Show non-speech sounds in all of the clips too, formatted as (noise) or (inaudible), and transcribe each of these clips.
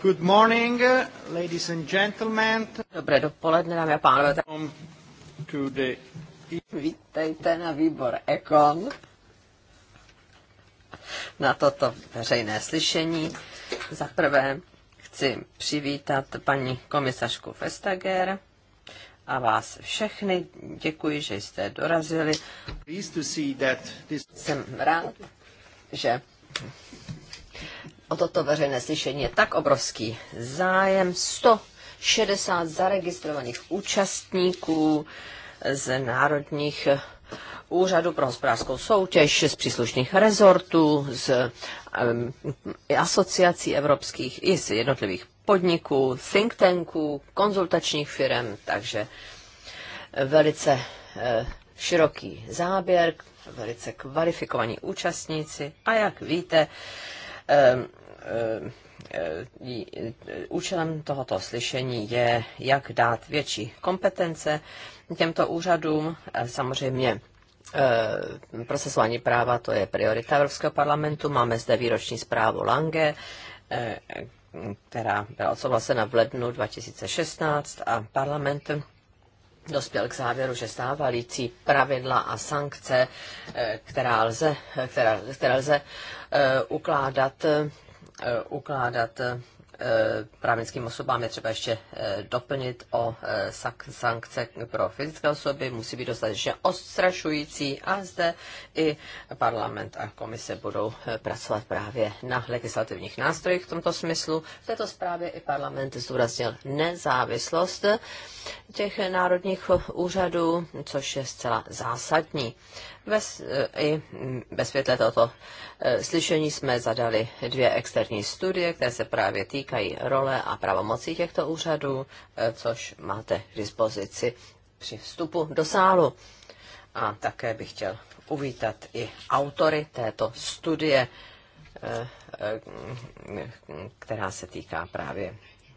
Good morning, ladies and gentlemen. Dobré dopoledne, dámy a pánové. To the... E- Vítejte na výbor Ekon na toto veřejné slyšení. Za prvé chci přivítat paní komisařku Vestager a vás všechny. Děkuji, že jste dorazili. Jsem rád, že o toto veřejné slyšení je tak obrovský zájem. 160 zaregistrovaných účastníků z národních úřadu pro hospodářskou soutěž, z příslušných rezortů, z um, asociací evropských i z jednotlivých podniků, think tanků, konzultačních firm, takže velice uh, široký záběr, velice kvalifikovaní účastníci a jak víte, uh, Ehm, ehm, ehm, účelem tohoto slyšení je, jak dát větší kompetence těmto úřadům. Samozřejmě procesování práva, to je priorita Evropského parlamentu. Máme zde výroční zprávu Lange, která byla odsouhlasena v lednu 2016 a parlament dospěl k závěru, že stávající pravidla a sankce, eh, která lze, eh, která, která lze eh, ukládat, ukládat Eh, právnickým osobám je třeba ještě eh, doplnit o eh, sankce pro fyzické osoby, musí být dostatečně ostrašující a zde i parlament a komise budou pracovat právě na legislativních nástrojích v tomto smyslu. V této zprávě i parlament zdůraznil nezávislost těch národních úřadů, což je zcela zásadní. Ve, eh, I ve světle tohoto eh, slyšení jsme zadali dvě externí studie, které se právě týkají role a pravomocí těchto úřadů, eh, což máte k dispozici při vstupu do sálu. A také bych chtěl uvítat i autory této studie, která se týká právě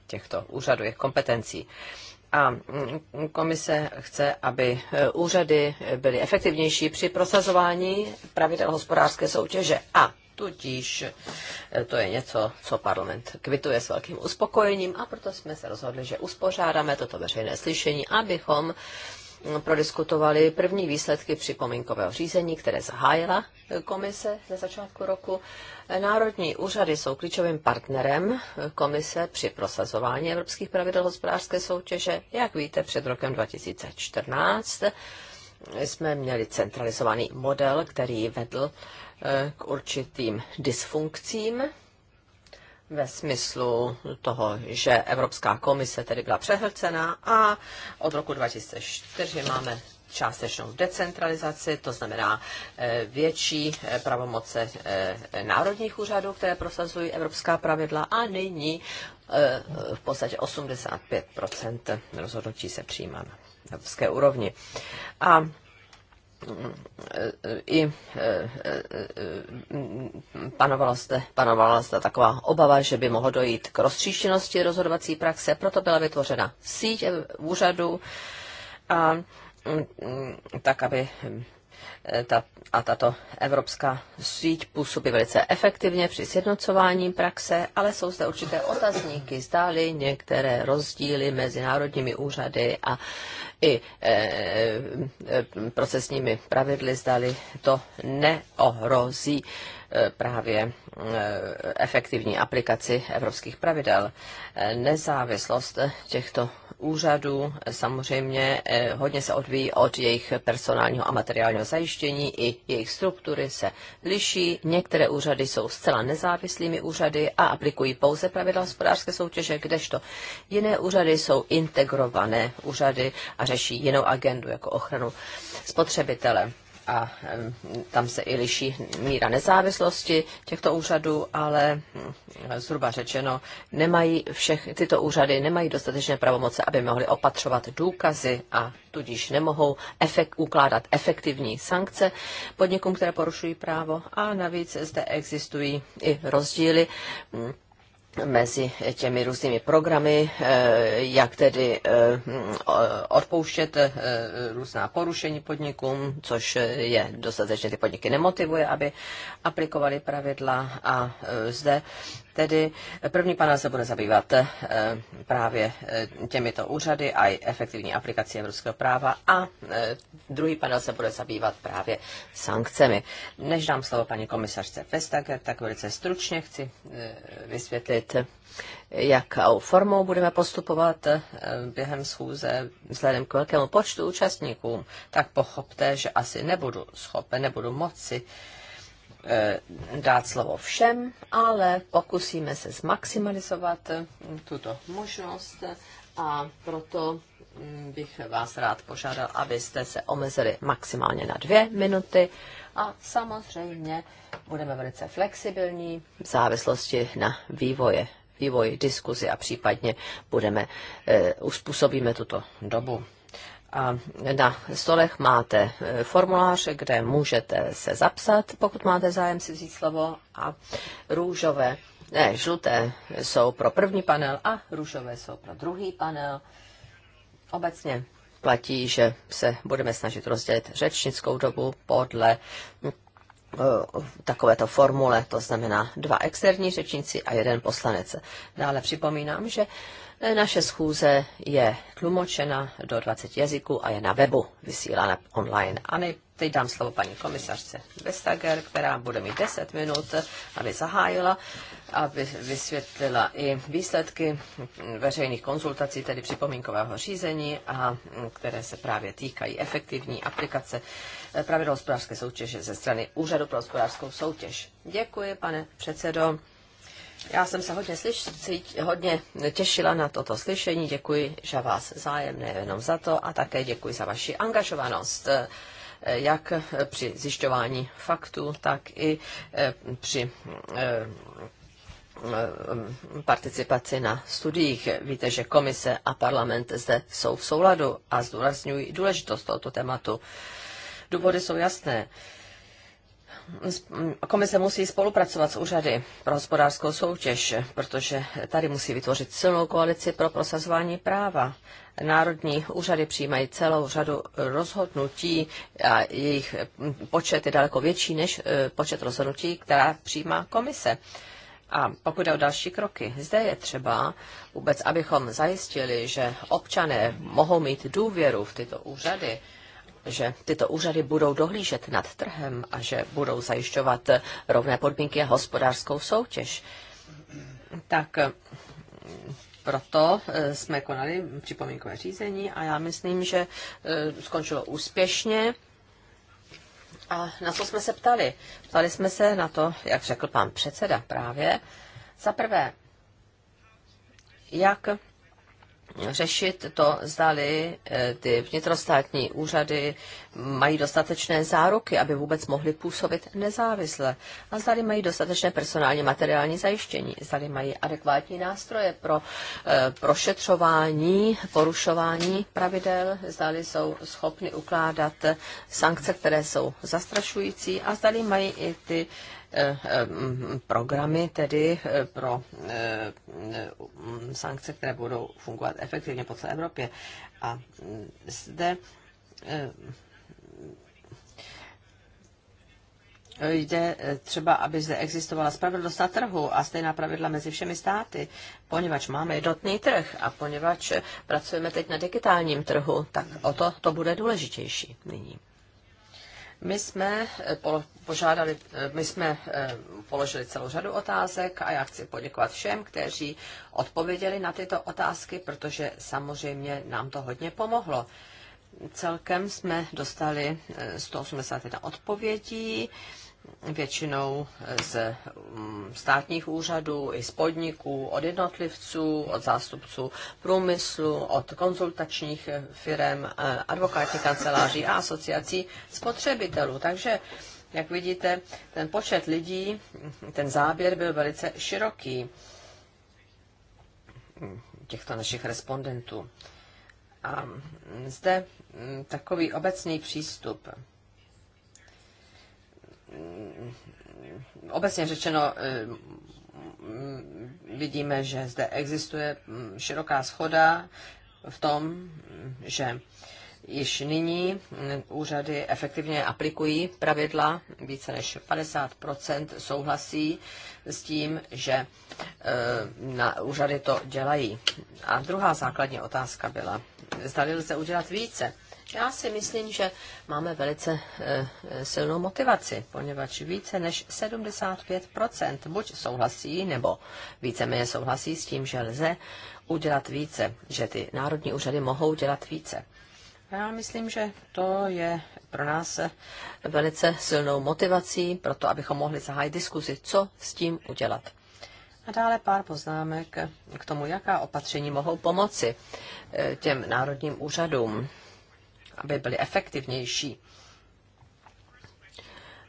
těchto úřadů, jejich kompetencí a komise chce, aby e, úřady byly efektivnější při prosazování pravidel hospodářské soutěže a Tudíž e, to je něco, co parlament kvituje s velkým uspokojením a proto jsme se rozhodli, že uspořádáme toto veřejné slyšení, abychom prodiskutovali první výsledky připomínkového řízení, které zahájila komise na začátku roku. Národní úřady jsou klíčovým partnerem komise při prosazování evropských pravidel hospodářské soutěže. Jak víte, před rokem 2014 jsme měli centralizovaný model, který vedl eh, k určitým dysfunkcím ve smyslu toho, že Evropská komise tedy byla přehlcená a od roku 2004 máme částečnou decentralizaci, to znamená eh, větší eh, pravomoce eh, národních úřadů, které prosazují evropská pravidla a nyní v podstatě 85 rozhodnutí se přijímá na evropské úrovni. A i e, e, e, panovala zde, panovala zde taková obava, že by mohlo dojít k rozstříštěnosti rozhodovací praxe, proto byla vytvořena síť úřadu a mm, mm, tak, aby ta, a tato evropská síť působí velice efektivně při sjednocování praxe, ale jsou zde určité otazníky, zdály některé rozdíly mezi národními úřady a i e, e, procesními pravidly, zdali to neohrozí e, právě efektivní aplikaci evropských pravidel. Nezávislost těchto úřadů samozřejmě hodně se odvíjí od jejich personálního a materiálního zajištění, i jejich struktury se liší. Některé úřady jsou zcela nezávislými úřady a aplikují pouze pravidla hospodářské soutěže, kdežto jiné úřady jsou integrované úřady a řeší jinou agendu jako ochranu spotřebitele a tam se i liší míra nezávislosti těchto úřadů, ale hm, zhruba řečeno, nemají všech, tyto úřady nemají dostatečné pravomoce, aby mohly opatřovat důkazy a tudíž nemohou efekt, ukládat efektivní sankce podnikům, které porušují právo. A navíc zde existují i rozdíly hm, mezi těmi různými programy, eh, jak tedy eh, mm, odpouštět eh, různá porušení podnikům, což je dostatečně ty podniky nemotivuje, aby aplikovali pravidla a zde Tedy první panel se bude zabývat eh, právě eh, těmito úřady a efektivní aplikací evropského práva a eh, druhý panel se bude zabývat právě sankcemi. Než dám slovo paní komisařce Vestager, tak velice stručně chci vysvětlit, jakou formou budeme postupovat během schůze vzhledem k velkému počtu účastníků, tak pochopte, že asi nebudu schopen, nebudu moci Eh, dát slovo všem, ale pokusíme se zmaximalizovat eh, tuto možnost a proto mm, bych vás rád požádal, abyste se omezili maximálně na dvě minuty a samozřejmě budeme velice flexibilní v závislosti na vývoje, vývoji diskuzi a případně budeme, e, uspůsobíme tuto dobu. A na stolech máte e, formuláře, kde můžete se zapsat, pokud máte zájem si vzít slovo. A růžové, ne, žluté jsou pro první panel a růžové jsou pro druhý panel. Obecně platí, že se budeme snažit rozdělit řečnickou dobu podle Eh, takovéto formule, to znamená dva externí řečníci a jeden poslanec. Dále připomínám, že eh, naše schůze je tlumočena do 20 jazyků a je na webu vysílána online. A nej, teď dám slovo paní komisařce Vestager, která bude mít 10 minut, aby zahájila, aby vysvětlila i výsledky veřejných konzultací, tedy připomínkového řízení, a mm, které se právě týkají efektivní aplikace pravidel hospodářské soutěže ze strany Úřadu pro hospodářskou soutěž. Děkuji, pane předsedo. Já jsem se hodně, slyš, hodně těšila na toto slyšení. Děkuji za vás zájem, nejenom za to, a také děkuji za vaši angažovanost eh, jak při zjišťování faktů, tak i eh, při eh, participaci na studiích. Víte, že komise a parlament zde jsou v souladu a zdůrazňují důležitost tohoto tématu. Důvody jsou jasné. Komise musí spolupracovat s úřady pro hospodářskou soutěž, protože tady musí vytvořit silnou koalici pro prosazování práva. Národní úřady přijímají celou řadu rozhodnutí a jejich počet je daleko větší než e, počet rozhodnutí, která přijímá komise. A pokud jde o další kroky, zde je třeba vůbec, abychom zajistili, že občané mohou mít důvěru v tyto úřady, že tyto úřady budou dohlížet nad trhem a že budou zajišťovat rovné podmínky a hospodářskou soutěž. Tak proto e, jsme konali připomínkové řízení a já myslím, že e, skončilo úspěšně. A na co jsme se ptali? Ptali jsme se na to, jak řekl pan předseda právě. Za prvé, jak řešit to, zdali eh, ty vnitrostátní úřady mají dostatečné záruky, aby vůbec mohly působit nezávisle. A zdali mají dostatečné personální materiální zajištění, zdali mají adekvátní nástroje pro eh, prošetřování, porušování pravidel, zdali jsou schopny ukládat sankce, které jsou zastrašující a zdali mají i ty Eh, eh, programy tedy eh, pro sankce, které budou fungovat efektivně po celé Evropě. A zde jde třeba, aby zde existovala spravedlnost na trhu a stejná pravidla mezi všemi státy, poněvadž máme jednotný trh a poněvadž pracujeme teď na digitálním trhu, tak o to to bude důležitější nyní. My jsme požádali, eh, my jsme eh, položili celou řadu otázek a já chci poděkovat všem, kteří odpověděli na tyto otázky, protože samozřejmě nám to hodně pomohlo. Celkem jsme dostali 181 eh, odpovědí, většinou z mm, státních úřadů, i z podniků, od jednotlivců, od zástupců průmyslu, od konzultačních firm, advokátních kanceláří a asociací spotřebitelů. Takže jak vidíte, ten počet lidí, ten záběr byl velice široký těchto našich respondentů. A zde takový obecný přístup. Obecně řečeno, vidíme, že zde existuje široká schoda v tom, že Již nyní úřady efektivně aplikují pravidla, více než 50 souhlasí s tím, že eh, na úřady to dělají. A druhá základní otázka byla, zda lze udělat více. Já si myslím, že máme velice eh, silnou motivaci, poněvadž více než 75 buď souhlasí, nebo víceméně souhlasí s tím, že lze udělat více, že ty národní úřady mohou dělat více. Já myslím, že to je pro nás velice silnou motivací, pro to, abychom mohli zahájit diskuzi, co s tím udělat. A dále pár poznámek k tomu, jaká opatření mohou pomoci eh, těm národním úřadům, aby byly efektivnější.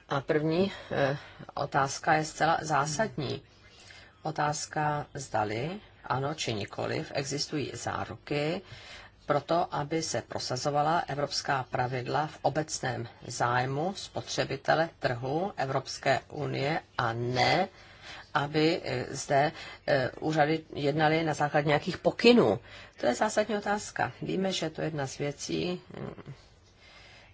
A první eh, otázka je zcela zásadní. Otázka zdali, ano či nikoliv, existují záruky proto, aby se prosazovala evropská pravidla v obecném zájmu spotřebitele trhu Evropské unie a ne, aby eh, zde eh, úřady jednaly na základě nějakých pokynů. To je zásadní otázka. Víme, že to je jedna z věcí,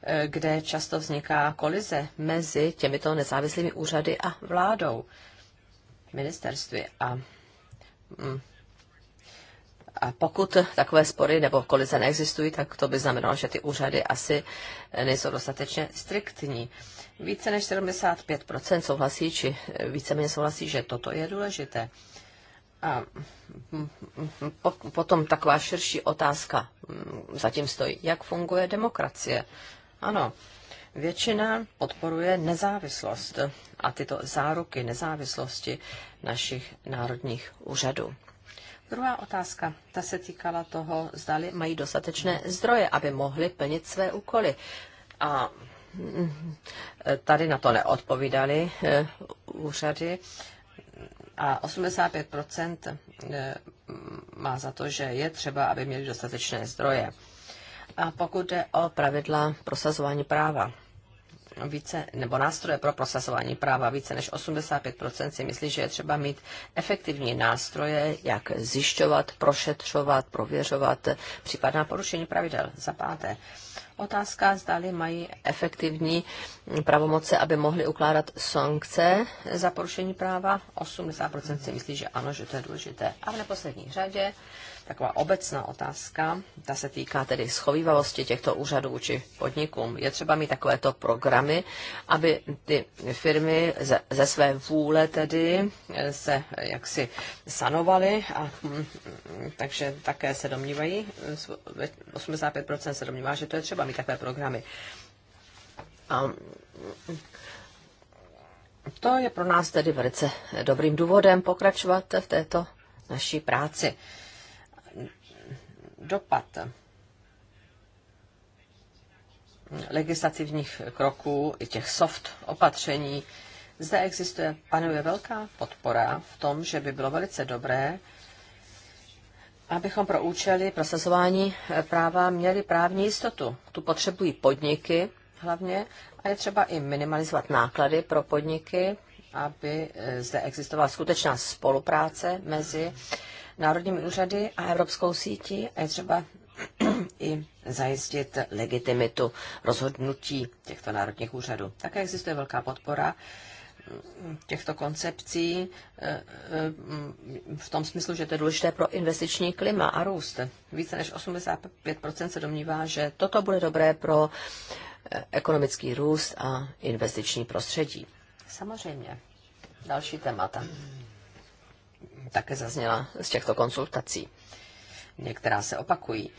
eh, kde často vzniká kolize mezi těmito nezávislými úřady a vládou, ministerství. A mm, a pokud takové spory nebo kolize neexistují, tak to by znamenalo, že ty úřady asi nejsou dostatečně striktní. Více než 75% souhlasí, či více víceméně souhlasí, že toto je důležité. A potom taková širší otázka zatím stojí. Jak funguje demokracie? Ano, většina podporuje nezávislost a tyto záruky nezávislosti našich národních úřadů. Druhá otázka, ta se týkala toho, zdali mají dostatečné zdroje, aby mohli plnit své úkoly. A mm, tady na to neodpovídali eh, úřady a 85% eh, má za to, že je třeba, aby měli dostatečné zdroje. A pokud jde o pravidla prosazování práva, více, nebo nástroje pro prosazování práva. Více než 85% si myslí, že je třeba mít efektivní nástroje, jak zjišťovat, prošetřovat, prověřovat případná porušení pravidel. Za páté. Otázka, zdali mají efektivní pravomoce, aby mohli ukládat sankce za porušení práva. 80% si myslí, že ano, že to je důležité. A v neposlední řadě taková obecná otázka, ta se týká tedy schovývalosti těchto úřadů či podnikům. Je třeba mít takovéto programy, aby ty firmy ze, ze své vůle tedy eh, se jaksi sanovaly a hm, takže také se domnívají, 85% eh, se domnívá, že to je třeba mít takové programy. A, to je pro nás tedy velice dobrým důvodem pokračovat v této naší práci dopad legislativních kroků i těch soft opatření, zde existuje, panuje velká podpora v tom, že by bylo velice dobré, abychom pro účely prosazování eh, práva měli právní jistotu. Tu potřebují podniky hlavně a je třeba i minimalizovat náklady pro podniky, aby eh, zde existovala skutečná spolupráce mezi národními úřady a evropskou sítí a je třeba (clears throat) i zajistit legitimitu rozhodnutí těchto národních úřadů. Také existuje velká podpora těchto koncepcí eh, eh, v tom smyslu, že to je důležité pro investiční klima a růst. Více než 85% se domnívá, že toto bude dobré pro eh, ekonomický růst a investiční prostředí. Samozřejmě. Další témata také zazněla z těchto konsultací. Některá se opakují,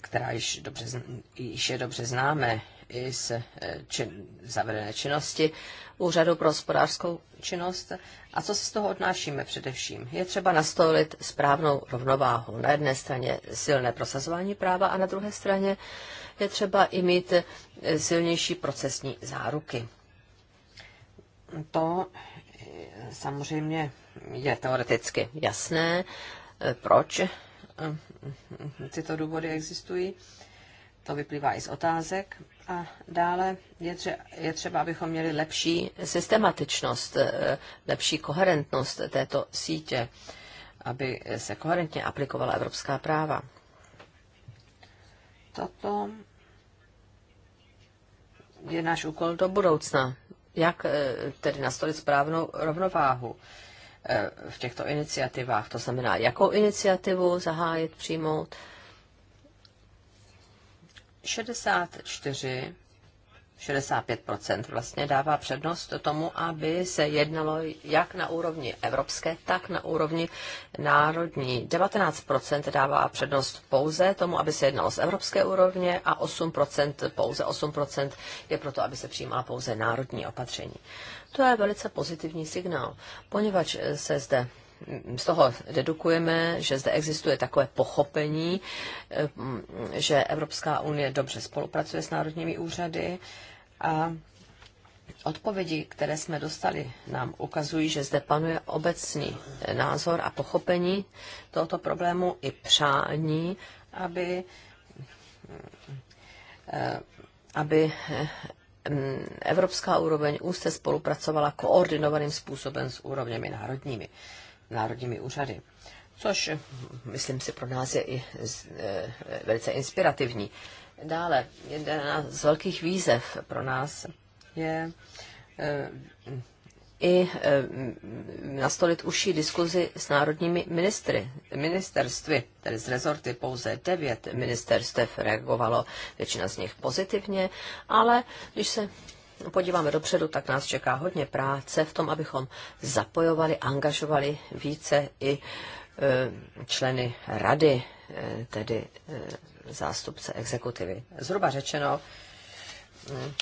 která již, dobře, již je dobře známe i z eh, čin, zavedené činnosti Úřadu pro hospodářskou činnost. A co si z toho odnášíme především? Je třeba nastolit správnou rovnováhu. Na jedné straně silné prosazování práva a na druhé straně je třeba i mít eh, silnější procesní záruky. To samozřejmě je teoreticky jasné, eh, proč eh, tyto důvody existují. To vyplývá i z otázek. A dále je, tře- je třeba, abychom měli lepší systematičnost, eh, lepší koherentnost této sítě, aby se koherentně aplikovala evropská práva. Toto je náš úkol do budoucna jak eh, tedy nastolit správnou rovnováhu eh, v těchto iniciativách. To znamená, jakou iniciativu zahájit, přijmout. 64 65% vlastně dává přednost tomu, aby se jednalo jak na úrovni evropské, tak na úrovni národní. 19% dává přednost pouze tomu, aby se jednalo z evropské úrovně a 8%, pouze 8% je proto, aby se přijímala pouze národní opatření. To je velice pozitivní signál, poněvadž se zde z toho dedukujeme, že zde existuje takové pochopení, eh, že Evropská unie dobře spolupracuje s národními úřady a odpovědi, které jsme dostali, nám ukazují, že zde panuje obecný názor a pochopení tohoto problému i přání, aby, eh, aby eh, evropská úroveň úzce spolupracovala koordinovaným způsobem s úrovněmi národními, národními úřady. Což, myslím si, pro nás je i eh, velice inspirativní. Dále, jedna z velkých výzev pro nás je eh, i eh, nastolit užší diskuzi s národními ministry, ministerstvy, tedy z rezorty pouze devět ministerstev reagovalo, většina z nich pozitivně, ale když se podíváme dopředu, tak nás čeká hodně práce v tom, abychom zapojovali, angažovali více i eh, členy rady, tedy zástupce exekutivy. Zhruba řečeno, mm,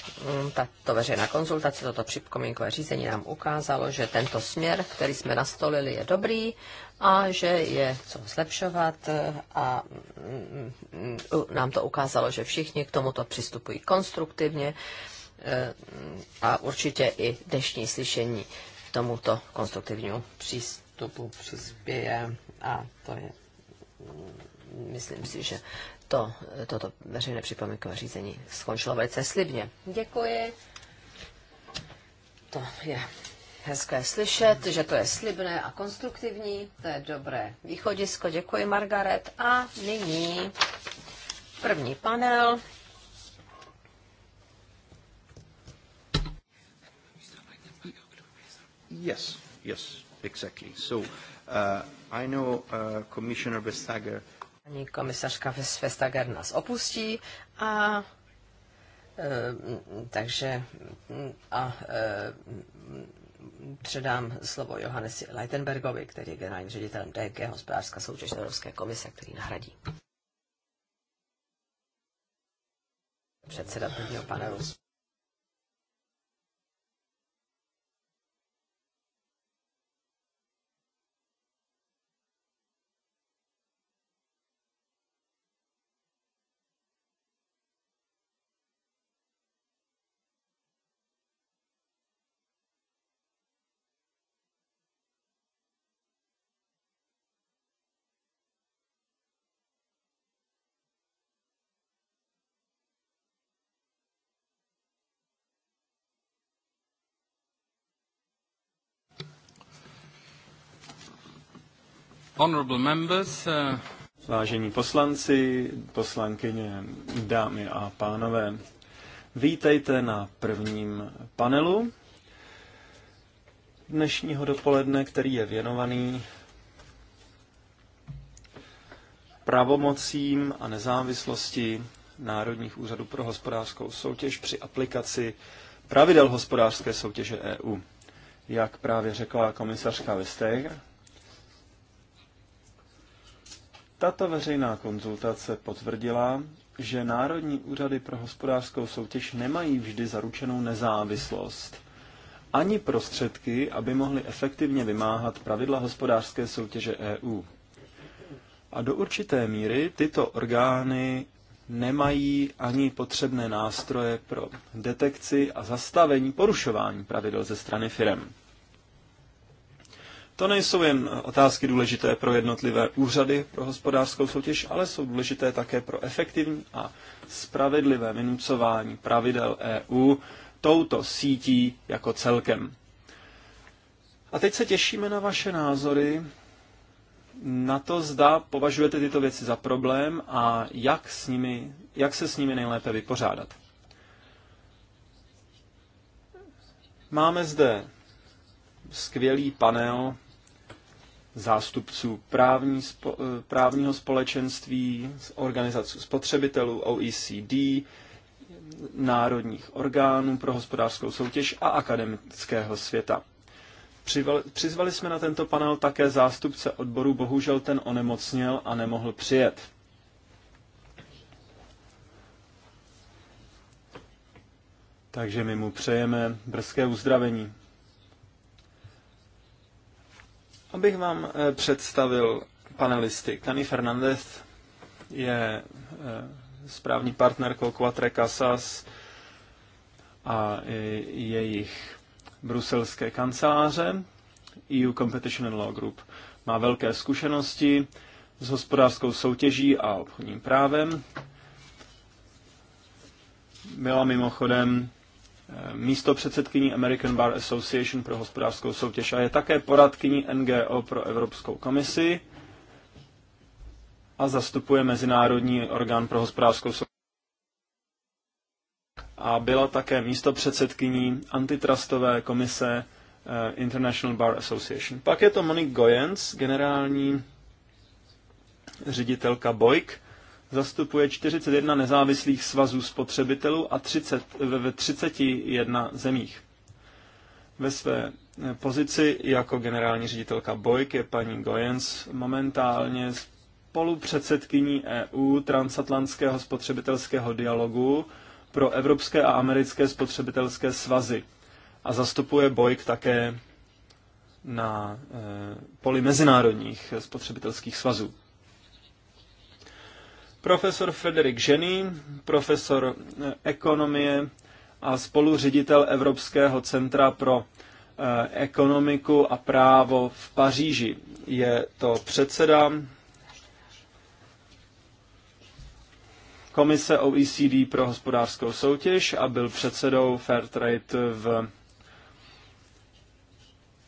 mm, tato veřejná konzultace, toto připomínkové řízení nám ukázalo, že tento směr, který jsme nastolili, je dobrý a že je co zlepšovat a mm, nám to ukázalo, že všichni k tomuto přistupují konstruktivně e, a určitě i dnešní slyšení tomuto konstruktivnímu přístupu přispěje a to je myslím si, že to, toto veřejné připomínkové řízení skončilo velice slibně. Děkuji. To je hezké slyšet, že to je slibné a konstruktivní. To je dobré východisko. Děkuji, Margaret. A nyní první panel. Yes, yes, exactly. So uh, I know uh, Commissioner Vestager Paní komisařka Vestager nás opustí a eh, takže mm, a eh, předám slovo Johannesi Leitenbergovi, který je generálním ředitelem DG Hospodářská soutěž Evropské komise, který nahradí. Předseda prvního panelu. Uh, Vážení poslanci, poslankyně, dámy a pánové, vítejte na prvním panelu dnešního dopoledne, který je věnovaný pravomocím a nezávislosti Národních úřadů pro hospodářskou soutěž při aplikaci pravidel hospodářské soutěže EU. Jak právě řekla komisařka Vestager, Tato veřejná konzultace potvrdila, že Národní úřady pro hospodářskou soutěž nemají vždy zaručenou nezávislost ani prostředky, aby mohly efektivně vymáhat pravidla hospodářské soutěže EU. A do určité míry tyto orgány nemají ani potřebné nástroje pro detekci a zastavení porušování pravidel ze strany firem. To nejsou jen otázky důležité pro jednotlivé úřady pro hospodářskou soutěž, ale jsou důležité také pro efektivní a spravedlivé vynucování pravidel EU touto sítí jako celkem. A teď se těšíme na vaše názory, na to zda považujete tyto věci za problém a jak, s nimi, jak se s nimi nejlépe vypořádat. Máme zde skvělý panel zástupců právní, spo, eh, právního společenství, organizací spotřebitelů OECD, národních orgánů pro hospodářskou soutěž a akademického světa. Přizvali jsme na tento panel také zástupce odboru, bohužel ten onemocněl a nemohl přijet. Takže my mu přejeme brzké uzdravení. Abych vám eh, představil panelisty. Tani Fernandez je eh, správní partnerkou Quatre Casas a jejich bruselské kanceláře EU Competition and Law Group. Má velké zkušenosti s hospodářskou soutěží a obchodním právem. Byla mimochodem místo předsedkyní American Bar Association pro hospodářskou soutěž a je také poradkyní NGO pro Evropskou komisi a zastupuje Mezinárodní orgán pro hospodářskou soutěž. A byla také místo předsedkyní antitrustové komise eh, International Bar Association. Pak je to Monique Goyens, generální ředitelka Bojk, zastupuje 41 nezávislých svazů spotřebitelů a 30, ve 31 zemích. Ve své eh, pozici jako generální ředitelka Bojk je paní Goyens momentálně spolupředsedkyní EU transatlantského spotřebitelského dialogu pro evropské a americké spotřebitelské svazy a zastupuje Bojk také na eh, poli mezinárodních spotřebitelských svazů. Profesor Frederik Ženy, profesor eh, ekonomie a spoluředitel Evropského centra pro eh, ekonomiku a právo v Paříži. Je to předseda Komise OECD pro hospodářskou soutěž a byl předsedou Fairtrade v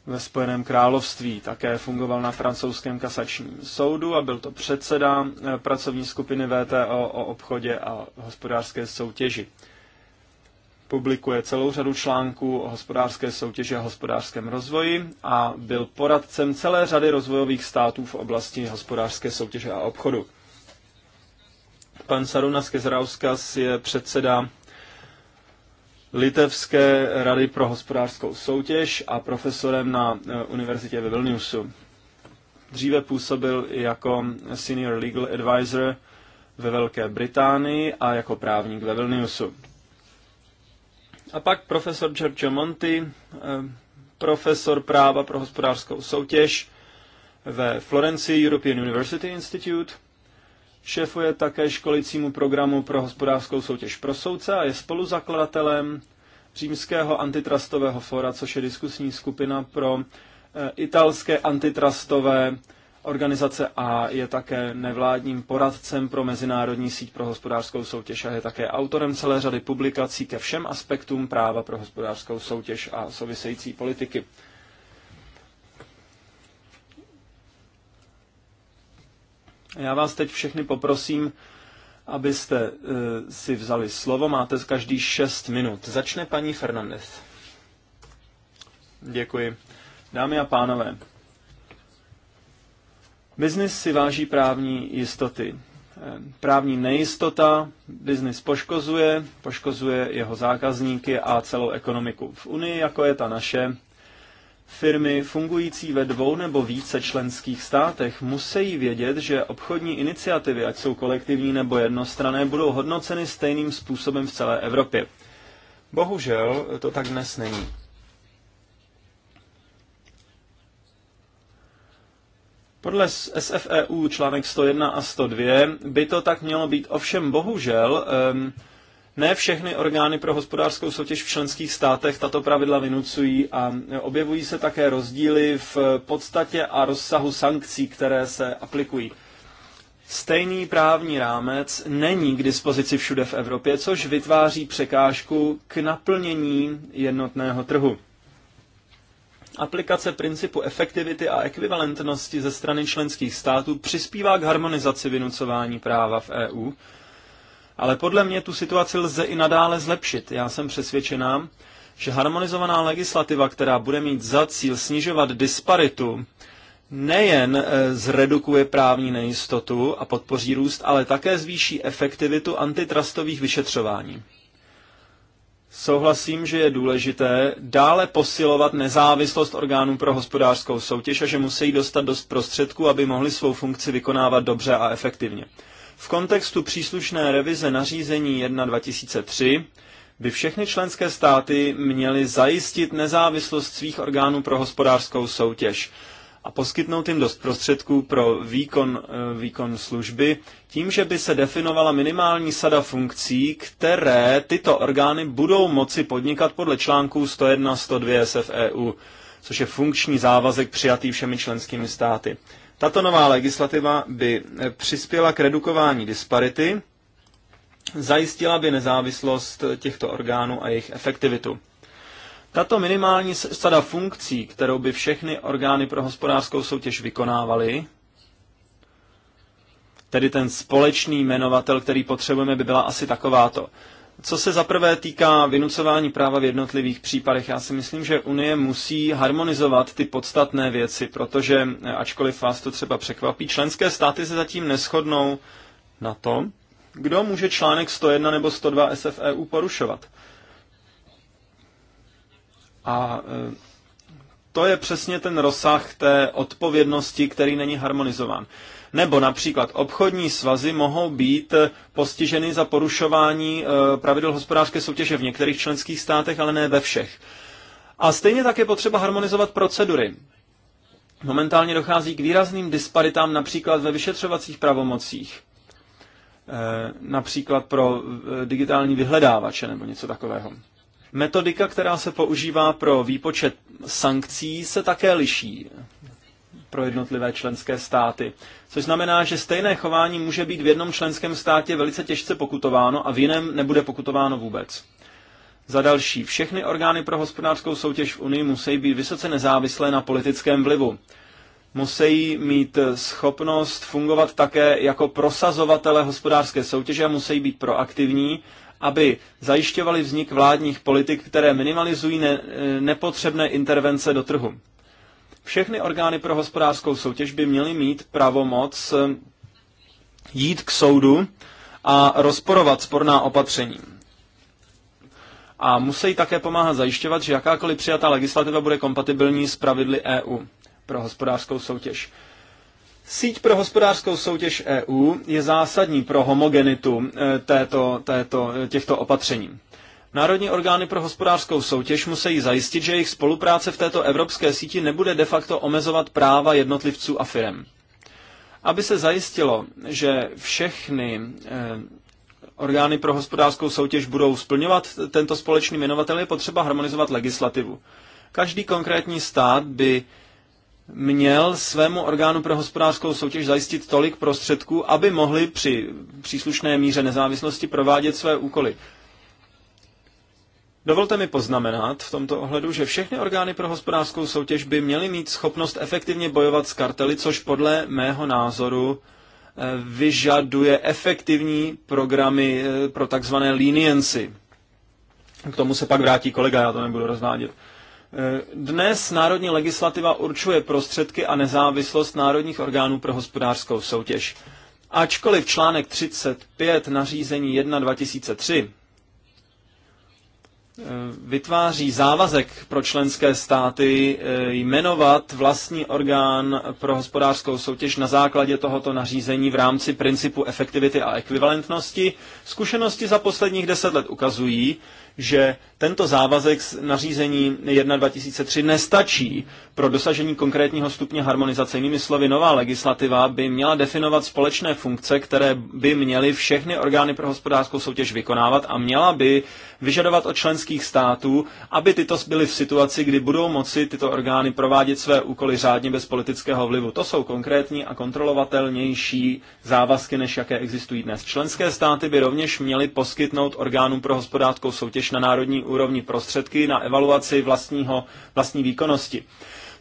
ve Spojeném království. Také fungoval na francouzském kasačním soudu a byl to předseda eh, pracovní skupiny VTO o obchodě a hospodářské soutěži. Publikuje celou řadu článků o hospodářské soutěži a hospodářském rozvoji a byl poradcem celé řady rozvojových států v oblasti hospodářské soutěže a obchodu. Pan Sarunas Kezrauskas je předseda Litevské rady pro hospodářskou soutěž a profesorem na e, univerzitě ve Vilniusu. Dříve působil jako senior legal advisor ve Velké Británii a jako právník ve Vilniusu. A pak profesor Giorgio Monti, e, profesor práva pro hospodářskou soutěž ve Florenci European University Institute – Šéfuje také školicímu programu pro hospodářskou soutěž pro soudce a je spoluzakladatelem Římského antitrustového fora, což je diskusní skupina pro eh, italské antitrustové organizace a je také nevládním poradcem pro Mezinárodní síť pro hospodářskou soutěž a je také autorem celé řady publikací ke všem aspektům práva pro hospodářskou soutěž a související politiky. Já vás teď všechny poprosím, abyste eh, si vzali slovo. Máte z každý šest minut. Začne paní Fernandez. Děkuji. Dámy a pánové, biznis si váží právní jistoty. Eh, právní nejistota biznis poškozuje, poškozuje jeho zákazníky a celou ekonomiku. V Unii, jako je ta naše, Firmy fungující ve dvou nebo více členských státech musí vědět, že obchodní iniciativy, ať jsou kolektivní nebo jednostrané, budou hodnoceny stejným způsobem v celé Evropě. Bohužel to tak dnes není. Podle SFEU článek 101 a 102 by to tak mělo být, ovšem bohužel um, ne všechny orgány pro hospodářskou soutěž v členských státech tato pravidla vynucují a objevují se také rozdíly v podstatě a rozsahu sankcí, které se aplikují. Stejný právní rámec není k dispozici všude v Evropě, což vytváří překážku k naplnění jednotného trhu. Aplikace principu efektivity a ekvivalentnosti ze strany členských států přispívá k harmonizaci vynucování práva v EU ale podle mě tu situaci lze i nadále zlepšit. Já jsem přesvědčená, že harmonizovaná legislativa, která bude mít za cíl snižovat disparitu, nejen eh, zredukuje právní nejistotu a podpoří růst, ale také zvýší efektivitu antitrustových vyšetřování. Souhlasím, že je důležité dále posilovat nezávislost orgánů pro hospodářskou soutěž a že musí dostat dost prostředků, aby mohli svou funkci vykonávat dobře a efektivně. V kontextu příslušné revize nařízení 1 2003 by všechny členské státy měly zajistit nezávislost svých orgánů pro hospodářskou soutěž a poskytnout jim dost prostředků pro výkon, eh, výkon služby tím, že by se definovala minimální sada funkcí, které tyto orgány budou moci podnikat podle článků 101 a 102 SFEU, což je funkční závazek přijatý všemi členskými státy. Tato nová legislativa by eh, přispěla k redukování disparity, zajistila by nezávislost těchto orgánů a jejich efektivitu. Tato minimální sada funkcí, kterou by všechny orgány pro hospodářskou soutěž vykonávaly, tedy ten společný jmenovatel, který potřebujeme, by byla asi takováto. Co se zaprvé týká vynucování práva v jednotlivých případech, já si myslím, že Unie musí harmonizovat ty podstatné věci, protože, eh, ačkoliv vás to třeba překvapí, členské státy se zatím neschodnou na to, kdo může článek 101 nebo 102 SFEU porušovat. A eh, to je přesně ten rozsah té odpovědnosti, který není harmonizován. Nebo například obchodní svazy mohou být postiženy za porušování e, pravidel hospodářské soutěže v některých členských státech, ale ne ve všech. A stejně tak je potřeba harmonizovat procedury. Momentálně dochází k výrazným disparitám například ve vyšetřovacích pravomocích. E, například pro e, digitální vyhledávače nebo něco takového. Metodika, která se používá pro výpočet sankcí, se také liší pro jednotlivé členské státy. Což znamená, že stejné chování může být v jednom členském státě velice těžce pokutováno a v jiném nebude pokutováno vůbec. Za další, všechny orgány pro hospodářskou soutěž v Unii musí být vysoce nezávislé na politickém vlivu. Musí mít schopnost fungovat také jako prosazovatele hospodářské soutěže a musí být proaktivní, aby zajišťovali vznik vládních politik, které minimalizují ne, nepotřebné intervence do trhu. Všechny orgány pro hospodářskou soutěž by měly mít pravomoc eh, jít k soudu a rozporovat sporná opatření. A musí také pomáhat zajišťovat, že jakákoliv přijatá legislativa bude kompatibilní s pravidly EU pro hospodářskou soutěž. Síť pro hospodářskou soutěž EU je zásadní pro homogenitu eh, této, této, těchto opatření. Národní orgány pro hospodářskou soutěž musí zajistit, že jejich spolupráce v této evropské síti nebude de facto omezovat práva jednotlivců a firem. Aby se zajistilo, že všechny eh, orgány pro hospodářskou soutěž budou splňovat tento společný jmenovatel, je potřeba harmonizovat legislativu. Každý konkrétní stát by měl svému orgánu pro hospodářskou soutěž zajistit tolik prostředků, aby mohli při příslušné míře nezávislosti provádět své úkoly. Dovolte mi poznamenat v tomto ohledu, že všechny orgány pro hospodářskou soutěž by měly mít schopnost efektivně bojovat s kartely, což podle mého názoru eh, vyžaduje efektivní programy eh, pro takzvané leniency. K tomu se pak vrátí kolega, já to nebudu rozvádět. Eh, dnes národní legislativa určuje prostředky a nezávislost národních orgánů pro hospodářskou soutěž. Ačkoliv článek 35 nařízení 1 2003 vytváří závazek pro členské státy eh, jmenovat vlastní orgán pro hospodářskou soutěž na základě tohoto nařízení v rámci principu efektivity a ekvivalentnosti. Zkušenosti za posledních deset let ukazují, že tento závazek s nařízením 1 2003 nestačí pro dosažení konkrétního stupně harmonizace. Jinými slovy, nová legislativa by měla definovat společné funkce, které by měly všechny orgány pro hospodářskou soutěž vykonávat a měla by vyžadovat od členských států, aby tyto byly v situaci, kdy budou moci tyto orgány provádět své úkoly řádně bez politického vlivu. To jsou konkrétní a kontrolovatelnější závazky, než jaké existují dnes. Členské státy by rovněž měly poskytnout orgánům pro hospodářskou soutěž na národní úrovni prostředky na evaluaci vlastního, vlastní výkonnosti.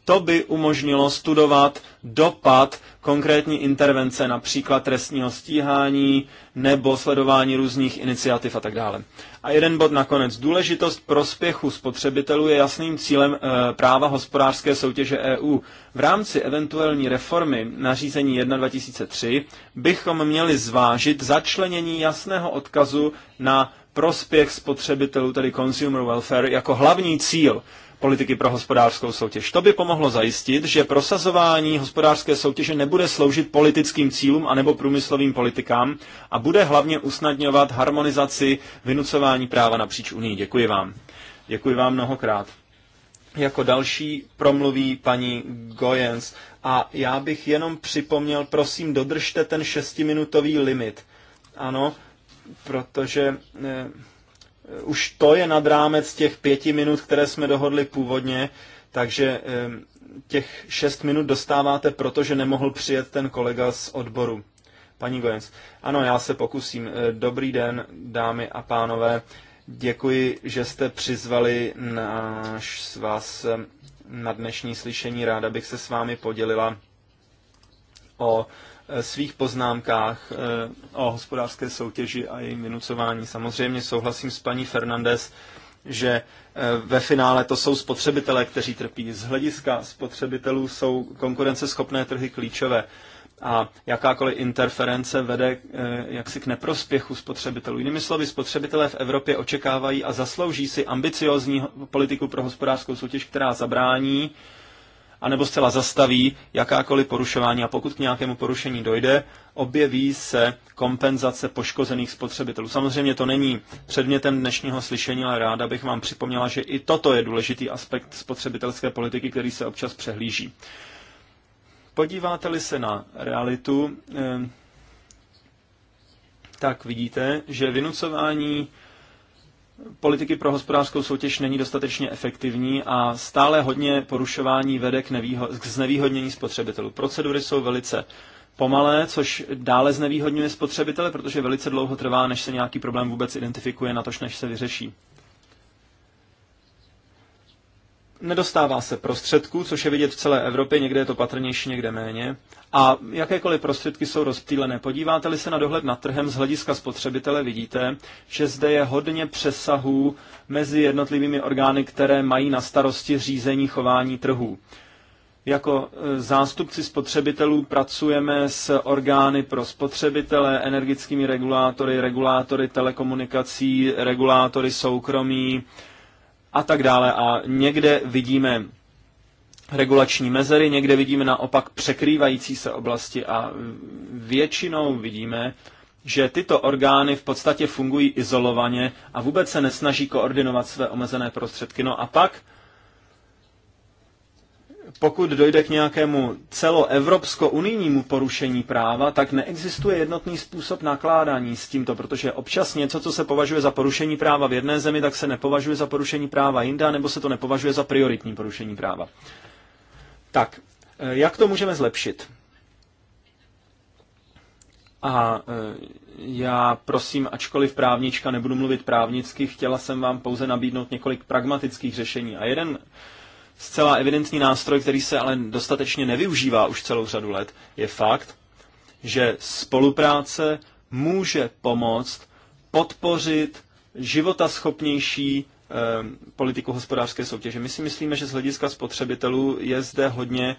To by umožnilo studovat dopad konkrétní intervence, například trestního stíhání nebo sledování různých iniciativ a tak dále. A jeden bod nakonec. Důležitost prospěchu spotřebitelů je jasným cílem e, práva hospodářské soutěže EU. V rámci eventuální reformy nařízení 1 2003 bychom měli zvážit začlenění jasného odkazu na prospěch spotřebitelů, tedy consumer welfare, jako hlavní cíl politiky pro hospodářskou soutěž. To by pomohlo zajistit, že prosazování hospodářské soutěže nebude sloužit politickým cílům anebo průmyslovým politikám a bude hlavně usnadňovat harmonizaci vynucování práva napříč Unii. Děkuji vám. Děkuji vám mnohokrát. Jako další promluví paní Gojens. A já bych jenom připomněl, prosím, dodržte ten šestiminutový limit. Ano, protože... Eh, už to je nad rámec těch pěti minut, které jsme dohodli původně, takže těch šest minut dostáváte, protože nemohl přijet ten kolega z odboru. Paní Gojens, ano, já se pokusím. E, dobrý den, dámy a pánové. Děkuji, že jste přizvali náš s vás na dnešní slyšení. Ráda bych se s vámi podělila o Eh, svých poznámkách eh, o hospodářské soutěži a jejím vynucování. Samozřejmě souhlasím s paní Fernandez, že eh, ve finále to jsou spotřebitelé, kteří trpí. Z hlediska spotřebitelů jsou konkurenceschopné trhy klíčové a jakákoliv interference vede jaksi k neprospěchu spotřebitelů. Jinými slovy, spotřebitelé v Evropě očekávají a zaslouží si ambiciozní politiku pro hospodářskou soutěž, která zabrání anebo zcela zastaví jakákoliv porušování a pokud k nějakému porušení dojde, objeví se kompenzace poškozených spotřebitelů. Samozřejmě to není předmětem dnešního slyšení, ale ráda bych vám připomněla, že i toto je důležitý aspekt spotřebitelské politiky, který se občas přehlíží. Podíváte-li se na realitu, eh, tak vidíte, že vynucování politiky pro hospodářskou soutěž není dostatečně efektivní a stále hodně porušování vede k, nevýho- k znevýhodnění spotřebitelů. Procedury jsou velice pomalé, což dále znevýhodňuje spotřebitele, protože velice dlouho trvá, než se nějaký problém vůbec identifikuje, natož než se vyřeší. Nedostává se prostředků, což je vidět v celé Evropě, někde je to patrnější, někde méně. A jakékoliv prostředky jsou rozptýlené. Podíváte-li se na dohled nad trhem z hlediska spotřebitele, vidíte, že zde je hodně přesahů mezi jednotlivými orgány, které mají na starosti řízení chování trhů. Jako e, zástupci spotřebitelů pracujeme s orgány pro spotřebitele, energickými regulátory, regulátory telekomunikací, regulátory soukromí, a tak dále. A někde vidíme regulační mezery, někde vidíme naopak překrývající se oblasti a většinou vidíme, že tyto orgány v podstatě fungují izolovaně a vůbec se nesnaží koordinovat své omezené prostředky. No a pak pokud dojde k nějakému celoevropsko-unijnímu porušení práva, tak neexistuje jednotný způsob nakládání s tímto, protože občas něco, co se považuje za porušení práva v jedné zemi, tak se nepovažuje za porušení práva jinde, nebo se to nepovažuje za prioritní porušení práva. Tak, eh, jak to můžeme zlepšit? A eh, já prosím, ačkoliv právnička, nebudu mluvit právnicky, chtěla jsem vám pouze nabídnout několik pragmatických řešení. A jeden Zcela evidentní nástroj, který se ale dostatečně nevyužívá už celou řadu let, je fakt, že spolupráce může pomoct podpořit životaschopnější schopnější ehm, politiku hospodářské soutěže. My si myslíme, že z hlediska spotřebitelů je zde hodně,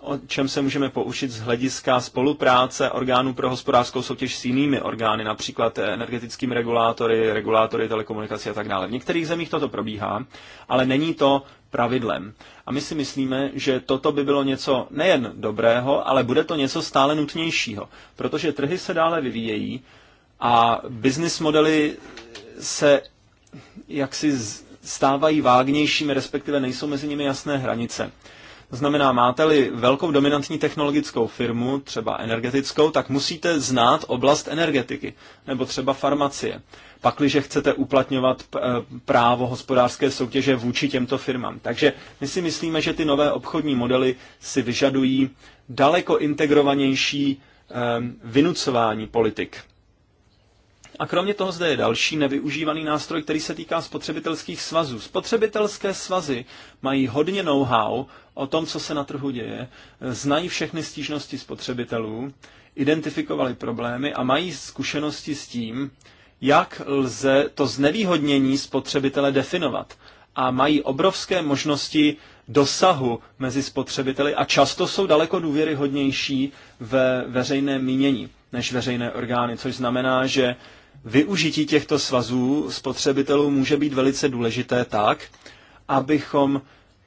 o čem se můžeme poučit z hlediska spolupráce orgánů pro hospodářskou soutěž s jinými orgány, například energetickými regulátory, regulátory telekomunikací a tak dále. V některých zemích toto probíhá, ale není to pravidlem. A my si myslíme, že toto by bylo něco nejen dobrého, ale bude to něco stále nutnějšího, protože trhy se dále vyvíjejí a business modely se jaksi stávají vágnějšími, respektive nejsou mezi nimi jasné hranice. To znamená, máte-li velkou dominantní technologickou firmu, třeba energetickou, tak musíte znát oblast energetiky nebo třeba farmacie pakliže chcete uplatňovat eh, právo hospodářské soutěže vůči těmto firmám. Takže my si myslíme, že ty nové obchodní modely si vyžadují daleko integrovanější eh, vynucování politik. A kromě toho zde je další nevyužívaný nástroj, který se týká spotřebitelských svazů. Spotřebitelské svazy mají hodně know-how o tom, co se na trhu děje, eh, znají všechny stížnosti spotřebitelů, identifikovali problémy a mají zkušenosti s tím, jak lze to znevýhodnění spotřebitele definovat. A mají obrovské možnosti dosahu mezi spotřebiteli a často jsou daleko důvěryhodnější ve veřejném mínění než veřejné orgány, což znamená, že využití těchto svazů spotřebitelů může být velice důležité tak, abychom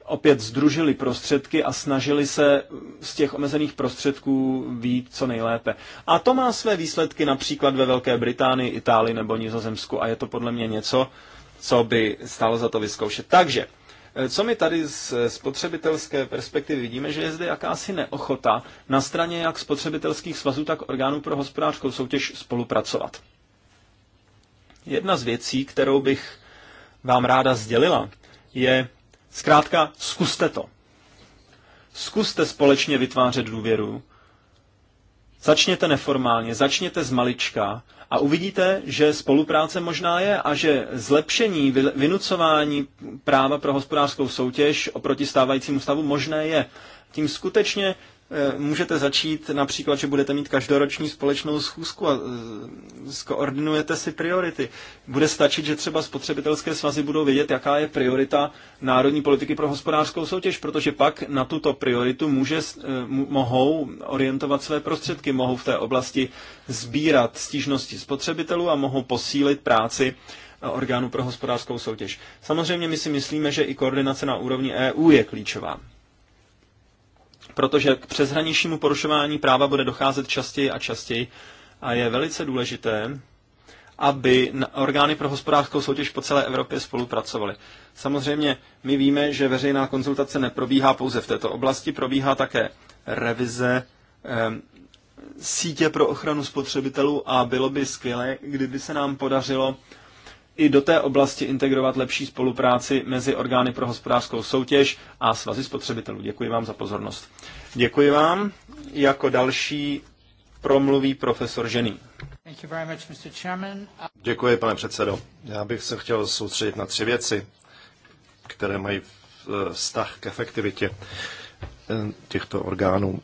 opět združili prostředky a snažili se z těch omezených prostředků vít co nejlépe. A to má své výsledky například ve Velké Británii, Itálii nebo Nizozemsku a je to podle mě něco, co by stálo za to vyzkoušet. Takže, eh, co my tady z spotřebitelské perspektivy vidíme, že je zde jakási neochota na straně jak spotřebitelských svazů, tak orgánů pro hospodářskou soutěž spolupracovat. Jedna z věcí, kterou bych vám ráda sdělila, je, Zkrátka, zkuste to. Zkuste společně vytvářet důvěru. Začněte neformálně, začněte z malička a uvidíte, že spolupráce možná je a že zlepšení, vynucování práva pro hospodářskou soutěž oproti stávajícímu stavu možné je. Tím skutečně Eh, můžete začít například, že budete mít každoroční společnou schůzku a eh, skoordinujete si priority. Bude stačit, že třeba spotřebitelské svazy budou vědět, jaká je priorita národní politiky pro hospodářskou soutěž, protože pak na tuto prioritu může, eh, mohou orientovat své prostředky, mohou v té oblasti sbírat stížnosti spotřebitelů a mohou posílit práci orgánu pro hospodářskou soutěž. Samozřejmě my si myslíme, že i koordinace na úrovni EU je klíčová protože k přeshraničnímu porušování práva bude docházet častěji a častěji a je velice důležité, aby orgány pro hospodářskou soutěž po celé Evropě spolupracovaly. Samozřejmě my víme, že veřejná konzultace neprobíhá pouze v této oblasti, probíhá také revize eh, sítě pro ochranu spotřebitelů a bylo by skvělé, kdyby se nám podařilo eh, i do té oblasti integrovat lepší spolupráci mezi orgány pro hospodářskou soutěž a svazy spotřebitelů. Děkuji vám za pozornost. Děkuji vám. Jako další promluví profesor Žený. Děkuji, pane předsedo. Já bych se chtěl soustředit na tři věci, které mají eh, vztah k efektivitě eh, těchto orgánů.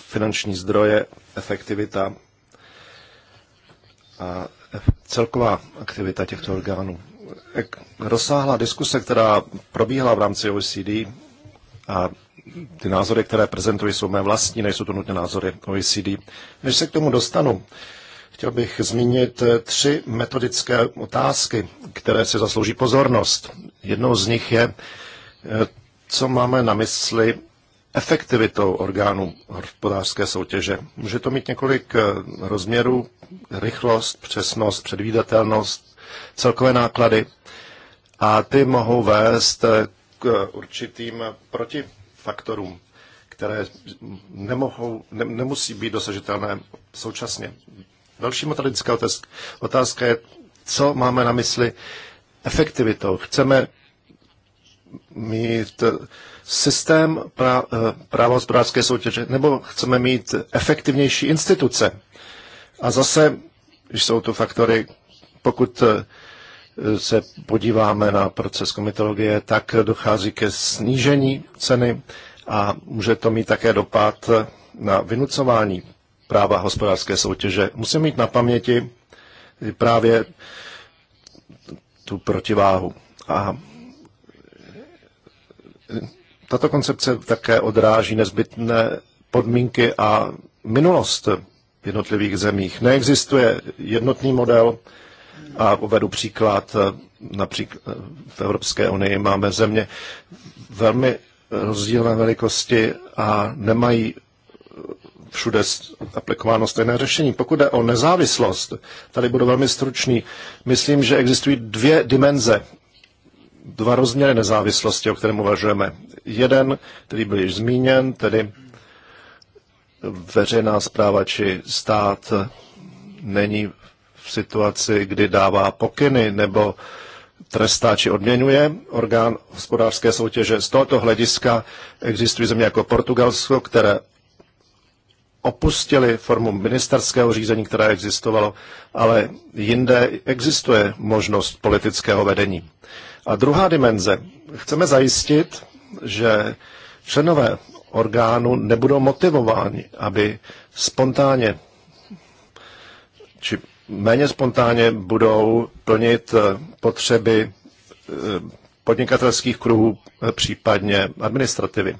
Finanční zdroje, efektivita a celková aktivita těchto orgánů. Rozsáhlá diskuse, která probíhala v rámci OECD a ty názory, které prezentuji, jsou mé vlastní, nejsou to nutně názory OECD. Než se k tomu dostanu, chtěl bych zmínit eh, tři metodické otázky, které si zaslouží pozornost. Jednou z nich je, eh, co máme na mysli efektivitou orgánů hospodářské soutěže. Může to mít několik eh, rozměrů, rychlost, přesnost, předvídatelnost, celkové náklady a ty mohou vést eh, k eh, určitým protifaktorům, které nemohou, ne, nemusí být dosažitelné současně. Další metodická otázka je, co máme na mysli efektivitou. Chceme mít systém pra, eh, práva hospodářské soutěže, nebo chceme mít efektivnější instituce. A zase, když jsou tu faktory, pokud eh, se podíváme na proces komitologie, tak dochází ke snížení ceny a může to mít také dopad na vynucování práva hospodářské soutěže. Musíme mít na paměti právě tu protiváhu. A tato koncepce také odráží nezbytné podmínky a minulost v jednotlivých zemích. Neexistuje jednotný model a uvedu příklad, například v Evropské unii máme země velmi rozdílné velikosti a nemají všude aplikováno stejné řešení. Pokud jde o nezávislost, tady budu velmi stručný, myslím, že existují dvě dimenze dva rozměry nezávislosti, o kterém uvažujeme. Jeden, který byl již zmíněn, tedy veřejná zpráva či stát není v situaci, kdy dává pokyny nebo trestá či odměňuje orgán hospodářské soutěže. Z tohoto hlediska existují země jako Portugalsko, které opustili formu ministerského řízení, které existovalo, ale jinde existuje možnost politického vedení. A druhá dimenze. Chceme zajistit, že členové orgánu nebudou motivováni, aby spontánně či méně spontánně budou plnit eh, potřeby eh, podnikatelských kruhů, eh, případně administrativy.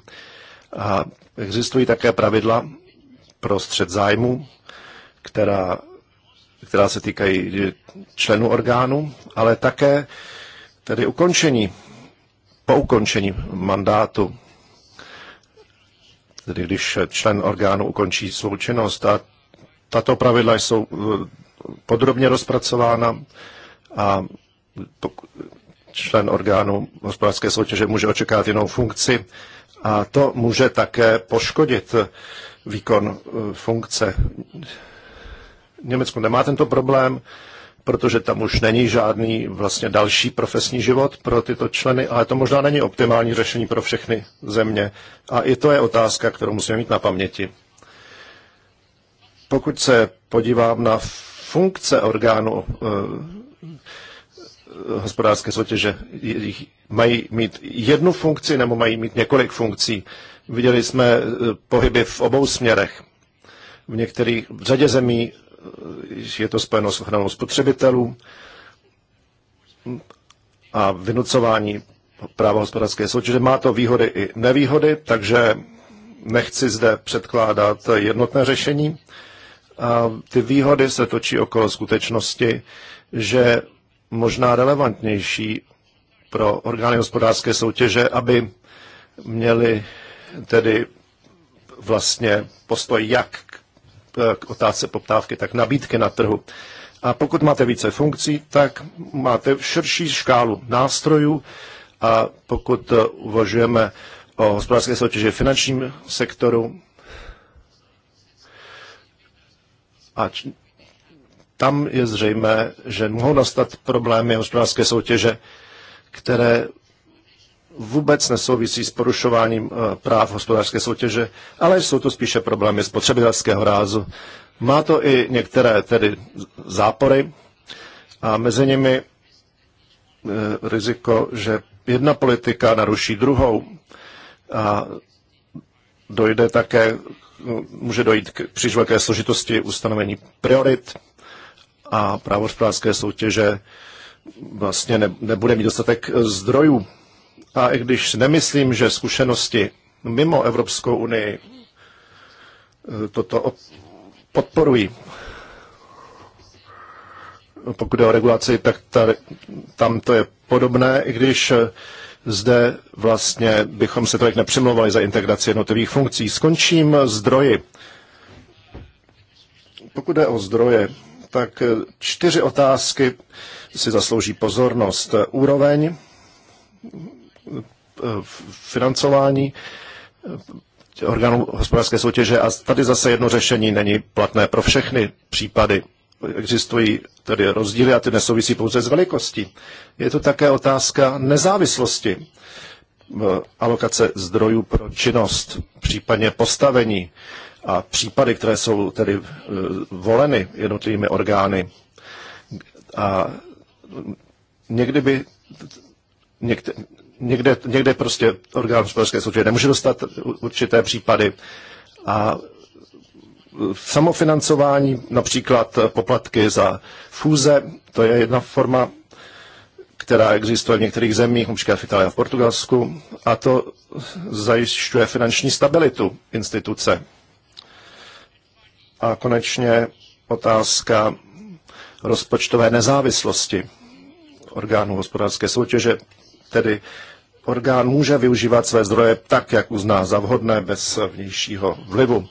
A existují také pravidla pro střed zájmu, která, která se týkají členů orgánu, ale také tedy ukončení, po ukončení mandátu, tedy když člen orgánu ukončí svou činnost. A tato pravidla jsou eh, podrobně rozpracována a člen orgánu hospodářské soutěže může očekávat jinou funkci a to může také poškodit eh, výkon eh, funkce. Německo nemá tento problém, protože tam už není žádný vlastně další profesní život pro tyto členy, ale to možná není optimální řešení pro všechny země. A i to je otázka, kterou musíme mít na paměti. Pokud se podívám na funkce orgánu eh, hospodářské soutěže, mají mít jednu funkci nebo mají mít několik funkcí. Viděli jsme eh, pohyby v obou směrech. V některých v řadě zemí je to spojeno s ochranou spotřebitelů a vynucování práva hospodářské soutěže. Má to výhody i nevýhody, takže nechci zde předkládat jednotné řešení. A ty výhody se točí okolo skutečnosti, že možná relevantnější pro orgány hospodářské soutěže, aby měli tedy vlastně postoj jak k otázce poptávky, tak nabídky na trhu. A pokud máte více funkcí, tak máte širší škálu nástrojů a pokud eh, uvažujeme o hospodářské soutěži v finančním sektoru, a tam je zřejmé, že mohou nastat problémy hospodářské soutěže, které vůbec nesouvisí s porušováním eh, práv hospodářské soutěže, ale jsou to spíše problémy spotřebitelského rázu. Má to i některé tedy zápory a mezi nimi eh, riziko, že jedna politika naruší druhou a dojde také, no, může dojít k příliš velké složitosti ustanovení priorit a právo hospodářské soutěže vlastně ne, nebude mít dostatek eh, zdrojů a i když nemyslím, že zkušenosti mimo Evropskou unii eh, toto podporují, pokud je o regulaci, tak ta, tam to je podobné, i když eh, zde vlastně bychom se tolik nepřimlouvali za integraci jednotlivých funkcí. Skončím eh, zdroji. Pokud jde o zdroje, tak čtyři otázky si zaslouží pozornost. Úroveň financování eh, orgánů hospodářské soutěže a tady zase jedno řešení není platné pro všechny případy. Existují tedy rozdíly a ty nesouvisí pouze s velikostí. Je to také otázka nezávislosti eh, alokace zdrojů pro činnost, případně postavení a případy, které jsou tedy eh, voleny jednotlivými orgány. A někdy by Někde, někde prostě orgán hospodářské soutěže nemůže dostat určité případy a samofinancování, například poplatky za fůze, to je jedna forma, která existuje v některých zemích, například v Itálii a v Portugalsku, a to zajišťuje finanční stabilitu instituce. A konečně otázka rozpočtové nezávislosti orgánů hospodářské soutěže tedy orgán může využívat své zdroje tak, jak uzná za vhodné, bez vnějšího vlivu.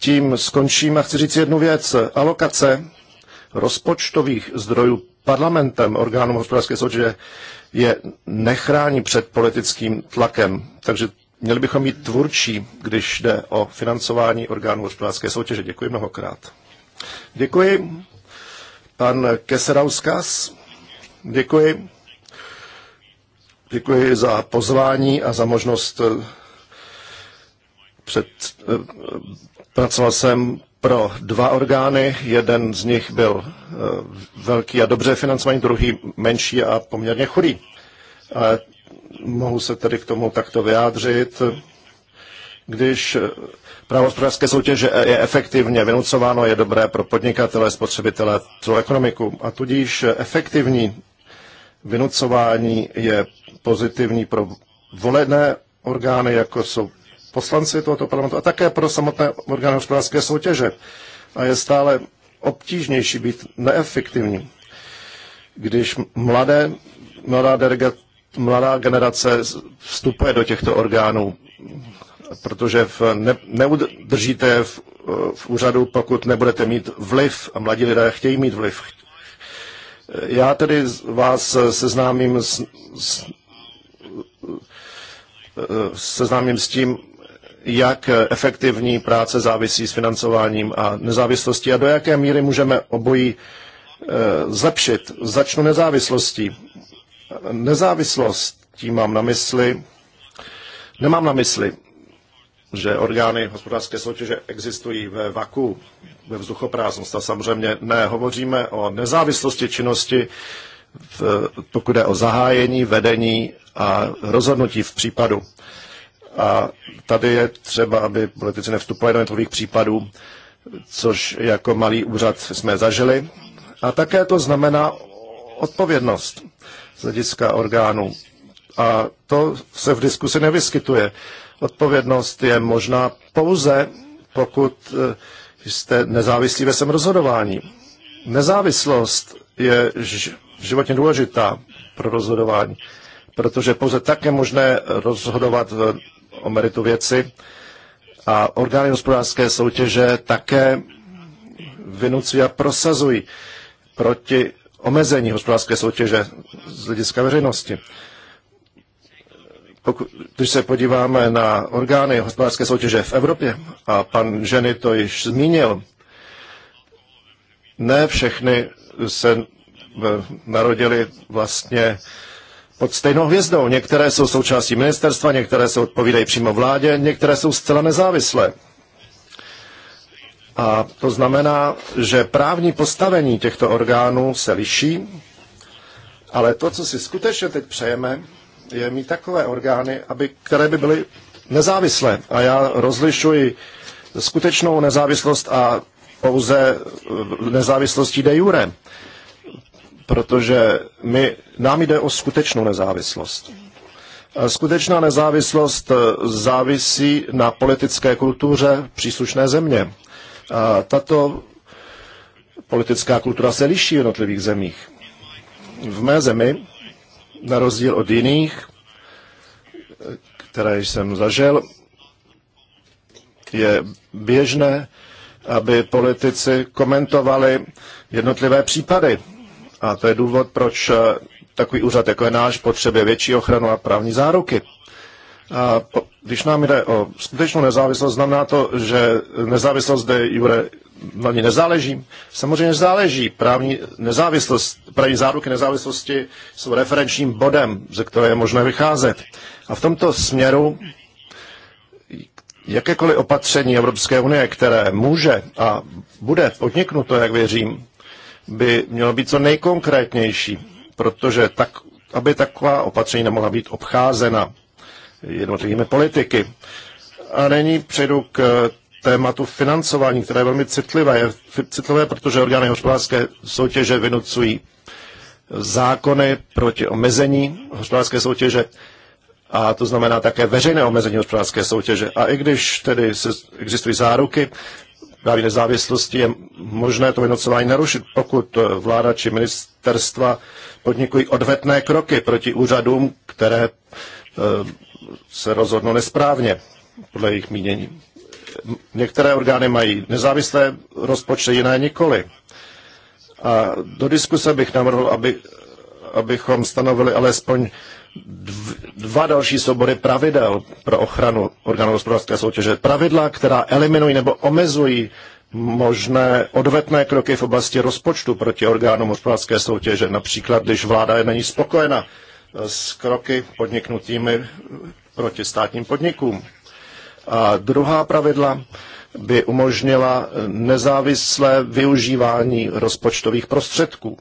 Tím skončím a chci říct jednu věc. Alokace rozpočtových zdrojů parlamentem, orgánům hospodářské soutěže, je nechrání před politickým tlakem. Takže měli bychom být tvůrčí, když jde o financování orgánů hospodářské soutěže. Děkuji mnohokrát. Děkuji. Pan Keserauskas. Děkuji. Děkuji za pozvání a za možnost eh, před, eh, pracoval jsem pro dva orgány. Jeden z nich byl eh, velký a dobře financovaný, druhý menší a poměrně chudý. Ale mohu se tedy k tomu takto vyjádřit. Když právo hospodářské soutěže je efektivně vynucováno, je dobré pro podnikatele, spotřebitele, celou ekonomiku. A tudíž efektivní vynucování je pozitivní pro volené orgány, jako jsou poslanci tohoto parlamentu a také pro samotné orgány hospodářské soutěže. A je stále obtížnější být neefektivní, když mladé, mladá, derga, mladá generace vstupuje do těchto orgánů, protože v ne, neudržíte v, v úřadu, pokud nebudete mít vliv a mladí lidé chtějí mít vliv. Já tedy vás seznámím s, s Eh, seznámím s tím, jak efektivní práce závisí s financováním a nezávislostí a do jaké míry můžeme obojí eh, zlepšit. Začnu nezávislostí. Nezávislost, tím mám na mysli, nemám na mysli, že orgány hospodářské soutěže existují ve vaku, ve vzduchoprázdnosti. A samozřejmě ne, hovoříme o nezávislosti činnosti v, pokud je o zahájení, vedení a rozhodnutí v případu. A tady je třeba, aby politici nevstupovali do jednotlivých případů, což jako malý úřad jsme zažili. A také to znamená odpovědnost z hlediska orgánů. A to se v diskusi nevyskytuje. Odpovědnost je možná pouze, pokud eh, jste nezávislí ve svém rozhodování. Nezávislost je životně důležitá pro rozhodování, protože pouze tak je možné rozhodovat o meritu věci a orgány hospodářské soutěže také vynucují a prosazují proti omezení hospodářské soutěže z hlediska veřejnosti. Pokud, když se podíváme na orgány hospodářské soutěže v Evropě, a pan Ženy to již zmínil, ne všechny se Narodili vlastně pod stejnou hvězdou. Některé jsou součástí ministerstva, některé se odpovídají přímo vládě, některé jsou zcela nezávislé. A to znamená, že právní postavení těchto orgánů se liší, ale to, co si skutečně teď přejeme, je mít takové orgány, aby, které by byly nezávislé. A já rozlišuji skutečnou nezávislost a pouze nezávislostí de jure protože my, nám jde o skutečnou nezávislost. E, skutečná nezávislost e, závisí na politické kultuře příslušné země. A e, tato politická kultura se liší v jednotlivých zemích. V mé zemi, na rozdíl od jiných, které jsem zažil, je běžné, aby politici komentovali jednotlivé případy a to je důvod, proč eh, takový úřad, jako je náš, potřebuje větší ochranu a právní záruky. A po, když nám jde o skutečnou nezávislost, znamená to, že nezávislost de jure na ní nezáleží. Samozřejmě záleží. Právní, nezávislost, právní záruky nezávislosti jsou referenčním bodem, ze které je možné vycházet. A v tomto směru jakékoliv opatření Evropské unie, které může a bude podniknuto, jak věřím, by mělo být co nejkonkrétnější, protože tak, aby taková opatření nemohla být obcházena jednotlivými politiky. A není přejdu k tématu financování, které je velmi citlivé. Je citlivé, protože orgány hospodářské soutěže vynucují zákony proti omezení hospodářské soutěže a to znamená také veřejné omezení hospodářské soutěže. A i když tedy existují záruky, právě nezávislosti je možné to vynocování narušit, pokud vláda či ministerstva podnikují odvetné kroky proti úřadům, které eh, se rozhodnou nesprávně podle jejich mínění. Některé orgány mají nezávislé rozpočty, jiné nikoli. A do diskuse bych navrhl, aby, abychom stanovili alespoň dva další soubory pravidel pro ochranu orgánů hospodářské soutěže. Pravidla, která eliminují nebo omezují možné odvetné kroky v oblasti rozpočtu proti orgánům hospodářské soutěže, například když vláda není spokojena eh, s kroky podniknutými proti státním podnikům. A druhá pravidla by umožnila eh, nezávislé využívání rozpočtových prostředků.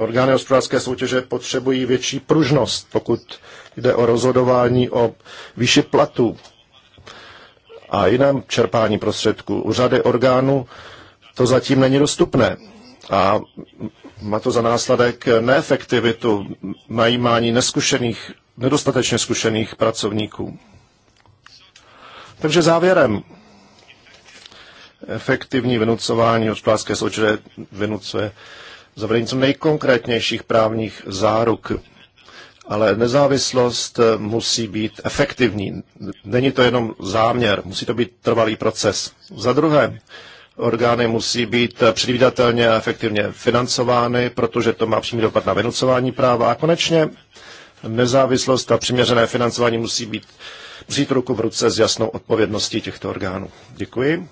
Orgány hospodářské soutěže potřebují větší pružnost, pokud jde o rozhodování o výši platů a jiném čerpání prostředků. U řady orgánů to zatím není dostupné a má to za následek neefektivitu najímání neskušených, nedostatečně zkušených pracovníků. Takže závěrem. Efektivní vynucování hospodářské soutěže vynucuje zavedení co nejkonkrétnějších právních záruk. Ale nezávislost eh, musí být efektivní. Není to jenom záměr, musí to být trvalý proces. Za druhé, orgány musí být eh, předvídatelně a efektivně financovány, protože to má přímý dopad na vynucování práva. A konečně nezávislost a přiměřené financování musí být vzít ruku v ruce s jasnou odpovědností těchto orgánů. Děkuji.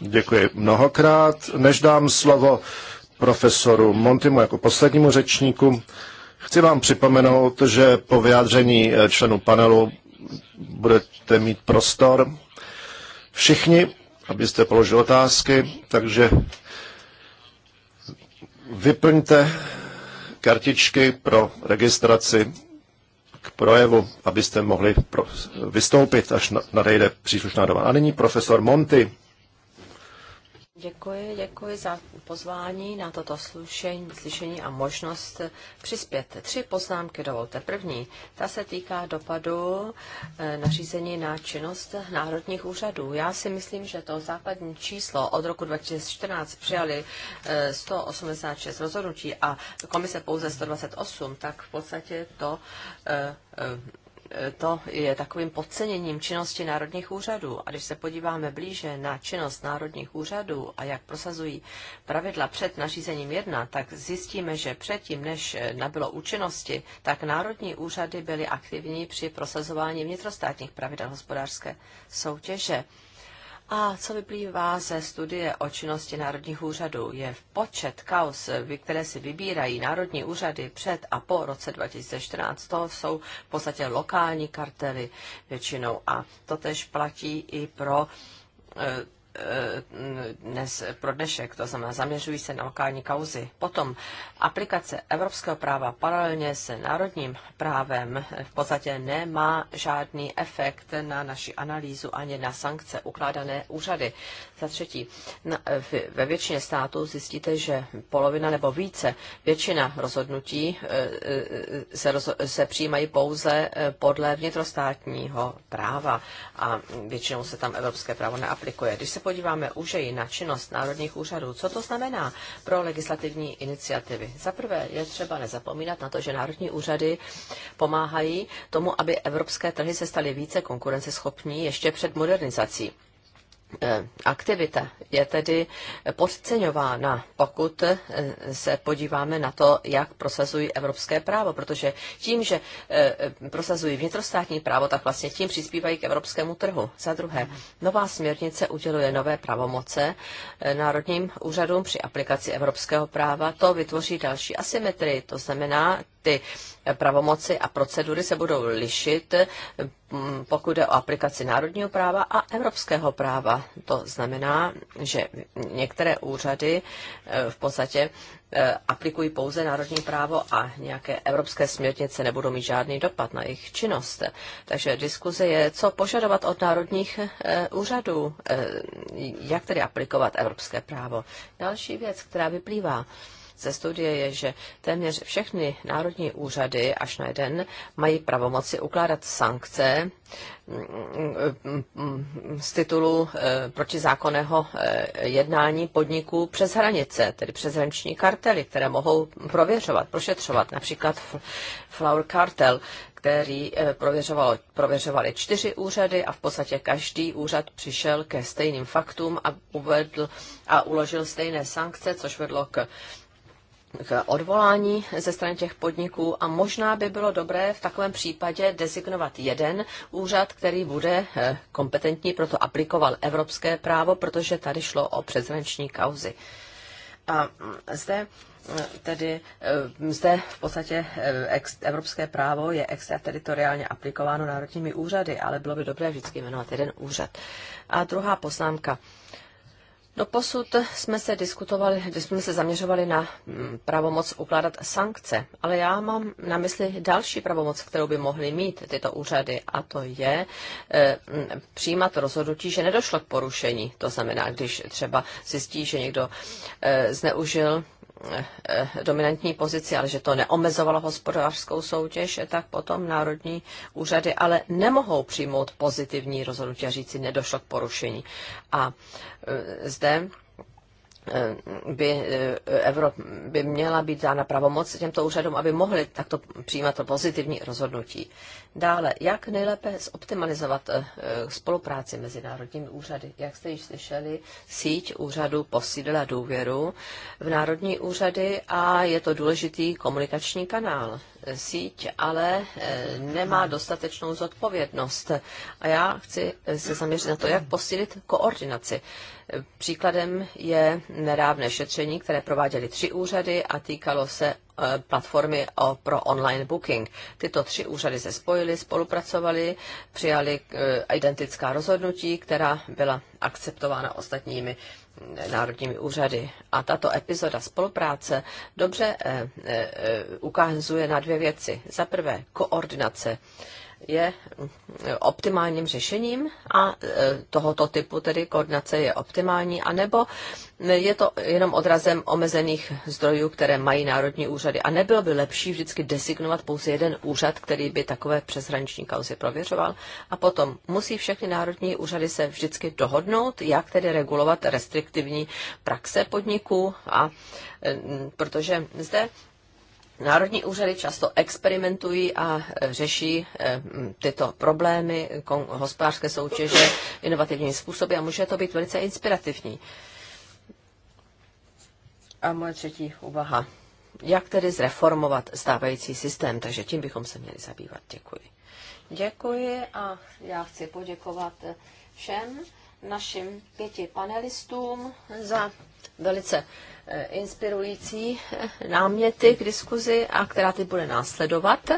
Děkuji mnohokrát. Než dám slovo profesoru Montimu jako poslednímu řečníku. Chci vám připomenout, že po vyjádření eh, členů panelu budete mít prostor všichni, abyste položili otázky, takže vyplňte kartičky pro registraci k projevu, abyste mohli vystoupit, až nadejde příslušná doba. A nyní profesor Monty. Děkuji, děkuji za pozvání na toto slušení, slyšení a možnost přispět. Tři poznámky dovolte. První, ta se týká dopadu eh, nařízení na činnost národních úřadů. Já si myslím, že to základní číslo od roku 2014 přijali 186 eh, rozhodnutí a komise pouze 128, tak v podstatě to eh, to je takovým podceněním činnosti národních úřadů. A když se podíváme blíže na činnost národních úřadů a jak prosazují pravidla před nařízením 1, tak zjistíme, že předtím, než nabylo účinnosti, tak národní úřady byly aktivní při prosazování vnitrostátních pravidel hospodářské soutěže. A co vyplývá ze studie o činnosti národních úřadů, je v počet kaus, které si vybírají národní úřady před a po roce 2014. To jsou v podstatě lokální kartely většinou a to tež platí i pro eh, Eh, dnes pro dnešek, to znamená zaměřují se na lokální kauzy. Potom aplikace evropského práva paralelně se národním právem v podstatě nemá žádný efekt na naši analýzu ani na sankce ukládané úřady. Za třetí, na, ve většině států zjistíte, že polovina nebo více, většina rozhodnutí eh, eh, se, roz, se přijímají pouze podle vnitrostátního práva a většinou se tam evropské právo neaplikuje. Když se podíváme i na činnost národních úřadů, co to znamená pro legislativní iniciativy? Za prvé je třeba nezapomínat na to, že národní úřady pomáhají tomu, aby evropské trhy se staly více konkurenceschopní ještě před modernizací. Eh, aktivita je tedy podceňována, pokud eh, se podíváme na to, jak prosazují evropské právo, protože tím, že eh, prosazují vnitrostátní právo, tak vlastně tím přispívají k evropskému trhu. Za druhé, nová směrnice uděluje nové pravomoce národním úřadům při aplikaci evropského práva. To vytvoří další asymetrii, to znamená, ty pravomoci a procedury se budou lišit, mm, pokud jde o aplikaci národního práva a evropského práva. To znamená, že některé úřady eh, v podstatě eh, aplikují pouze národní právo a nějaké evropské směrnice nebudou mít žádný dopad na jejich činnost. Takže diskuze je, co požadovat od národních eh, úřadů, jak tedy aplikovat evropské právo. Další věc, která vyplývá ze studie je, že téměř všechny národní úřady, až na jeden, mají pravomoci ukládat sankce mm, mm, z titulu eh, protizákonného eh, jednání podniků přes hranice, tedy přes hraniční kartely, které mohou prověřovat, prošetřovat, například Flower Cartel, který eh, prověřoval, prověřovali čtyři úřady a v podstatě každý úřad přišel ke stejným faktům a uvedl a uložil stejné sankce, což vedlo k k odvolání ze strany těch podniků a možná by bylo dobré v takovém případě designovat jeden úřad, který bude eh, kompetentní, proto aplikoval evropské právo, protože tady šlo o přezranční kauzy. A mm, zde eh, tedy eh, zde v podstatě ex, evropské právo je extrateritoriálně aplikováno národními úřady, ale bylo by dobré vždycky jmenovat jeden úřad. A druhá poznámka. Doposud jsme se diskutovali, jsme se zaměřovali na mm, pravomoc ukládat sankce, ale já mám na mysli další pravomoc, kterou by mohly mít tyto úřady, a to je e, přijímat rozhodnutí, že nedošlo k porušení. To znamená, když třeba zjistí, že někdo e, zneužil Eh, dominantní pozici, ale že to neomezovalo hospodářskou soutěž, eh, tak potom národní úřady ale nemohou přijmout pozitivní rozhodnutí a říci, nedošlo k porušení. A eh, zde Eh, by, eh, Evrop, by měla být dána pravomoc těmto úřadům, aby mohli takto přijímat to pozitivní rozhodnutí. Dále, jak nejlépe zoptimalizovat eh, spolupráci mezi národními úřady? Jak jste již slyšeli, síť úřadů posílila důvěru v národní úřady a je to důležitý komunikační kanál. Síť ale nemá dostatečnou zodpovědnost. A já chci se zaměřit na to, jak posílit koordinaci Příkladem je nedávné šetření, které prováděly tři úřady a týkalo se eh, platformy pro online booking. Tyto tři úřady se spojily, spolupracovaly, přijali eh, identická rozhodnutí, která byla akceptována ostatními eh, národními úřady. A tato epizoda spolupráce dobře ukazuje na dvě věci. Za prvé koordinace je optimálním řešením a e, tohoto typu tedy koordinace je optimální, anebo je to jenom odrazem omezených zdrojů, které mají národní úřady. A nebylo by lepší vždycky designovat pouze jeden úřad, který by takové přeshraniční kauzy prověřoval. A potom musí všechny národní úřady se vždycky dohodnout, jak tedy regulovat restriktivní praxe podniků. A e, protože zde Národní úřady často experimentují a e, řeší e, tyto problémy hospodářské soutěže inovativními způsoby a může to být velice inspirativní. A moje třetí uvaha: Jak tedy zreformovat stávající systém? Takže tím bychom se měli zabývat. Děkuji. Děkuji a já chci poděkovat e, všem našim pěti panelistům za velice eh, inspirující eh, náměty k diskuzi, a která teď bude následovat.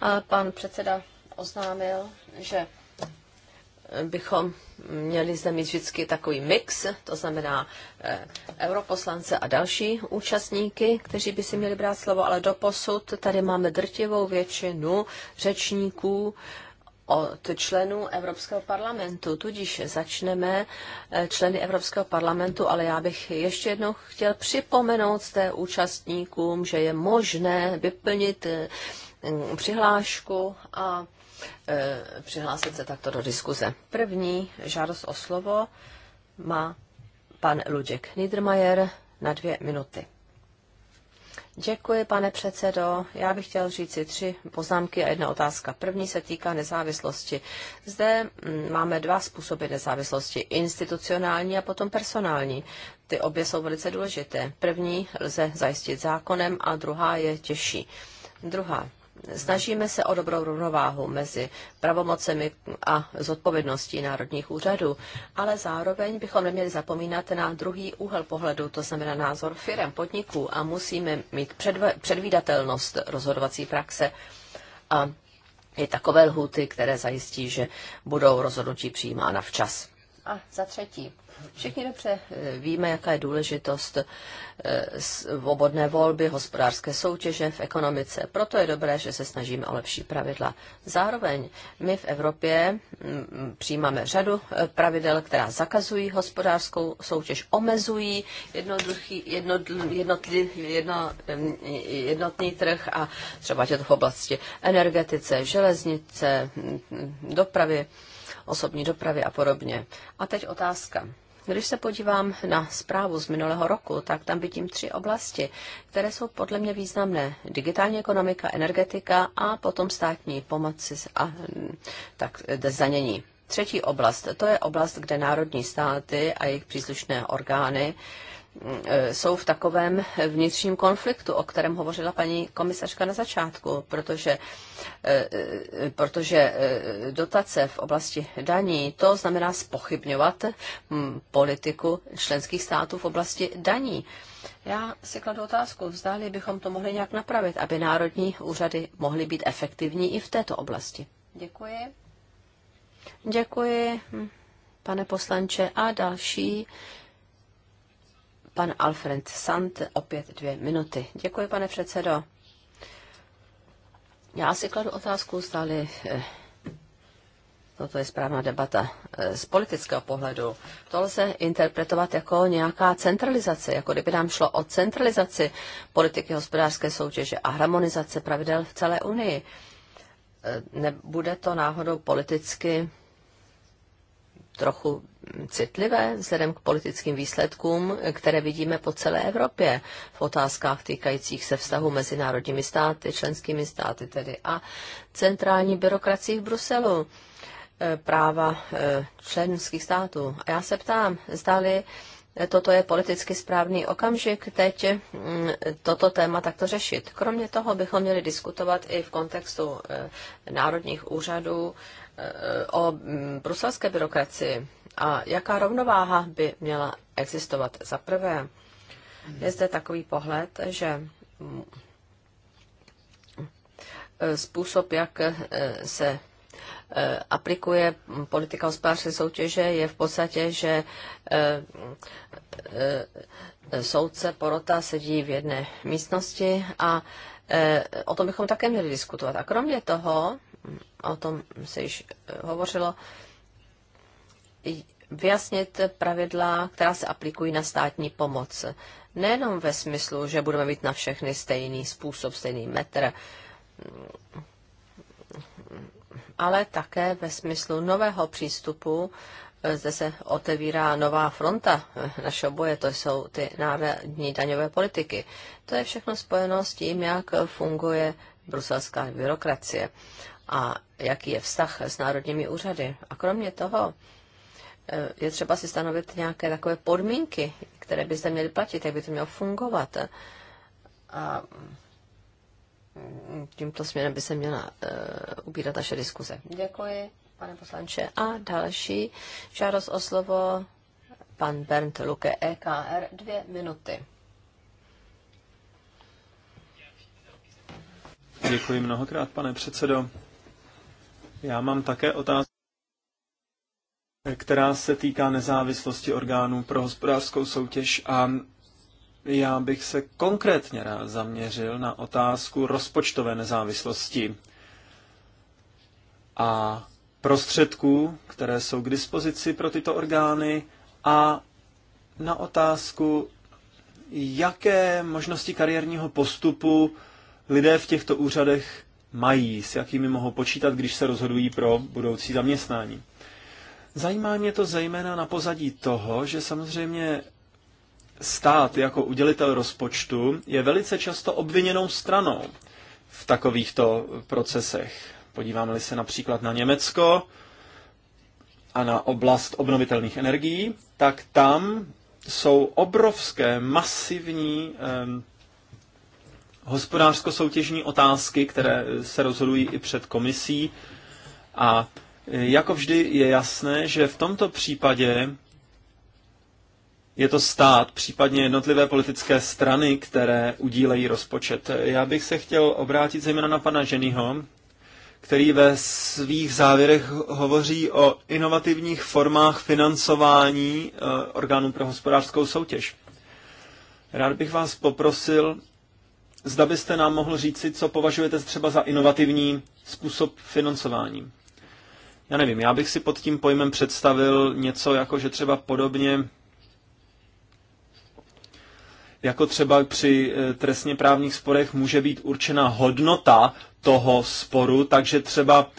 A pan předseda oznámil, že eh, bychom měli zde mít vždycky takový mix, to znamená europoslance a další účastníky, kteří by si měli brát slovo, ale doposud tady máme drtivou většinu řečníků, od členů Evropského parlamentu. Tudíž začneme eh, členy Evropského parlamentu, ale já bych ještě jednou chtěl připomenout té účastníkům, že je možné vyplnit eh, mm, přihlášku a eh, přihlásit se takto do diskuze. První žádost o slovo má pan Luděk Niedermayer na dvě minuty. Děkuji, pane předsedo. Já bych chtěl říct si tři poznámky a jedna otázka. První se týká nezávislosti. Zde mm, máme dva způsoby nezávislosti. Institucionální a potom personální. Ty obě jsou velice důležité. První lze zajistit zákonem a druhá je těžší. Druhá snažíme se o dobrou rovnováhu mezi pravomocemi a zodpovědností národních úřadů, ale zároveň bychom neměli zapomínat na druhý úhel pohledu, to znamená názor firem, podniků a musíme mít předvídatelnost rozhodovací praxe a i takové lhuty, které zajistí, že budou rozhodnutí přijímána včas. A za třetí, všichni dobře eh, víme, jaká je důležitost eh, svobodné volby, hospodářské soutěže v ekonomice. Proto je dobré, že se snažíme o lepší pravidla. Zároveň my v Evropě mm, přijímáme řadu eh, pravidel, která zakazují hospodářskou soutěž, omezují jednotný, jedno, mm, jednotný trh a třeba je to v oblasti energetice, železnice, mm, dopravy osobní dopravy a podobně. A teď otázka. Když se podívám na zprávu z minulého roku, tak tam vidím tři oblasti, které jsou podle mě významné. Digitální ekonomika, energetika a potom státní pomoci a mm, tak zdanění. Třetí oblast, to je oblast, kde národní státy a jejich příslušné orgány eh, E, jsou v takovém vnitřním konfliktu, o kterém hovořila paní komisařka na začátku, protože, e, e, protože dotace v oblasti daní, to znamená spochybňovat politiku členských států v oblasti daní. Já si kladu otázku, zdáli bychom to mohli nějak napravit, aby národní úřady mohly být efektivní i v této oblasti. Děkuji. Děkuji, pane poslanče. A další Pan Alfred Sant, opět dvě minuty. Děkuji, pane předsedo. Já si kladu otázku, zdali eh, toto je správná debata eh, z politického pohledu. To lze interpretovat jako nějaká centralizace, jako kdyby nám šlo o centralizaci politiky hospodářské soutěže a harmonizace pravidel v celé Unii. Eh, nebude to náhodou politicky trochu citlivé vzhledem k politickým výsledkům, které vidíme po celé Evropě v otázkách týkajících se vztahu mezi národními státy, členskými státy tedy a centrální byrokracií v Bruselu e, práva e, členských států. A já se ptám, zdali toto je politicky správný okamžik teď mm, toto téma takto řešit. Kromě toho bychom měli diskutovat i v kontextu e, národních úřadů o mm, bruselské byrokracii. A jaká rovnováha by měla existovat? Za prvé, je zde takový pohled, že eh, způsob, jak eh, se eh, aplikuje politika hospodářské soutěže, je v podstatě, že soudce porota sedí v jedné místnosti a o tom bychom také měli diskutovat. A kromě toho, o tom se již hovořilo, vyjasnit pravidla, která se aplikují na státní pomoc. Nejenom ve smyslu, že budeme mít na všechny stejný způsob, stejný metr, ale také ve smyslu nového přístupu. Zde se otevírá nová fronta našeho boje, to jsou ty národní daňové politiky. To je všechno spojeno s tím, jak funguje bruselská byrokracie a jaký je vztah s národními úřady. A kromě toho, Eh, je třeba si stanovit nějaké takové podmínky, které by měli měly platit, jak by to mělo fungovat. A mm, tímto směrem by se měla uh, ubírat naše diskuze. Děkuji, pane poslanče. A další žádost o slovo pan Bernd Luke, EKR, dvě minuty. Děkuji mnohokrát, pane předsedo. Já mám také otázku která se týká nezávislosti orgánů pro hospodářskou soutěž a já bych se konkrétně rád zaměřil na otázku rozpočtové nezávislosti a prostředků, které jsou k dispozici pro tyto orgány a na otázku, jaké možnosti kariérního postupu lidé v těchto úřadech mají, s jakými mohou počítat, když se rozhodují pro budoucí zaměstnání. Zajímá mě to zejména na pozadí toho, že samozřejmě stát jako udělitel rozpočtu je velice často obviněnou stranou v takovýchto procesech. Podíváme-li se například na Německo a na oblast obnovitelných energií, tak tam jsou obrovské, masivní eh, hospodářsko-soutěžní otázky, které se rozhodují i před komisí a jako vždy je jasné, že v tomto případě je to stát, případně jednotlivé politické strany, které udílejí rozpočet. Já bych se chtěl obrátit zejména na pana Ženýho, který ve svých závěrech hovoří o inovativních formách financování eh, orgánů pro hospodářskou soutěž. Rád bych vás poprosil, zda byste nám mohl říci, co považujete třeba za inovativní způsob financování já nevím, já bych si pod tím pojmem představil něco jako, že třeba podobně jako třeba při eh, trestně právních sporech může být určena hodnota toho sporu, takže třeba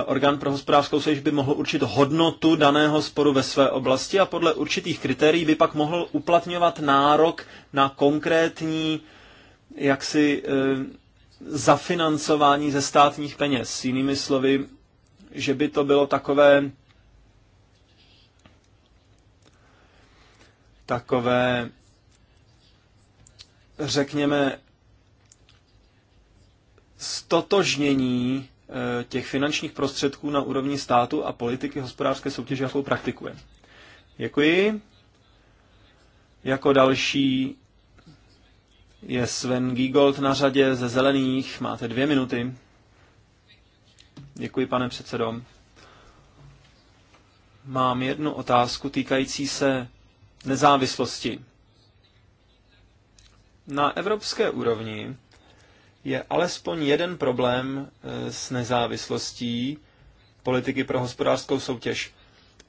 eh, orgán pro hospodářskou soutěž by mohl určit hodnotu daného sporu ve své oblasti a podle určitých kritérií by pak mohl uplatňovat nárok na konkrétní jaksi eh, zafinancování ze státních peněz. Jinými slovy, že by to bylo takové takové řekněme stotožnění eh, těch finančních prostředků na úrovni státu a politiky hospodářské soutěže, jakou praktikuje. Děkuji. Jako další je Sven Giegold na řadě ze Zelených. Máte dvě minuty. Děkuji, pane předsedo. Mám jednu otázku týkající se nezávislosti. Na evropské úrovni je alespoň jeden problém eh, s nezávislostí politiky pro hospodářskou soutěž.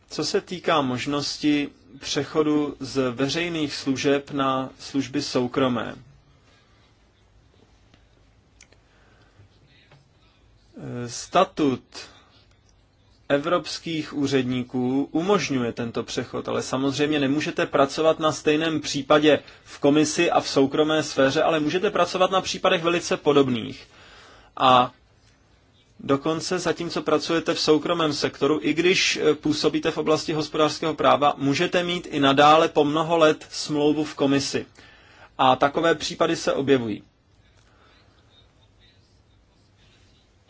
Co se týká možnosti přechodu z veřejných služeb na služby soukromé. Eh, statut evropských úředníků umožňuje tento přechod, ale samozřejmě nemůžete pracovat na stejném případě v komisi a v soukromé sféře, ale můžete pracovat na případech velice podobných. A Dokonce zatímco pracujete v soukromém sektoru, i když eh, působíte v oblasti hospodářského práva, můžete mít i nadále po mnoho let smlouvu v komisi. A takové případy se objevují.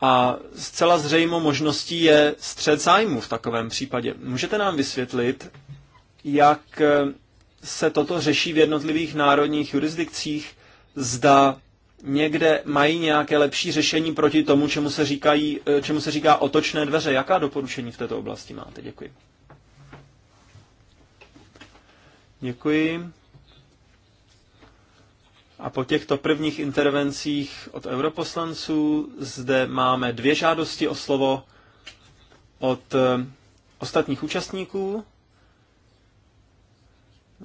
A zcela zřejmou možností je střed zájmu v takovém případě. Můžete nám vysvětlit, jak eh, se toto řeší v jednotlivých národních jurisdikcích? Zda někde mají nějaké lepší řešení proti tomu, čemu se, říkají, eh, čemu se říká otočné dveře. Jaká doporučení v této oblasti máte? Děkuji. Děkuji. A po těchto prvních intervencích od europoslanců zde máme dvě žádosti o slovo od eh, ostatních účastníků.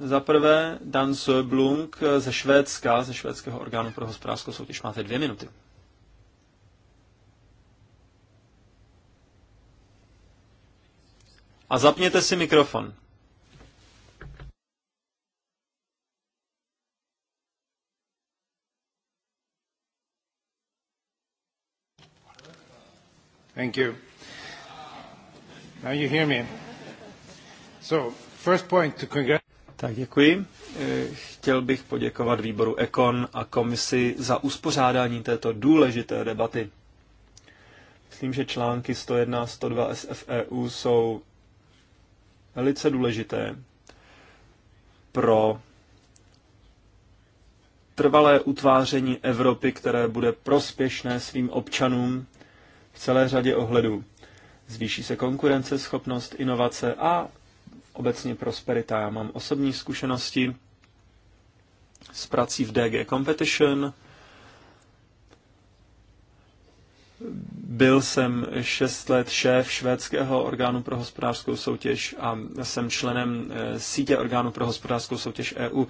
Za prvé Dan Blunk ze Švédska, ze švédského orgánu pro hospodářskou soutěž. Máte dvě minuty. A zapněte si mikrofon. Thank you. Now you hear me. So, first point to congratulate. Tak děkuji. Eh, chtěl bych poděkovat výboru Ekon a komisi za uspořádání této důležité debaty. Myslím, že články 101 a 102 SFEU jsou velice důležité pro trvalé utváření Evropy, které bude prospěšné svým občanům v celé řadě ohledů. Zvýší se konkurence, schopnost, inovace a obecně prosperita. Já mám osobní zkušenosti s prací v DG Competition. Byl jsem šest let šéf švédského orgánu pro hospodářskou soutěž a jsem členem eh, sítě orgánu pro hospodářskou soutěž EU.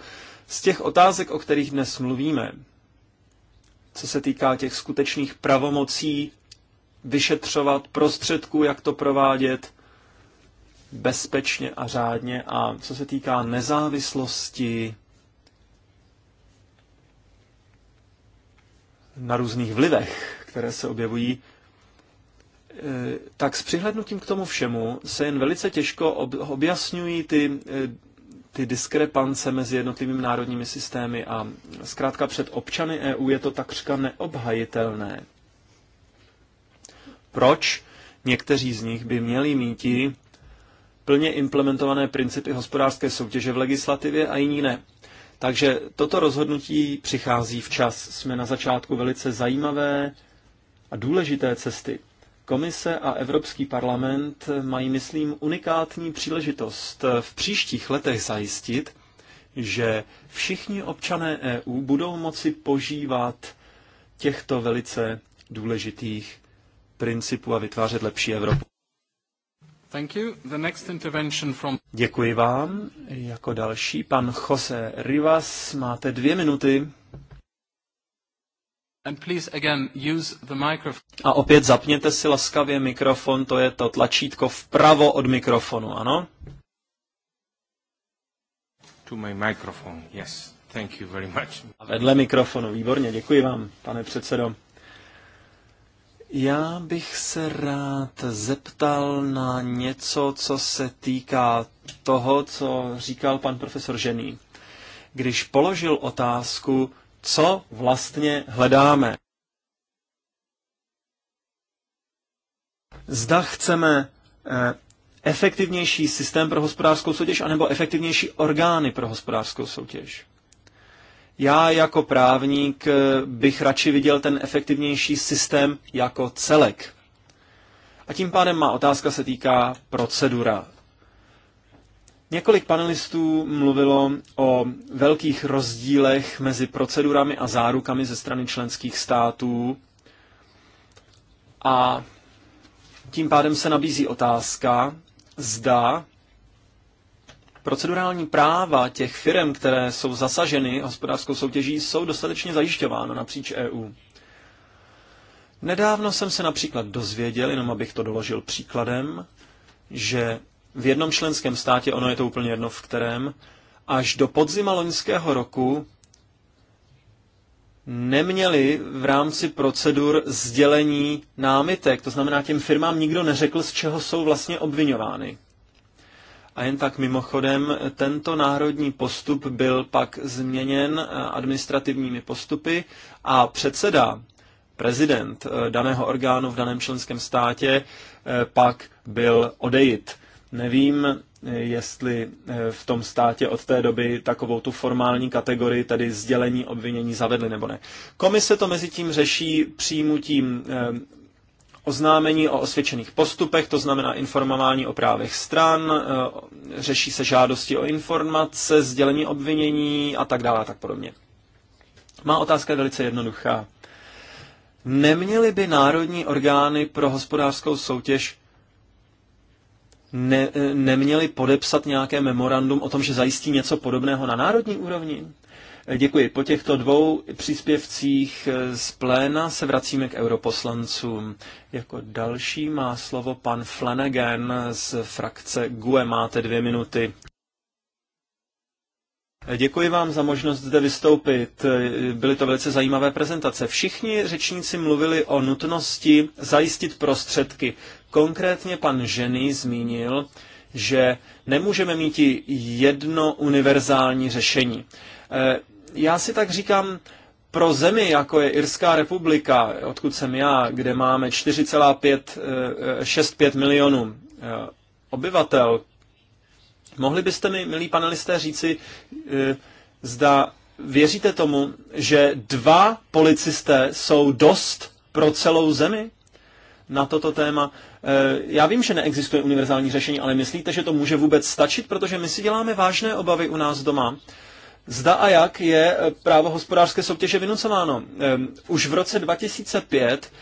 Z těch otázek, o kterých dnes mluvíme, co se týká těch skutečných pravomocí vyšetřovat prostředků, jak to provádět bezpečně a řádně. A co se týká nezávislosti na různých vlivech, které se objevují, eh, tak s přihlednutím k tomu všemu se jen velice těžko objasňují ty, eh, ty diskrepance mezi jednotlivými národními systémy a zkrátka před občany EU je to takřka neobhajitelné proč někteří z nich by měli mít plně implementované principy hospodářské soutěže v legislativě a jiní ne. Takže toto rozhodnutí přichází včas. Jsme na začátku velice zajímavé a důležité cesty. Komise a Evropský parlament mají, myslím, unikátní příležitost v příštích letech zajistit, že všichni občané EU budou moci požívat těchto velice důležitých principů a vytvářet lepší Evropu. Thank you. The next intervention from... Děkuji vám. Jako další pan Jose Rivas, máte dvě minuty. And please again use the microphone. A opět zapněte si laskavě mikrofon, to je to tlačítko vpravo od mikrofonu, ano? To my microphone, yes. Thank you very much. A vedle mikrofonu, výborně, děkuji vám, pane předsedo. Já bych se rád zeptal na něco, co se týká toho, co říkal pan profesor Žený. Když položil otázku, co vlastně hledáme. Zda chceme eh, efektivnější systém pro hospodářskou soutěž anebo efektivnější orgány pro hospodářskou soutěž. Já jako právník eh, bych radši viděl ten efektivnější systém jako celek. A tím pádem má otázka se týká procedura. Několik panelistů mluvilo o velkých rozdílech mezi procedurami a zárukami ze strany členských států. A tím pádem se nabízí otázka, zda Procedurální práva těch firm, které jsou zasaženy hospodářskou soutěží, jsou dostatečně zajišťována napříč EU. Nedávno jsem se například dozvěděl, jenom abych to doložil příkladem, že v jednom členském státě, ono je to úplně jedno v kterém, až do podzima loňského roku neměli v rámci procedur sdělení námitek. To znamená, těm firmám nikdo neřekl, z čeho jsou vlastně obvinovány. A jen tak mimochodem, tento národní postup byl pak změněn eh, administrativními postupy a předseda, prezident eh, daného orgánu v daném členském státě eh, pak byl odejít. Nevím, jestli v tom státě od té doby takovou tu formální kategorii, tedy sdělení obvinění, zavedli nebo ne. Komise to mezi tím řeší přijímutím oznámení o osvědčených postupech, to znamená informování o právech stran, eh, řeší se žádosti o informace, sdělení obvinění a tak dále a tak podobně. Má otázka je velice jednoduchá. Neměly by národní orgány pro hospodářskou soutěž ne, eh, neměli podepsat nějaké memorandum o tom, že zajistí něco podobného na národní úrovni? Děkuji. Po těchto dvou příspěvcích eh, z pléna se vracíme k europoslancům. Jako další má slovo pan Flanagan z frakce GUE. Máte dvě minuty. Eh, děkuji vám za možnost zde vystoupit. Eh, byly to velice zajímavé prezentace. Všichni řečníci mluvili o nutnosti zajistit prostředky. Konkrétně pan Ženy zmínil, že nemůžeme mít jedno univerzální řešení já si tak říkám, pro zemi, jako je Irská republika, odkud jsem já, kde máme 4,65 eh, milionů eh, obyvatel, mohli byste mi, milí panelisté, říci, eh, zda věříte tomu, že dva policisté jsou dost pro celou zemi na toto téma? Já vím, že neexistuje univerzální řešení, ale myslíte, že to může vůbec stačit, protože my si děláme vážné obavy u nás doma Zda a jak je eh, právo hospodářské soutěže vynucováno? Už v roce 2005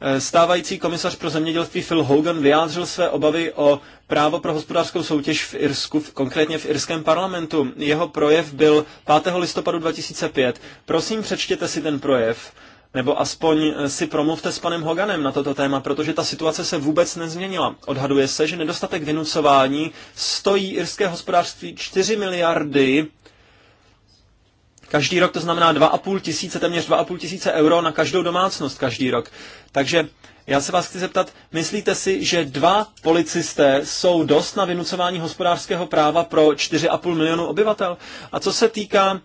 eh, stávající komisař pro zemědělství Phil Hogan vyjádřil své obavy o právo pro hospodářskou soutěž v Irsku, konkrétně v irském parlamentu. Jeho projev byl 5. listopadu 2005. Prosím, přečtěte si ten projev, nebo aspoň eh, si promluvte s panem Hoganem na toto téma, protože ta situace se vůbec nezměnila. Odhaduje se, že nedostatek vynucování stojí irské hospodářství 4 miliardy Každý rok to znamená 2,5 tisíce, téměř 2,5 tisíce euro na každou domácnost každý rok. Takže já se vás chci zeptat, myslíte si, že dva policisté jsou dost na vynucování hospodářského práva pro 4,5 milionu obyvatel? A co se týká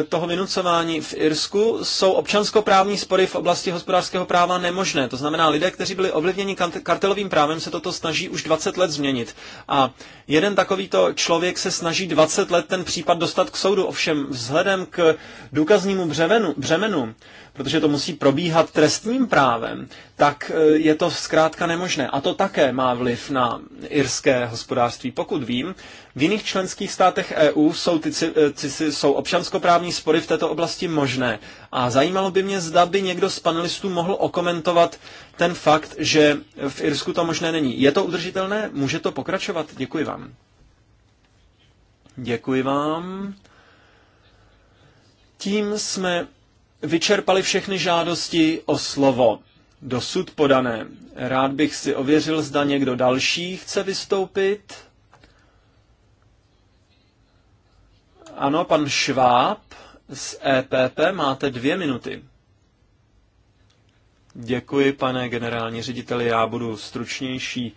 e, toho vynucování v Irsku, jsou občanskoprávní spory v oblasti hospodářského práva nemožné. To znamená, lidé, kteří byli ovlivněni kartelovým právem, se toto snaží už 20 let změnit. A jeden takovýto člověk se snaží 20 let ten případ dostat k soudu, ovšem vzhledem k důkaznímu břevenu, břemenu protože to musí probíhat trestním právem, tak e, je to zkrátka nemožné. A to také má vliv na irské hospodářství. Pokud vím, v jiných členských státech EU jsou, ty, ty, e, jsou občanskoprávní spory v této oblasti možné. A zajímalo by mě, zda by někdo z panelistů mohl okomentovat ten fakt, že v Irsku to možné není. Je to udržitelné? Může to pokračovat? Děkuji vám. Děkuji vám. Tím jsme vyčerpali všechny žádosti o slovo dosud podané. Rád bych si ověřil, zda někdo další chce vystoupit. Ano, pan Šváb z EPP, máte dvě minuty. Děkuji, pane generální řediteli, já budu stručnější.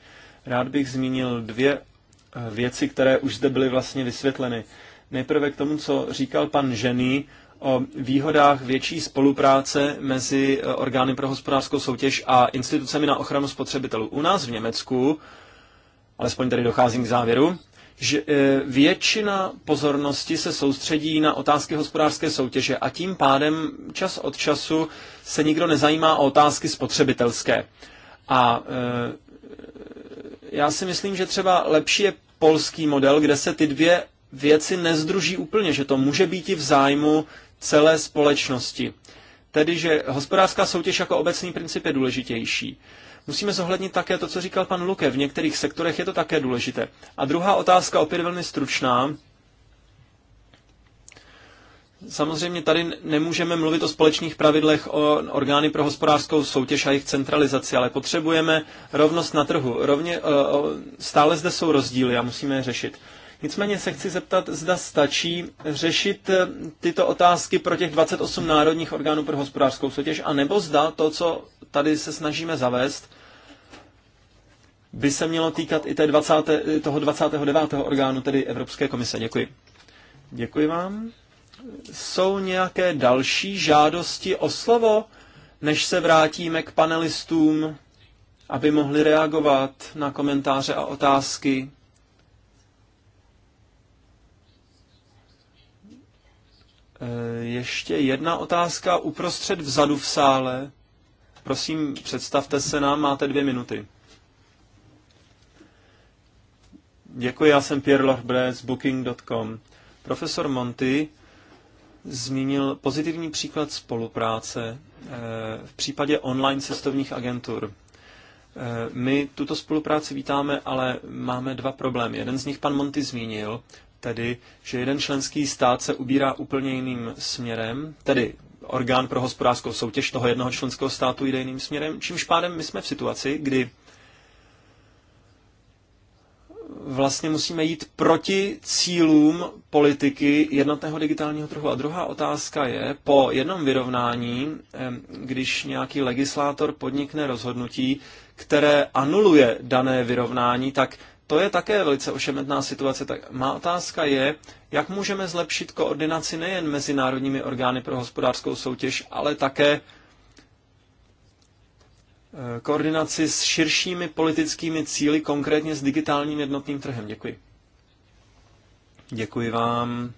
Rád bych zmínil dvě eh, věci, které už zde byly vlastně vysvětleny. Nejprve k tomu, co říkal pan Žený o výhodách větší spolupráce mezi e, orgány pro hospodářskou soutěž a institucemi na ochranu spotřebitelů. U nás v Německu, alespoň tady docházím k závěru, že e, většina pozornosti se soustředí na otázky hospodářské soutěže a tím pádem čas od času se nikdo nezajímá o otázky spotřebitelské. A e, já si myslím, že třeba lepší je polský model, kde se ty dvě věci nezdruží úplně, že to může být i v zájmu celé společnosti. Tedy, že hospodářská soutěž jako obecný princip je důležitější. Musíme zohlednit také to, co říkal pan Luke. V některých sektorech je to také důležité. A druhá otázka, opět velmi stručná. Samozřejmě tady nemůžeme mluvit o společných pravidlech o orgány pro hospodářskou soutěž a jejich centralizaci, ale potřebujeme rovnost na trhu. Rovně, eh, stále zde jsou rozdíly a musíme je řešit. Nicméně se chci zeptat, zda stačí řešit eh, tyto otázky pro těch 28 národních orgánů pro hospodářskou soutěž, anebo zda to, co tady se snažíme zavést, by se mělo týkat i té 20, eh, toho 29. orgánu, tedy Evropské komise. Děkuji. Děkuji vám. Jsou nějaké další žádosti o slovo, než se vrátíme k panelistům, aby mohli reagovat na komentáře a otázky? Eh, ještě jedna otázka uprostřed vzadu v sále. Prosím, představte se nám, máte dvě minuty. Děkuji, já jsem Pierre Lorbre z Booking.com. Profesor Monty zmínil pozitivní příklad spolupráce eh, v případě online cestovních agentur. Eh, my tuto spolupráci vítáme, ale máme dva problémy. Jeden z nich pan Monty zmínil, tedy, že jeden členský stát se ubírá úplně jiným směrem, tedy orgán pro hospodářskou soutěž toho jednoho členského státu jde jiným směrem, čímž pádem my jsme v situaci, kdy vlastně musíme jít proti cílům politiky jednotného digitálního trhu. A druhá otázka je, po jednom vyrovnání, když nějaký legislátor podnikne rozhodnutí, které anuluje dané vyrovnání, tak to je také velice ošemetná situace. Tak má otázka je, jak můžeme zlepšit koordinaci nejen mezinárodními orgány pro hospodářskou soutěž, ale také eh, koordinaci s širšími politickými cíly, konkrétně s digitálním jednotným trhem. Děkuji. Děkuji vám.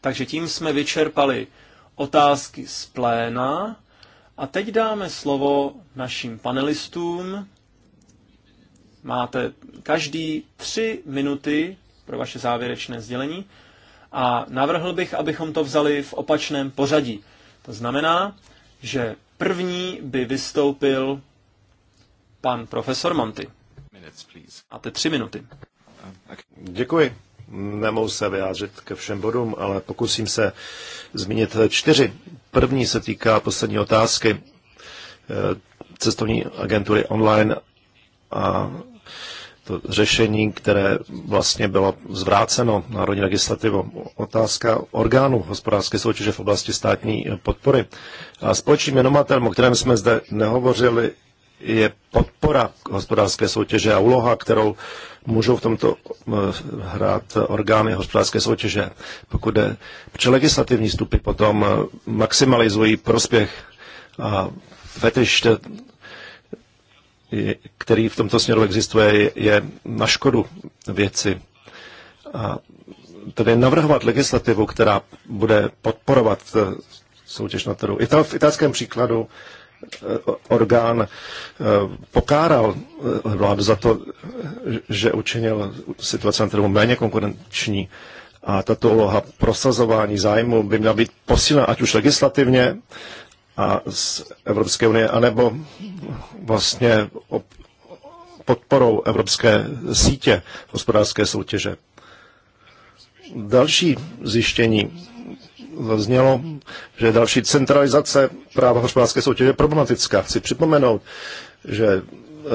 Takže tím jsme vyčerpali otázky z pléna a teď dáme slovo našim panelistům. Máte každý tři minuty pro vaše závěrečné sdělení a navrhl bych, abychom to vzali v opačném pořadí. To znamená, že první by vystoupil pan profesor Monty. Máte tři minuty. Uh, Děkuji. Nemohu se vyjádřit ke všem bodům, ale pokusím se zmínit čtyři. První se týká poslední otázky eh, cestovní agentury online a to řešení, které vlastně bylo zvráceno národní legislativou. Otázka orgánů hospodářské soutěže v oblasti státní podpory. A společným jmenovatel, o kterém jsme zde nehovořili, je podpora hospodářské soutěže a úloha, kterou můžou v tomto eh, hrát orgány hospodářské soutěže. Pokud je, protože legislativní stupy potom eh, maximalizují prospěch a fetiš který v tomto směru existuje, je na škodu věci. A tedy navrhovat legislativu, která bude podporovat eh, soutěž na trhu. Ital, v italském příkladu eh, orgán eh, pokáral vládu za to, že učinil situaci na trhu méně konkurenční a tato úloha prosazování zájmu by měla být posílena ať už legislativně a z Evropské unie, anebo vlastně podporou Evropské sítě hospodářské soutěže. Další zjištění zaznělo, že další centralizace práva hospodářské soutěže je problematická. Chci připomenout, že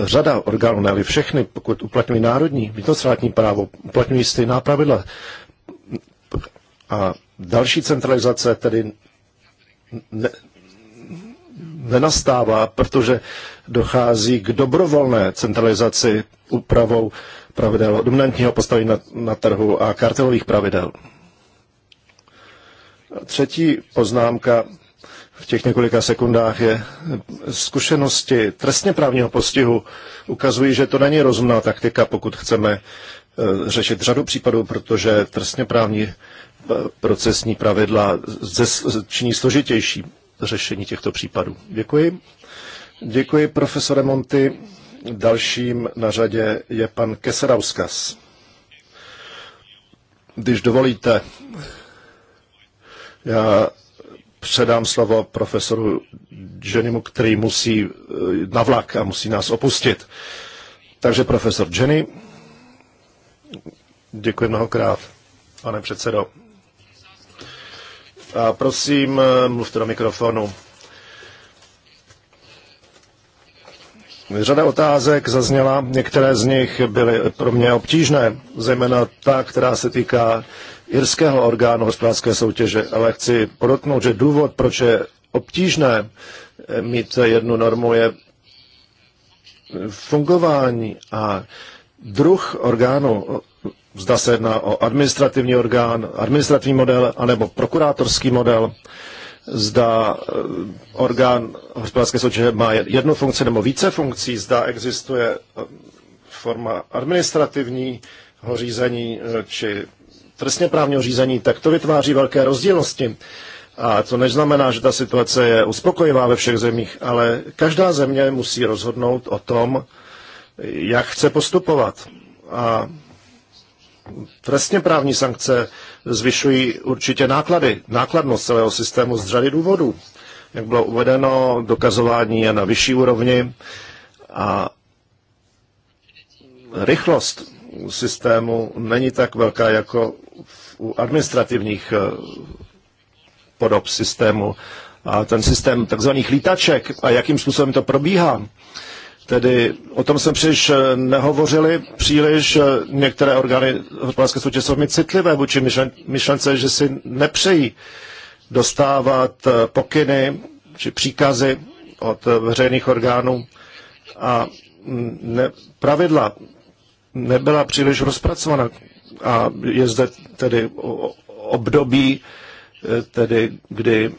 řada orgánů, ne všechny, pokud uplatňují národní vnitrostátní právo, uplatňují stejná pravidla. A další centralizace tedy ne, nenastává, protože dochází k dobrovolné centralizaci úpravou pravidel dominantního postavení na, na trhu a kartelových pravidel. Třetí poznámka v těch několika sekundách je zkušenosti trestně právního postihu ukazují, že to není rozumná taktika, pokud chceme e, řešit řadu případů, protože trestně právní e, procesní pravidla činí složitější řešení těchto případů. Děkuji. Děkuji, profesore Monty. Dalším na řadě je pan Keserauskas. Když dovolíte, já předám slovo profesoru Jennymu, který musí eh, na vlak a musí nás opustit. Takže profesor Jenny, děkuji mnohokrát, pane předsedo. A prosím, mluvte do mikrofonu. Řada otázek zazněla, některé z nich byly pro mě obtížné, zejména ta, která se týká irského orgánu hospodářské soutěže, ale chci podotknout, že důvod, proč je obtížné mít jednu normu, je fungování a druh orgánu zda se jedná o administrativní orgán, administrativní model, anebo prokurátorský model, zda eh, orgán hospodářské soutěže má jednu funkci nebo více funkcí, zda existuje eh, forma administrativního řízení eh, či trestně právního řízení, tak to vytváří velké rozdílnosti. A to neznamená, že ta situace je uspokojivá ve všech zemích, ale každá země musí rozhodnout o tom, jak chce postupovat. A trestně právní sankce zvyšují určitě náklady, nákladnost celého systému z řady důvodů. Jak bylo uvedeno, dokazování je na vyšší úrovni a rychlost systému není tak velká jako u administrativních eh, podob systému. A ten systém takzvaných lítaček a jakým způsobem to probíhá, Tedy o tom jsme příliš eh, nehovořili, příliš eh, některé orgány hospodářské soutěže jsou mi citlivé vůči myšlence, že si nepřejí dostávat eh, pokyny či příkazy od veřejných orgánů a mm, ne, pravidla nebyla příliš rozpracovaná. a je zde tedy období, tedy kdy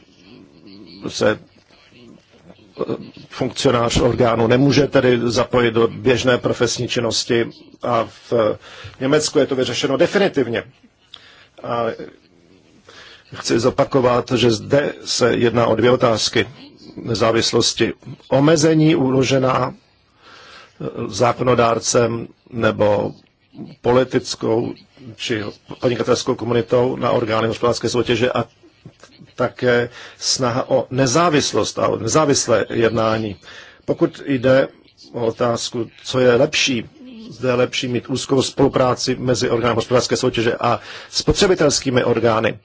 se funkcionář orgánu nemůže tedy zapojit do běžné profesní činnosti a v Německu je to vyřešeno definitivně. A chci zopakovat, že zde se jedná o dvě otázky nezávislosti. Omezení uložená zákonodárcem nebo politickou či podnikatelskou komunitou na orgány hospodářské soutěže a také snaha o nezávislost a o nezávislé jednání. Pokud jde o otázku, co je lepší, zde je lepší mít úzkou spolupráci mezi orgány hospodářské soutěže a spotřebitelskými orgány,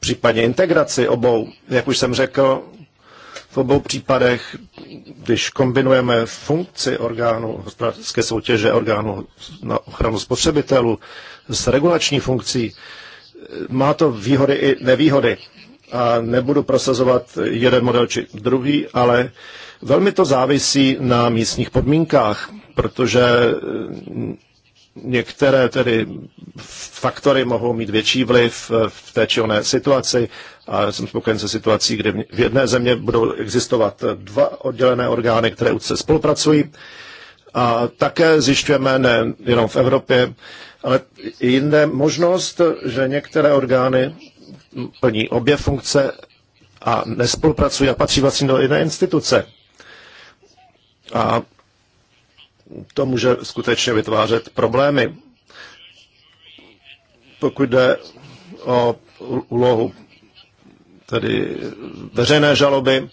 případně integraci obou. Jak už jsem řekl, v obou případech, když kombinujeme funkci orgánu hospodářské soutěže, orgánu na ochranu spotřebitelů s regulační funkcí, má to výhody i nevýhody a nebudu prosazovat jeden model či druhý, ale velmi to závisí na místních podmínkách, protože eh, některé tedy faktory mohou mít větší vliv eh, v té či oné situaci a jsem spokojen se situací, kdy v jedné země budou existovat eh, dva oddělené orgány, které už se spolupracují a také zjišťujeme, ne jenom v Evropě, ale i jinde možnost, že některé orgány plní obě funkce a nespolupracují a patří vlastně do jiné instituce. A to může skutečně vytvářet problémy. Pokud jde o úlohu tedy veřejné žaloby,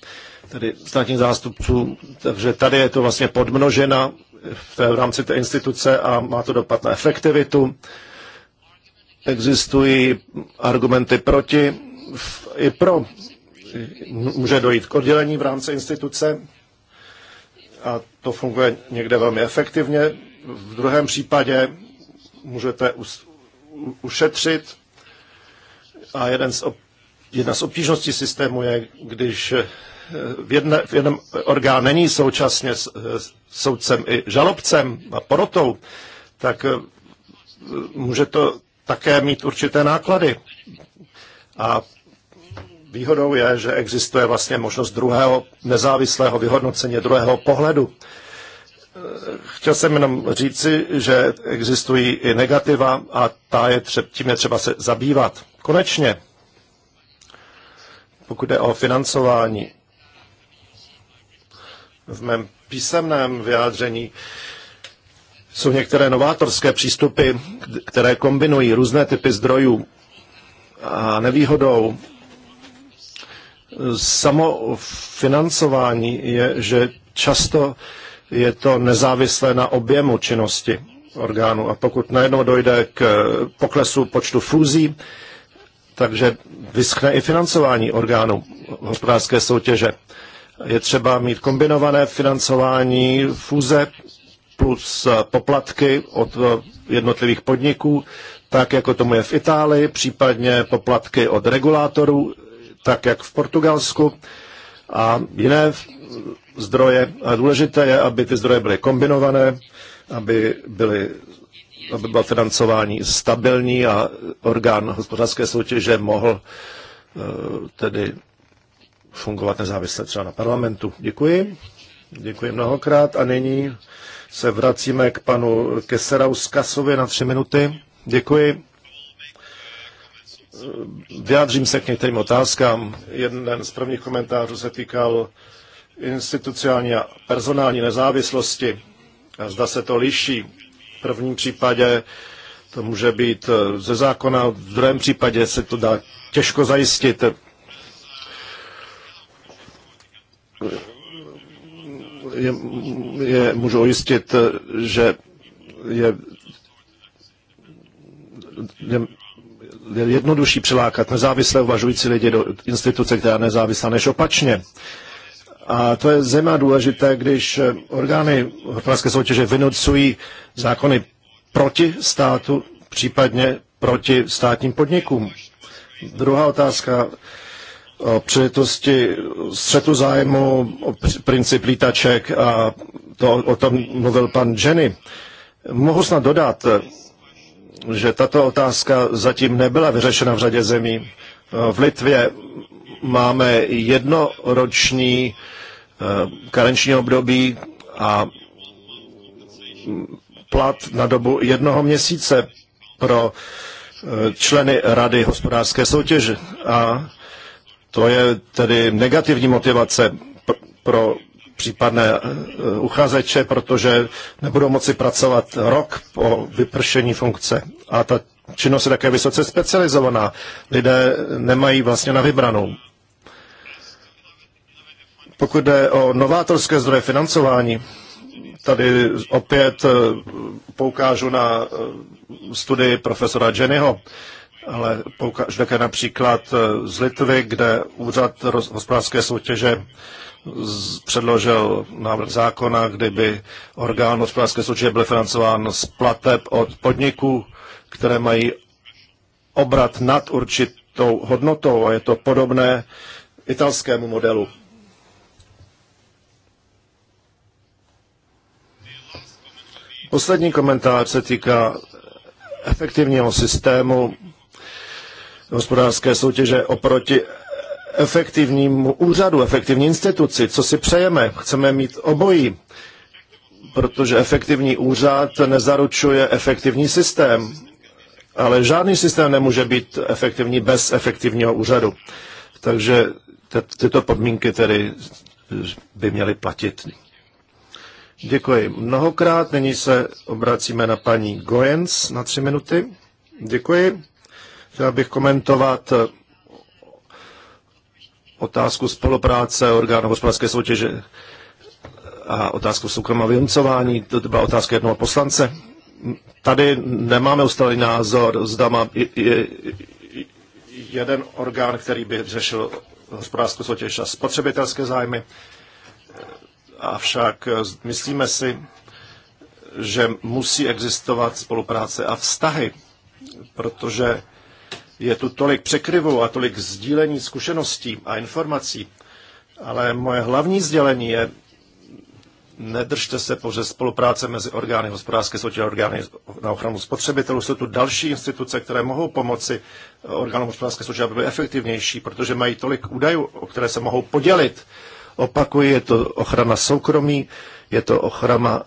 tedy státních zástupců, takže tady je to vlastně podmnožena v, té, v rámci té instituce a má to dopad na efektivitu existují argumenty proti i pro. Může dojít k oddělení v rámci instituce a to funguje někde velmi efektivně. V druhém případě můžete ušetřit a jeden z, jedna z obtížností systému je, když eh, v, jedne, v jednom orgán není současně eh, soudcem i žalobcem a porotou, tak eh, může to také mít určité náklady. A výhodou je, že existuje vlastně možnost druhého nezávislého vyhodnocení, druhého pohledu. Chtěl jsem jenom říci, že existují i negativa a ta je tře- tím je třeba se zabývat. Konečně, pokud jde o financování, v mém písemném vyjádření jsou některé novátorské přístupy, které kombinují různé typy zdrojů a nevýhodou samofinancování je, že často je to nezávislé na objemu činnosti orgánu. A pokud najednou dojde k poklesu počtu fúzí, takže vyschne i financování orgánu hospodářské soutěže. Je třeba mít kombinované financování fúze plus eh, poplatky od eh, jednotlivých podniků, tak jako tomu je v Itálii, případně poplatky od regulátorů, tak jak v Portugalsku a jiné zdroje. A důležité je, aby ty zdroje byly kombinované, aby byly aby bylo financování stabilní a orgán hospodářské soutěže mohl eh, tedy fungovat nezávisle třeba na parlamentu. Děkuji. Děkuji mnohokrát a nyní se vracíme k panu Keserauskasovi na tři minuty. Děkuji. Vyjádřím se k některým otázkám. Jeden z prvních komentářů se týkal institucionální a personální nezávislosti. A zda se to liší. V prvním případě to může být eh, ze zákona, v druhém případě se to dá těžko zajistit je, je můžu ujistit, že je, je, je jednodušší přilákat nezávislé, uvažující lidi do instituce, která je nezávislá, než opačně. A to je zejména důležité, když orgány hospodářské soutěže vynucují zákony proti státu, případně proti státním podnikům. Druhá otázka o příležitosti střetu zájmu, princip lítaček a to o tom mluvil pan Jenny. Mohu snad dodat, že tato otázka zatím nebyla vyřešena v řadě zemí. V Litvě máme jednoroční eh, karenční období a plat na dobu jednoho měsíce pro eh, členy Rady hospodářské soutěže. A to je tedy negativní motivace pro případné eh, uchazeče, protože nebudou moci pracovat rok po vypršení funkce. A ta činnost je také vysoce specializovaná. Lidé nemají vlastně na vybranou. Pokud jde o novátorské zdroje financování, tady opět eh, poukážu na eh, studii profesora Jennyho, ale poukážu také například eh, z Litvy, kde úřad hospodářské soutěže předložil návrh zákona, kdyby orgán hospodářské soutěže byl financován z plateb od podniků, které mají obrat nad určitou hodnotou a je to podobné italskému modelu. Poslední komentář se týká efektivního systému hospodářské soutěže oproti efektivnímu úřadu, efektivní instituci, co si přejeme. Chceme mít obojí, protože efektivní úřad nezaručuje efektivní systém, ale žádný systém nemůže být efektivní bez efektivního úřadu. Takže tyto podmínky tedy by měly platit. Děkuji mnohokrát. Nyní se obracíme na paní Goens na tři minuty. Děkuji. Chtěl bych komentovat eh, otázku spolupráce orgánů hospodářské soutěže a otázku soukromého vyhumcování. To byla otázka jednoho poslance. Tady nemáme ustalý názor, zda má jeden orgán, který by řešil hospodářskou soutěž a spotřebitelské zájmy. Avšak eh, myslíme si, že musí existovat spolupráce a vztahy, protože je tu tolik překryvů a tolik sdílení zkušeností a informací, ale moje hlavní sdělení je, nedržte se pouze spolupráce mezi orgány hospodářské soutěže a orgány na ochranu spotřebitelů. Jsou tu další instituce, které mohou pomoci orgánům hospodářské soutěže, aby byly efektivnější, protože mají tolik údajů, o které se mohou podělit. Opakuji, je to ochrana soukromí, je to ochrana,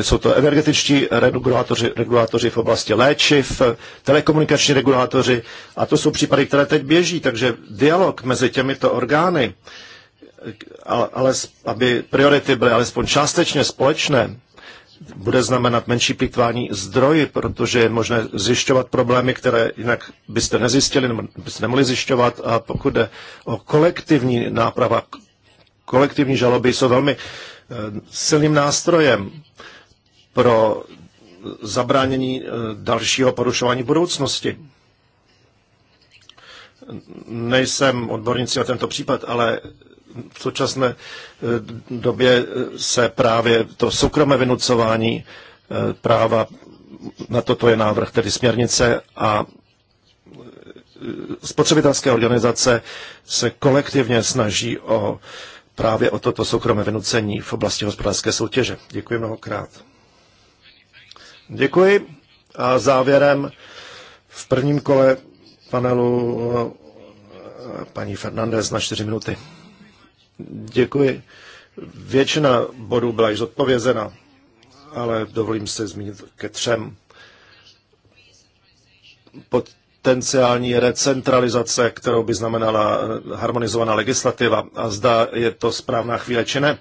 jsou to energetičtí regulátoři, regulátoři v oblasti léčiv, telekomunikační regulátoři a to jsou případy, které teď běží, takže dialog mezi těmito orgány, ale, aby priority byly alespoň částečně společné, bude znamenat menší plýtvání zdroji, protože je možné zjišťovat problémy, které jinak byste nezjistili nebo byste nemohli zjišťovat. A pokud jde o kolektivní náprava, kolektivní žaloby jsou velmi silným nástrojem pro zabránění eh, dalšího porušování budoucnosti. Nejsem odborníci na tento případ, ale v současné eh, době eh, se právě to soukromé vynucování práva, na toto je návrh, tedy směrnice a spotřebitelské organizace se kolektivně snaží o právě o toto soukromé vynucení v oblasti hospodářské soutěže. Děkuji mnohokrát. Děkuji. A závěrem v prvním kole panelu eh, paní Fernandez na čtyři minuty. Děkuji. Většina bodů byla již odpovězena, ale dovolím se zmínit ke třem. Pod potenciální recentralizace, kterou by znamenala eh, harmonizovaná legislativa a zda je to správná chvíle či ne.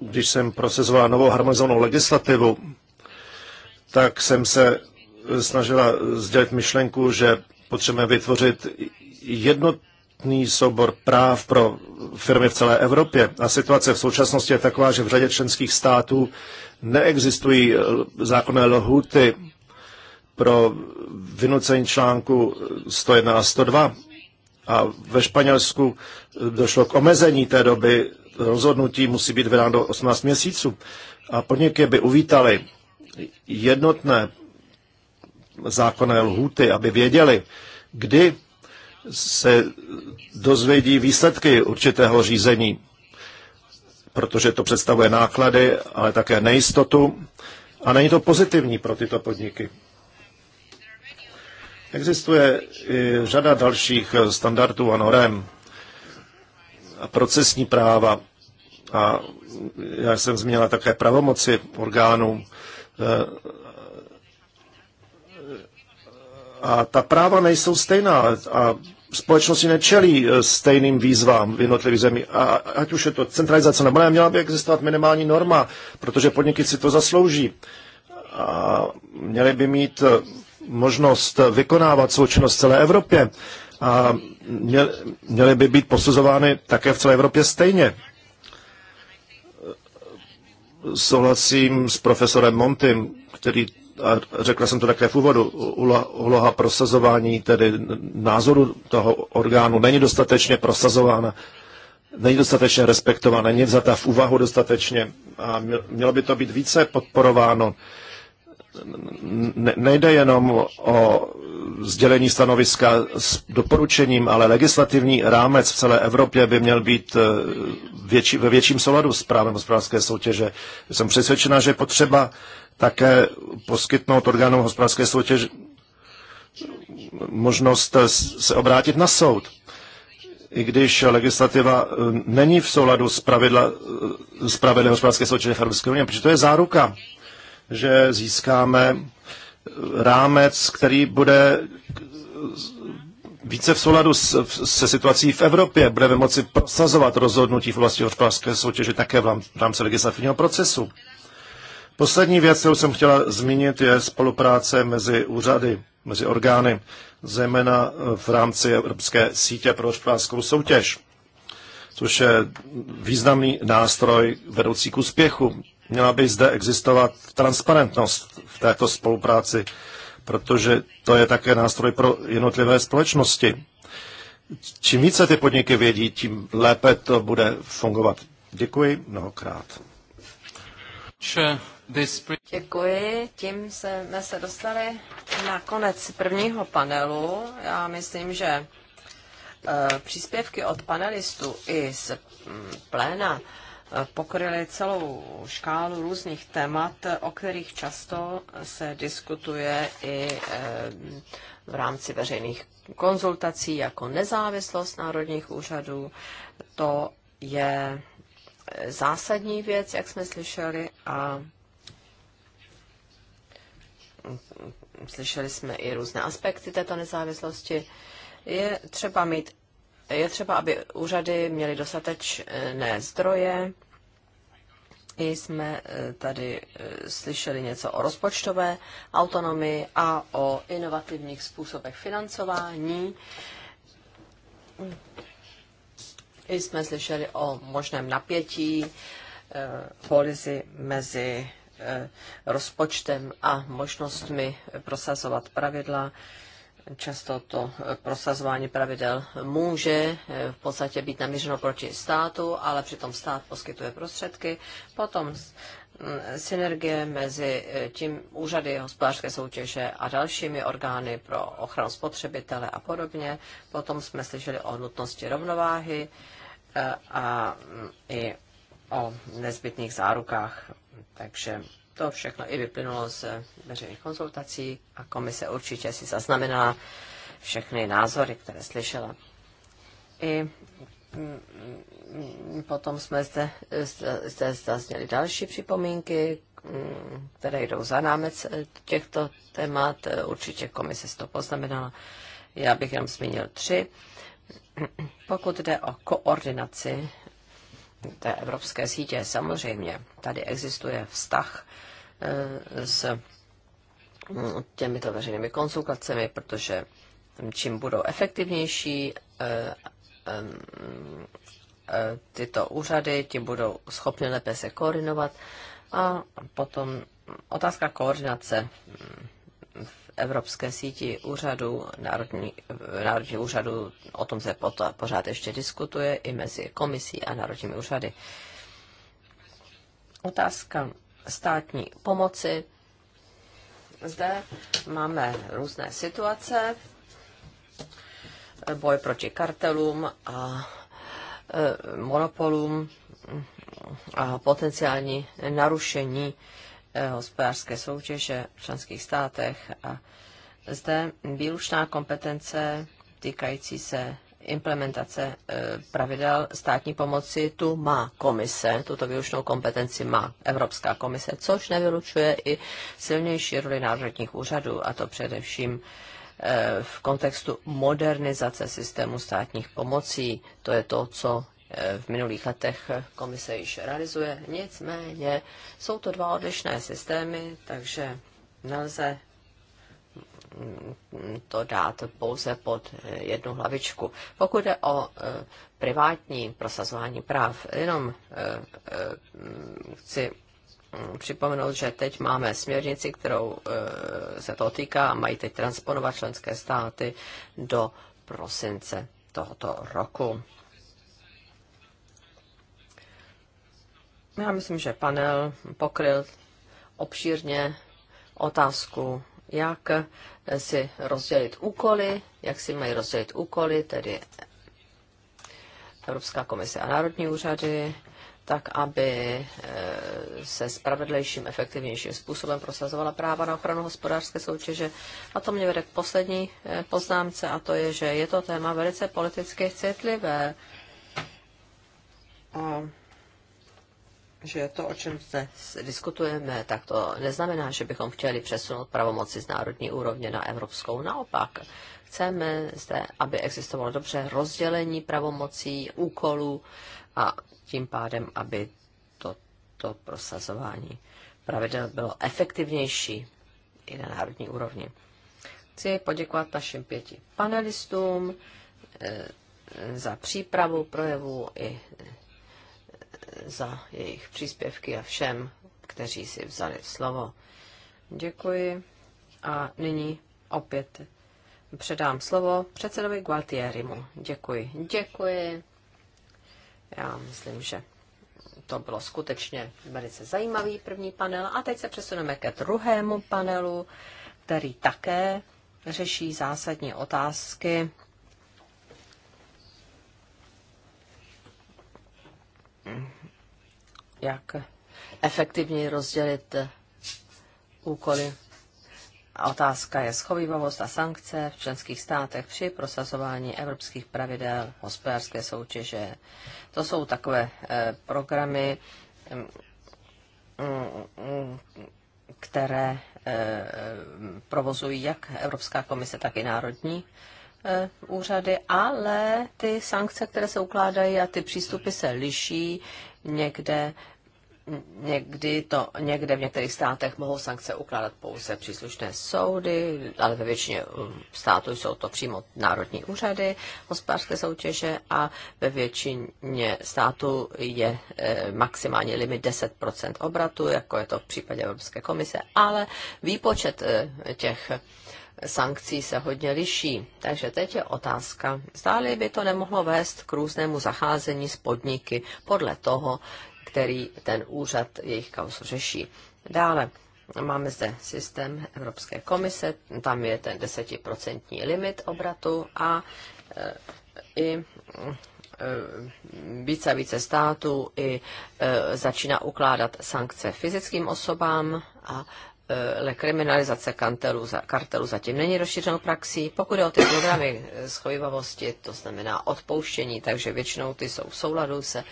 Když jsem procesovala novou harmonizovanou legislativu, tak jsem se snažila sdělit myšlenku, že potřebujeme vytvořit jednotný soubor práv pro firmy v celé Evropě. A situace v současnosti je taková, že v řadě členských států neexistují eh, zákonné lhuty pro vynucení článku 101 a 102. A ve Španělsku eh, došlo k omezení té doby, rozhodnutí musí být vydáno do 18 měsíců. A podniky by uvítali jednotné zákonné lhuty, aby věděli, kdy se dozvědí výsledky určitého řízení protože to představuje náklady, ale také nejistotu a není to pozitivní pro tyto podniky. Existuje i řada dalších standardů a norem a procesní práva a já jsem zmínila také pravomoci orgánů e, e, a ta práva nejsou stejná a společnosti nečelí eh, stejným výzvám v jednotlivých zemích. A ať už je to centralizace nebo ne, měla by existovat minimální norma, protože podniky si to zaslouží. A měly by mít eh, možnost vykonávat svou činnost v celé Evropě a měly by být posuzovány také v celé Evropě stejně. Souhlasím s profesorem Montym, který a jsem to také v úvodu, úloha prosazování, tedy názoru toho orgánu, není dostatečně prosazována, není dostatečně respektována, není vzata v úvahu dostatečně a mělo by to být více podporováno. Ne, nejde jenom o sdělení stanoviska s doporučením, ale legislativní rámec v celé Evropě by měl být eh, větši, ve větším souladu s právem hospodářské soutěže. Jsem přesvědčena, že je potřeba také poskytnout orgánům hospodářské soutěže možnost eh, se obrátit na soud. I když legislativa eh, není v souladu s, pravidla, eh, s pravidly hospodářské soutěže v Evropské unii, protože to je záruka, že získáme rámec, který bude více v souladu s, se situací v Evropě. Budeme moci prosazovat rozhodnutí v oblasti hospodářské soutěže také v rámci legislativního procesu. Poslední věc, kterou jsem chtěla zmínit, je spolupráce mezi úřady, mezi orgány, zejména v rámci Evropské sítě pro hospodářskou soutěž, což je významný nástroj vedoucí k úspěchu. Měla by zde existovat transparentnost v této spolupráci, protože to je také nástroj pro jednotlivé společnosti. Čím více ty podniky vědí, tím lépe to bude fungovat. Děkuji mnohokrát. Sure. Děkuji, tím jsme se dostali na konec prvního panelu. Já myslím, že e, příspěvky od panelistů i z pléna e, pokryly celou škálu různých témat, o kterých často se diskutuje i e, v rámci veřejných konzultací jako nezávislost národních úřadů. To je zásadní věc, jak jsme slyšeli, a slyšeli jsme i různé aspekty této nezávislosti. Je třeba mít, je třeba, aby úřady měly dostatečné zdroje. I jsme eh, tady eh, slyšeli něco o rozpočtové autonomii a o inovativních způsobech financování. I jsme slyšeli o možném napětí, eh, polizi mezi Eh, rozpočtem a možnostmi prosazovat pravidla. Často to eh, prosazování pravidel může eh, v podstatě být namířeno proti státu, ale přitom stát poskytuje prostředky. Potom mm, synergie mezi tím úřady hospodářské soutěže a dalšími orgány pro ochranu spotřebitele a podobně. Potom jsme slyšeli o nutnosti rovnováhy a mm, i o nezbytných zárukách takže to všechno i vyplynulo z veřejných konzultací a komise určitě si zaznamenala všechny názory, které slyšela. I mm, mm, potom jsme zde, zde zazněli další připomínky, mm, které jdou za námec eh, těchto témat. Určitě komise si to poznamenala. Já bych jenom zmínil tři. Pokud jde o koordinaci té evropské sítě. Samozřejmě, tady existuje vztah eh, s mm, těmito veřejnými konsultacemi, protože čím budou efektivnější eh, eh, tyto úřady, tím budou schopni lépe se koordinovat. A potom otázka koordinace v evropské síti úřadu, národní, národní úřadu, o tom se potom pořád ještě diskutuje i mezi komisí a národními úřady. Otázka státní pomoci. Zde máme různé situace, boj proti kartelům a e, monopolům a potenciální narušení Eh, hospodářské soutěže v členských státech. A zde výlučná kompetence týkající se implementace eh, pravidel státní pomoci, tu má komise, tuto výlučnou kompetenci má Evropská komise, což nevylučuje i silnější roli národních úřadů, a to především eh, v kontextu modernizace systému státních pomocí. To je to, co v minulých letech komise již realizuje. Nicméně jsou to dva odlišné systémy, takže nelze to dát pouze pod jednu hlavičku. Pokud je o e, privátní prosazování práv, jenom e, e, chci mm, připomenout, že teď máme směrnici, kterou se to týká a mají teď transponovat členské státy do prosince tohoto roku. Já myslím, že panel pokryl obšírně otázku, jak si rozdělit úkoly, jak si mají rozdělit úkoly, tedy Evropská komise a národní úřady, tak aby eh, se spravedlejším, efektivnějším způsobem prosazovala práva na ochranu hospodářské soutěže. A to mě vede k poslední eh, poznámce, a to je, že je to téma velice politicky citlivé. A že to, o čem se diskutujeme, tak to neznamená, že bychom chtěli přesunout pravomoci z národní úrovně na evropskou. Naopak, chceme zde, aby existovalo dobře rozdělení pravomocí, úkolů a tím pádem, aby toto to prosazování pravidel bylo efektivnější i na národní úrovni. Chci poděkovat našim pěti panelistům eh, za přípravu projevu i za jejich příspěvky a všem, kteří si vzali slovo. Děkuji a nyní opět předám slovo předsedovi Gualtierimu. Děkuji. Děkuji. Já myslím, že to bylo skutečně velice zajímavý první panel. A teď se přesuneme ke druhému panelu, který také řeší zásadní otázky jak efektivně rozdělit úkoly. A otázka je schovivost a sankce v členských státech při prosazování evropských pravidel hospodářské soutěže. To jsou takové eh, programy, které eh, provozují jak Evropská komise, tak i národní eh, úřady, ale ty sankce, které se ukládají a ty přístupy se liší někde někdy to, někde v některých státech mohou sankce ukládat pouze příslušné soudy, ale ve většině mm, států jsou to přímo národní úřady hospodářské soutěže a ve většině států je eh, maximální limit 10% obratu, jako je to v případě Evropské komise, ale výpočet eh, těch sankcí se hodně liší. Takže teď je otázka, zdáli by to nemohlo vést k různému zacházení s podniky podle toho, který ten úřad jejich kauzu řeší. Dále máme zde systém Evropské komise, tam je ten desetiprocentní limit obratu a eh, i eh, více a více států i eh, začíná ukládat sankce fyzickým osobám a Eh, kriminalizace kartelů, kartelu zatím není rozšířenou praxí. Pokud je o ty programy eh, schovivavosti, to znamená odpouštění, takže většinou ty jsou v souladu se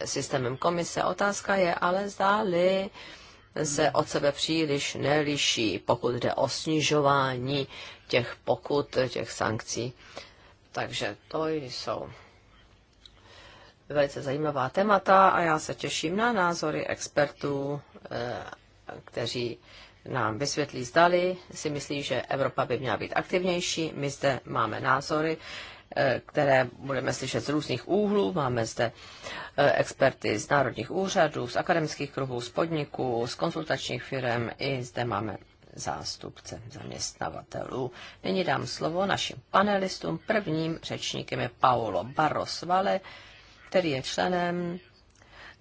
eh, systémem komise. Otázka je ale zdáli se od sebe příliš neliší, pokud jde o snižování těch pokut, těch sankcí. Takže to jsou velice zajímavá témata a já se těším na názory expertů, kteří nám vysvětlí, zdali si myslí, že Evropa by měla být aktivnější. My zde máme názory, eh, které budeme slyšet z různých úhlů. Máme zde eh, experty z národních úřadů, z akademických kruhů, z podniků, z konzultačních firm i zde máme zástupce zaměstnavatelů. Nyní dám slovo našim panelistům. Prvním řečníkem je Paolo Barros Vale, který je členem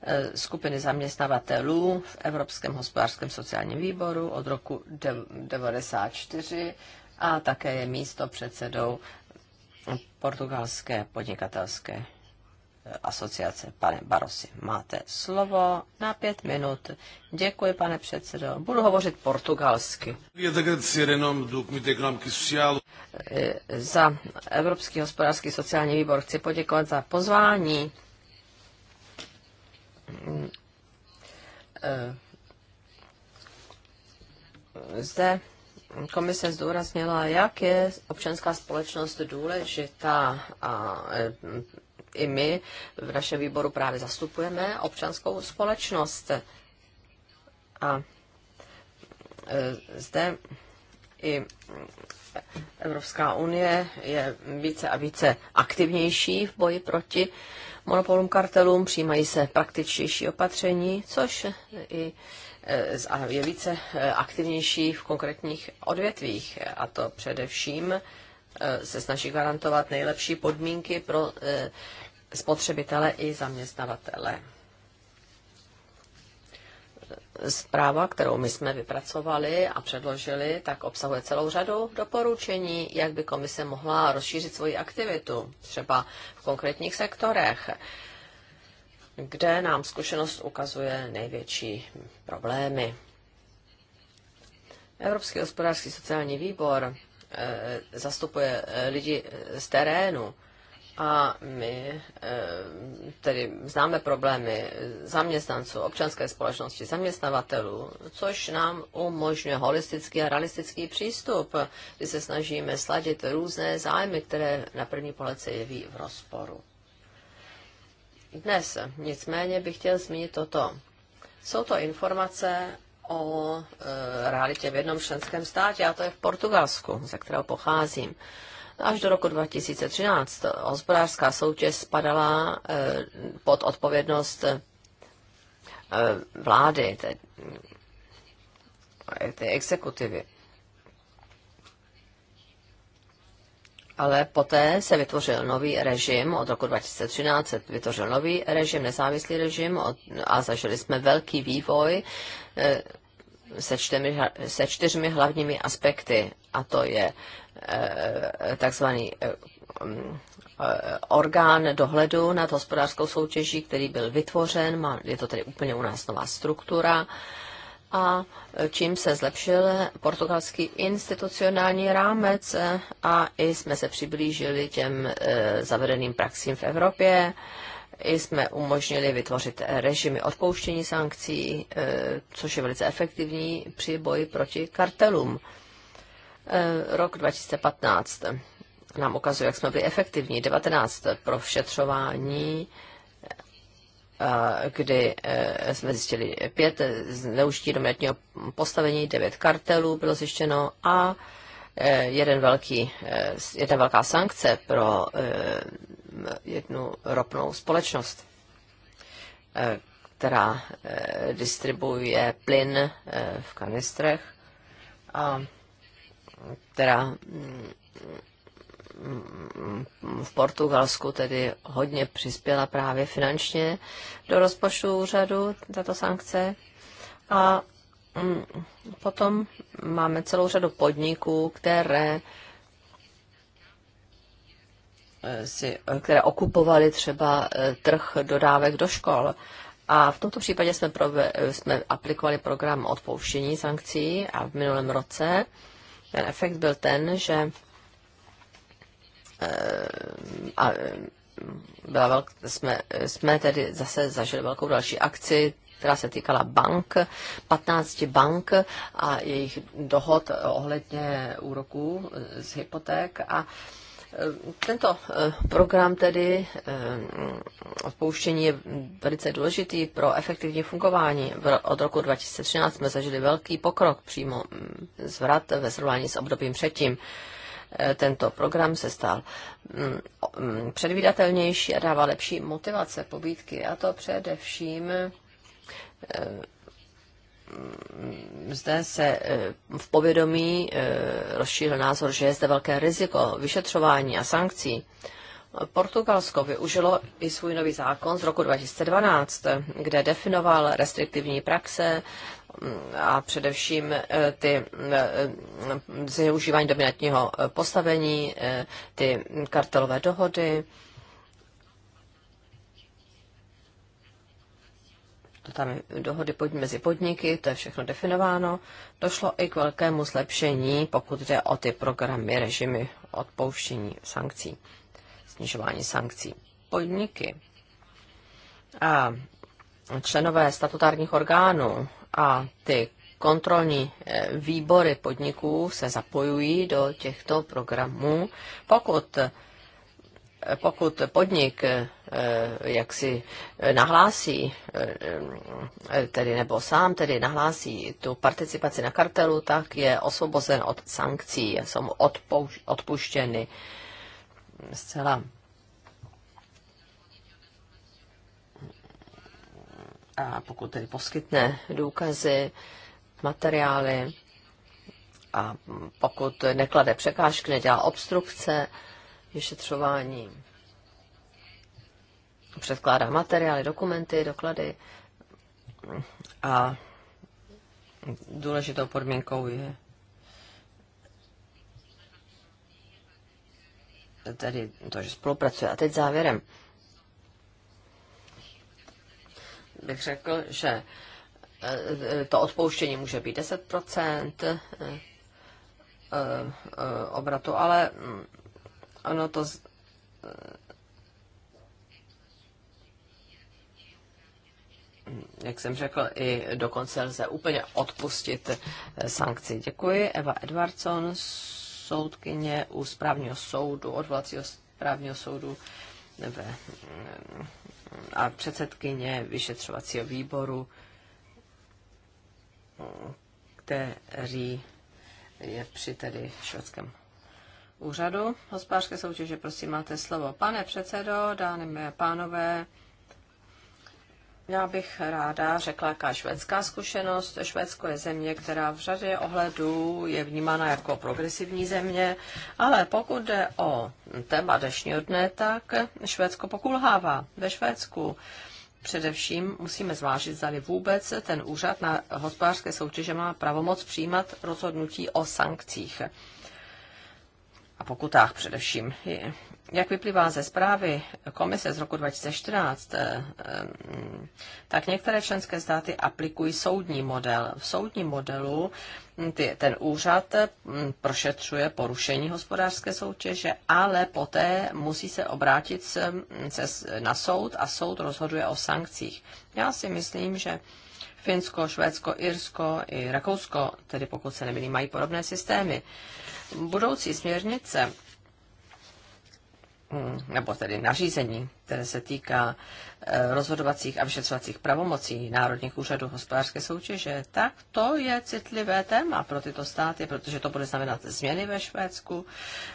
Eh, skupiny zaměstnavatelů v Evropském hospodářském sociálním výboru od roku 1994 a také je místo předsedou portugalské podnikatelské eh, asociace. Pane Barosi, máte slovo na pět minut. Děkuji, pane předsedo. Budu hovořit portugalsky. Eh, za Evropský hospodářský sociální výbor chci poděkovat za pozvání zde komise zdůraznila, jak je občanská společnost důležitá a e, i my v našem výboru právě zastupujeme občanskou společnost. A e, zde i Evropská unie je více a více aktivnější v boji proti monopolům kartelům, přijímají se praktičtější opatření, což i e, je více e, aktivnější v konkrétních odvětvích, a to především e, se snaží garantovat nejlepší podmínky pro spotřebitele i zaměstnavatele. Zpráva, kterou my jsme vypracovali a předložili, tak obsahuje celou řadu doporučení, jak by komise mohla rozšířit svoji aktivitu, třeba v konkrétních sektorech, kde nám zkušenost ukazuje největší problémy. Evropský hospodářský sociální výbor eh, zastupuje eh, lidi eh, z terénu, a my eh, tedy známe problémy zaměstnanců, občanské společnosti, zaměstnavatelů, což nám umožňuje holistický a realistický přístup, kdy se snažíme sladit různé zájmy, které na první pohled se jeví v rozporu. Dnes nicméně bych chtěl zmínit toto. Jsou to informace o eh, realitě v jednom členském státě, a to je v Portugalsku, ze kterého pocházím. Až do roku 2013 hospodářská soutěž spadala eh, pod odpovědnost eh, vlády, eh, té, exekutivy. Ale poté se vytvořil nový režim, od roku 2013 se vytvořil nový režim, nezávislý režim a zažili jsme velký vývoj se čtyřmi, se čtyřmi hlavními aspekty, a to je Eh, takzvaný eh, eh, orgán dohledu nad hospodářskou soutěží, který byl vytvořen, je to tedy úplně u nás nová struktura, a čím se zlepšil portugalský institucionální rámec a i jsme se přiblížili těm zavedeným praxím v Evropě. I jsme umožnili vytvořit režimy odpouštění sankcí, což je velice efektivní při boji proti kartelům. Eh, rok 2015 nám ukazuje, jak jsme byli efektivní. 19 pro všetřování, eh, kdy eh, jsme zjistili pět zneužití dominantního postavení, devět kartelů bylo zjištěno a jeden velký, jedna velká sankce pro jednu ropnou společnost, která distribuje plyn v kanistrech. A která mm, v Portugalsku tedy hodně přispěla právě finančně do rozpočtu úřadu, tato sankce. A mm, potom máme celou řadu podniků, které eh, si, které okupovaly třeba eh, trh dodávek do škol. A v tomto případě jsme, prove, jsme aplikovali program odpouštění sankcí a v minulém roce ten efekt byl ten, že eh, a byla velk, jsme, jsme tedy zase zažili velkou další akci, která se týkala bank, 15 bank a jejich dohod ohledně úroků z hypoték a tento eh, program tedy eh, odpouštění je velice důležitý pro efektivní fungování. Od roku 2013 jsme zažili velký pokrok, přímo mm, zvrat ve srovnání s obdobím předtím. Eh, tento program se stal mm, mm, předvídatelnější a dává lepší motivace, pobídky, a to především zde se e, v povědomí e, rozšířil názor, že je zde velké riziko vyšetřování a sankcí. Portugalsko využilo i svůj nový zákon z roku 2012, kde definoval restriktivní praxe mm, a především e, ty zneužívání dominantního postavení, ty kartelové dohody to tam dohody pod, mezi podniky, to je všechno definováno. Došlo i k velkému zlepšení, pokud jde o ty programy, režimy odpouštění sankcí, snižování sankcí. Podniky a členové statutárních orgánů a ty kontrolní eh, výbory podniků se zapojují do těchto programů. Pokud, eh, pokud podnik eh, Eh, jak si eh, nahlásí, eh, tedy nebo sám tedy nahlásí tu participaci na kartelu, tak je osvobozen od sankcí, jsou odpuštěny zcela. A pokud tedy poskytne důkazy, materiály, a pokud neklade překážky, nedělá obstrukce, vyšetřování předkládá materiály, dokumenty, doklady. A důležitou podmínkou je tedy to, že spolupracuje. A teď závěrem bych řekl, že eh, to odpouštění může být 10% eh, eh, obratu, ale ono mm, to jak jsem řekl, i dokonce lze úplně odpustit eh, sankci. Děkuji. Eva Edvardson, soudkyně u správního soudu, odvolacího správního soudu nebe, eh, a předsedkyně vyšetřovacího výboru, který je při tedy švédském úřadu hospodářské soutěže. Prosím, máte slovo. Pane předsedo, dámy a pánové, já bych ráda řekla, jaká švédská zkušenost. Švédsko je země, která v řadě ohledů je vnímána jako progresivní země, ale pokud jde o téma dnešního dne, tak Švédsko pokulhává. Ve Švédsku Především musíme zvážit, zda vůbec ten úřad na hospodářské soutěže má pravomoc přijímat rozhodnutí o sankcích a pokutách především jak vyplývá ze zprávy komise z roku 2014, eh, eh, tak některé členské státy aplikují soudní model. V soudním modelu hm, ten úřad hm, prošetřuje porušení hospodářské soutěže, ale poté musí se obrátit hm, na soud a soud rozhoduje o sankcích. Já si myslím, že Finsko, Švédsko, Irsko i Rakousko, tedy pokud se nemýlím, mají podobné systémy. Budoucí směrnice Hmm, nebo tedy nařízení které se týká eh, rozhodovacích a vyšetřovacích pravomocí Národních úřadů hospodářské soutěže, tak to je citlivé téma pro tyto státy, protože to bude znamenat změny ve Švédsku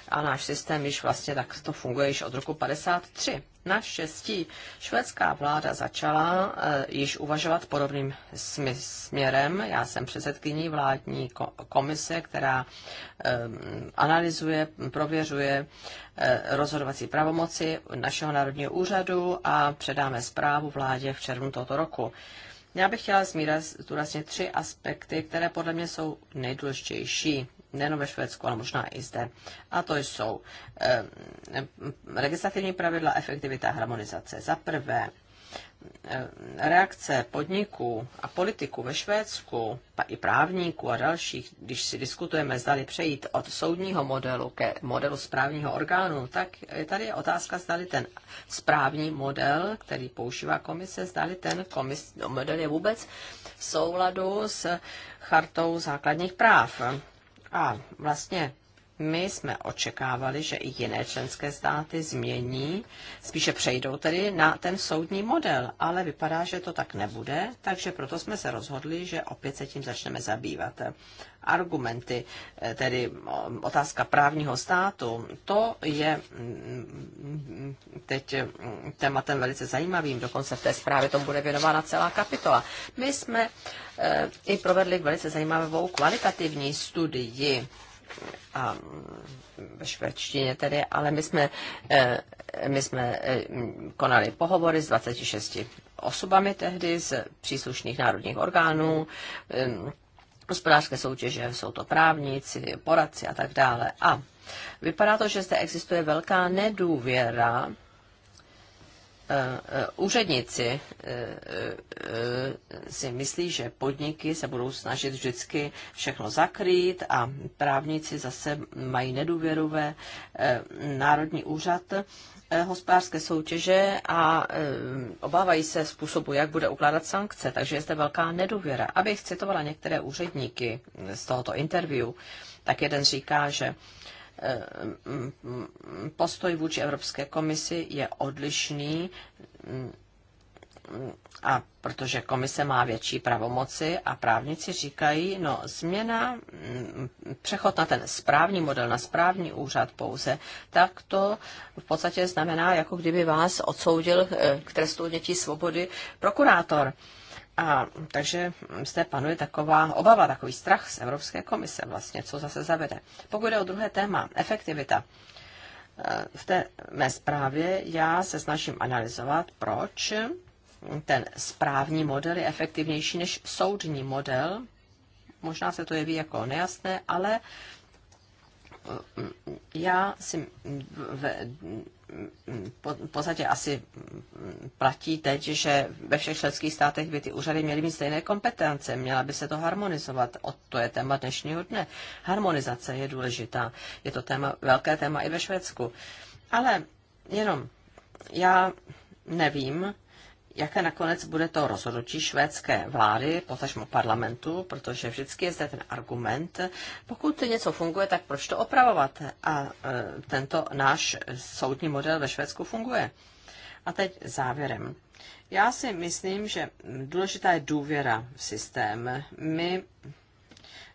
a náš systém již vlastně tak to funguje již od roku 53. Naštěstí švédská vláda začala e, již uvažovat podobným směrem. Já jsem předsedkyní vládní komise, která e, analyzuje, prověřuje e, rozhodovací pravomoci našeho národního úřadu úřadu a předáme zprávu vládě v červnu tohoto roku. Já bych chtěla zdůraznit tři aspekty, které podle mě jsou nejdůležitější nejen ve Švédsku, ale možná i zde. A to jsou eh, legislativní pravidla, efektivita, harmonizace. Za prvé, Eh, reakce podniků a politiků ve Švédsku, i právníků a dalších, když si diskutujeme, zdali přejít od soudního modelu ke modelu správního orgánu, tak je tady otázka, zdali ten správní model, který používá komise, zdali ten komis, model je vůbec v souladu s chartou základních práv. A vlastně my jsme očekávali, že i jiné členské státy změní, spíše přejdou tedy na ten soudní model, ale vypadá, že to tak nebude, takže proto jsme se rozhodli, že opět se tím začneme zabývat. Argumenty, eh, tedy mm, otázka právního státu, to je mm, teď mm, tématem velice zajímavým, dokonce v té zprávě tomu bude věnována celá kapitola. My jsme eh, i provedli velice zajímavou kvalitativní studii a ve švédštině tedy, ale my jsme, e, my jsme e, konali pohovory s 26 osobami tehdy z příslušných národních orgánů, e, hospodářské soutěže, jsou to právníci, poradci a tak dále. A vypadá to, že zde existuje velká nedůvěra Eh, eh, úředníci eh, si myslí, že podniky se budou snažit vždycky všechno zakrýt a právníci zase mají nedůvěru ve Národní úřad hospodářské soutěže a obávají se způsobu, jak bude ukládat sankce, takže je zde velká nedůvěra. Abych citovala některé úředníky z tohoto interview, tak jeden říká, že postoj vůči Evropské komisi je odlišný a protože komise má větší pravomoci a právníci říkají, no změna, přechod na ten správní model, na správní úřad pouze, tak to v podstatě znamená, jako kdyby vás odsoudil k trestu dětí svobody prokurátor. A takže zde panuje taková obava, takový strach z Evropské komise vlastně, co zase zavede. Pokud jde o druhé téma, efektivita. Eh, v té mé zprávě já se snažím analyzovat, proč ten správní model je efektivnější než soudní model. Možná se to jeví jako nejasné, ale eh, já si v v podstatě asi platí teď, že ve všech členských státech by ty úřady měly mít stejné kompetence, měla by se to harmonizovat. O to je téma dnešního dne. Harmonizace je důležitá. Je to téma, velké téma i ve Švédsku. Ale jenom já nevím, jaké nakonec bude to rozhodnutí švédské vlády, potažmo parlamentu, protože vždycky je zde ten argument, pokud něco funguje, tak proč to opravovat? A e, tento náš soudní model ve Švédsku funguje. A teď závěrem. Já si myslím, že důležitá je důvěra v systém. My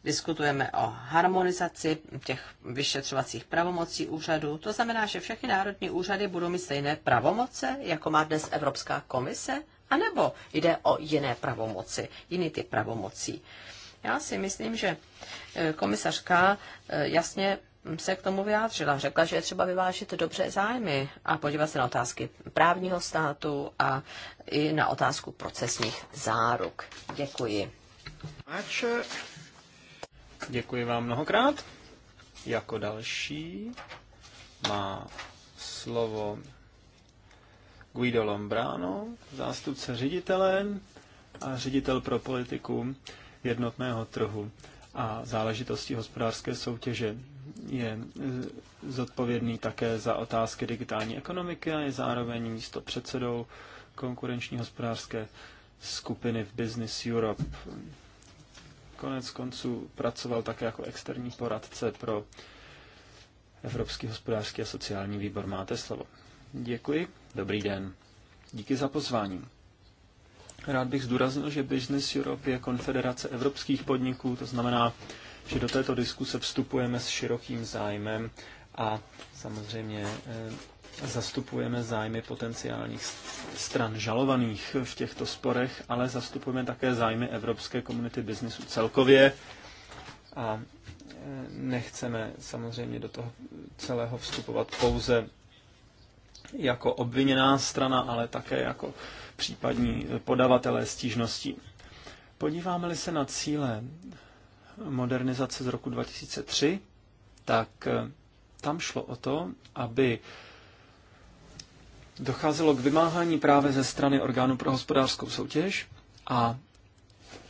diskutujeme o harmonizaci těch vyšetřovacích pravomocí úřadů. To znamená, že všechny národní úřady budou mít stejné pravomoce, jako má dnes Evropská komise, anebo jde o jiné pravomoci, jiný typ pravomocí. Já si myslím, že e, komisařka e, jasně se k tomu vyjádřila. Řekla, že je třeba vyvážit dobře zájmy a podívat se na otázky právního státu a i na otázku procesních záruk. Děkuji. Máče. Děkuji vám mnohokrát. Jako další má slovo Guido Lombrano, zástupce ředitele a ředitel pro politiku jednotného trhu a záležitosti hospodářské soutěže. Je zodpovědný také za otázky digitální ekonomiky a je zároveň místo předsedou konkurenční hospodářské skupiny v Business Europe konec konců pracoval také jako externí poradce pro Evropský hospodářský a sociální výbor. Máte slovo. Děkuji. Dobrý den. Díky za pozvání. Rád bych zdůraznil, že Business Europe je konfederace evropských podniků, to znamená, že do této diskuse vstupujeme s širokým zájmem a samozřejmě eh, zastupujeme zájmy potenciálních stran žalovaných v těchto sporech, ale zastupujeme také zájmy evropské komunity biznisu celkově a e, nechceme samozřejmě do toho celého vstupovat pouze jako obviněná strana, ale také jako případní podavatelé stížností. Podíváme-li se na cíle modernizace z roku 2003, tak e, tam šlo o to, aby docházelo k vymáhání právě ze strany orgánu pro hospodářskou soutěž a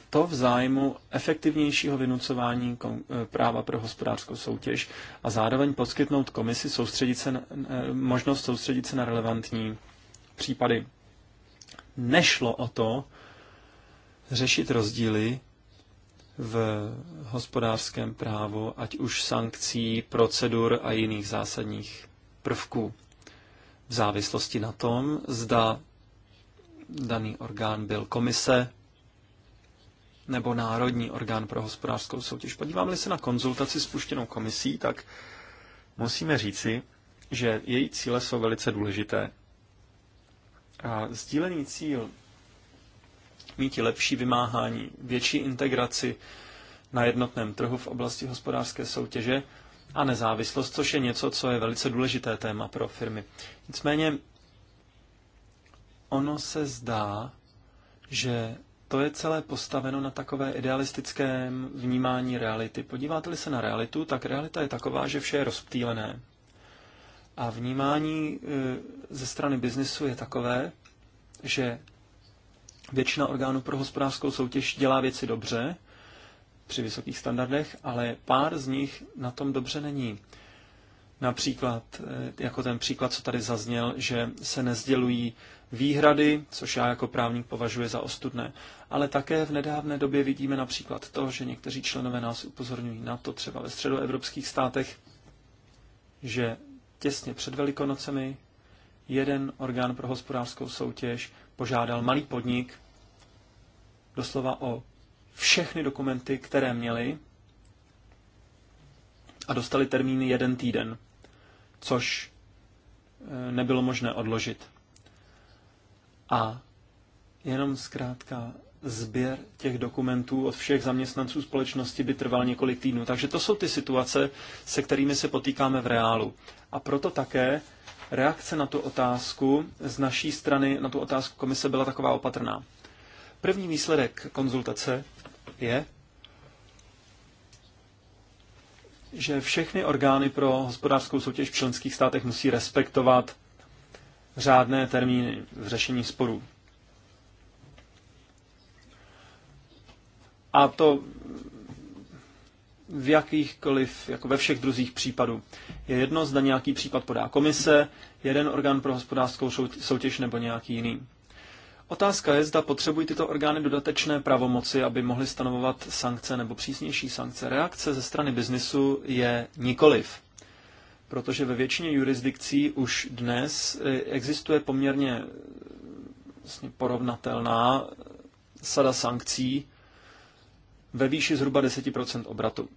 to v zájmu efektivnějšího vynucování eh, práva pro hospodářskou soutěž a zároveň poskytnout komisi soustředit se na, eh, možnost soustředit se na relevantní případy. Nešlo o to řešit rozdíly v hospodářském právu, ať už sankcí, procedur a jiných zásadních prvků v závislosti na tom, zda daný orgán byl komise nebo Národní orgán pro hospodářskou soutěž. Podíváme-li se na konzultaci spuštěnou komisí, tak musíme říci, že její cíle jsou velice důležité. A sdílený cíl mít lepší vymáhání, větší integraci na jednotném trhu v oblasti hospodářské soutěže a nezávislost, což je něco, co je velice důležité téma pro firmy. Nicméně ono se zdá, že to je celé postaveno na takové idealistickém vnímání reality. Podíváte-li se na realitu, tak realita je taková, že vše je rozptýlené. A vnímání e, ze strany biznesu je takové, že většina orgánů pro hospodářskou soutěž dělá věci dobře při vysokých standardech, ale pár z nich na tom dobře není. Například, eh, jako ten příklad, co tady zazněl, že se nezdělují výhrady, což já jako právník považuji za ostudné. Ale také v nedávné době vidíme například to, že někteří členové nás upozorňují na to, třeba ve středoevropských státech, že těsně před Velikonocemi jeden orgán pro hospodářskou soutěž požádal malý podnik doslova o všechny dokumenty, které měli a dostali termín jeden týden, což eh, nebylo možné odložit. A jenom zkrátka sběr těch dokumentů od všech zaměstnanců společnosti by trval několik týdnů. Takže to jsou ty situace, se kterými se potýkáme v reálu. A proto také reakce na tu otázku z naší strany, na tu otázku komise byla taková opatrná. První výsledek konzultace je, že všechny orgány pro hospodářskou soutěž v členských státech musí respektovat řádné termíny v řešení sporů. A to v jakýchkoliv, jako ve všech druzích případů. Je jedno, zda nějaký případ podá komise, jeden orgán pro hospodářskou soutěž nebo nějaký jiný. Otázka je, zda potřebují tyto orgány dodatečné pravomoci, aby mohly stanovovat sankce nebo přísnější sankce. Reakce ze strany biznisu je nikoliv, protože ve většině jurisdikcí už dnes eh, existuje poměrně eh, vlastně porovnatelná eh, sada sankcí ve výši zhruba 10% obratu.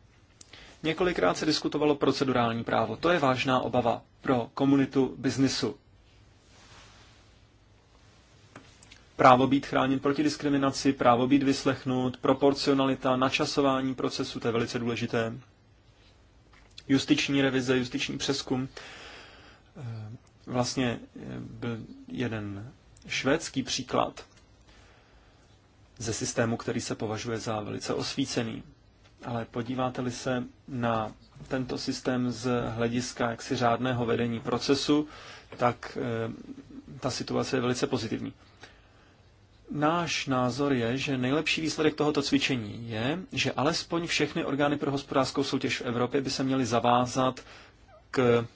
Několikrát se diskutovalo procedurální právo. To je vážná obava pro komunitu biznisu právo být chráněn proti diskriminaci, právo být vyslechnut, proporcionalita, načasování procesu, to je velice důležité, justiční revize, justiční přeskum. Eh, vlastně eh, byl jeden švédský příklad ze systému, který se považuje za velice osvícený. Ale podíváte-li se na tento systém z hlediska jaksi řádného vedení procesu, tak eh, ta situace je velice pozitivní. Náš názor je, že nejlepší výsledek tohoto cvičení je, že alespoň všechny orgány pro hospodářskou soutěž v Evropě by se měly zavázat k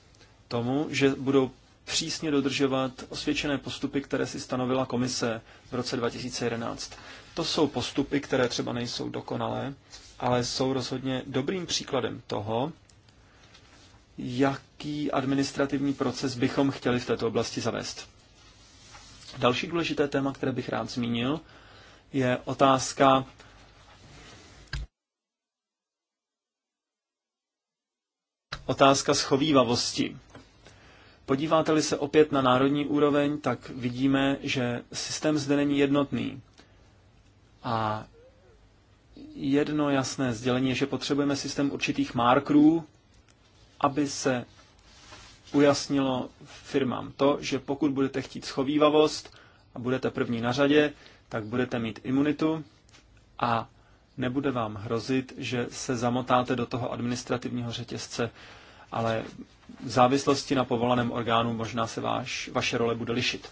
tomu, že budou přísně dodržovat osvědčené postupy, které si stanovila komise v roce 2011. To jsou postupy, které třeba nejsou dokonalé, ale jsou rozhodně dobrým příkladem toho, jaký administrativní proces bychom chtěli v této oblasti zavést. Další důležité téma, které bych rád zmínil, je otázka otázka schovývavosti. Podíváte-li se opět na národní úroveň, tak vidíme, že systém zde není jednotný. A jedno jasné sdělení je, že potřebujeme systém určitých markerů, aby se ujasnilo firmám to, že pokud budete chtít schovývavost a budete první na řadě, tak budete mít imunitu a nebude vám hrozit, že se zamotáte do toho administrativního řetězce, ale v závislosti na povolaném orgánu možná se váš, vaše role bude lišit.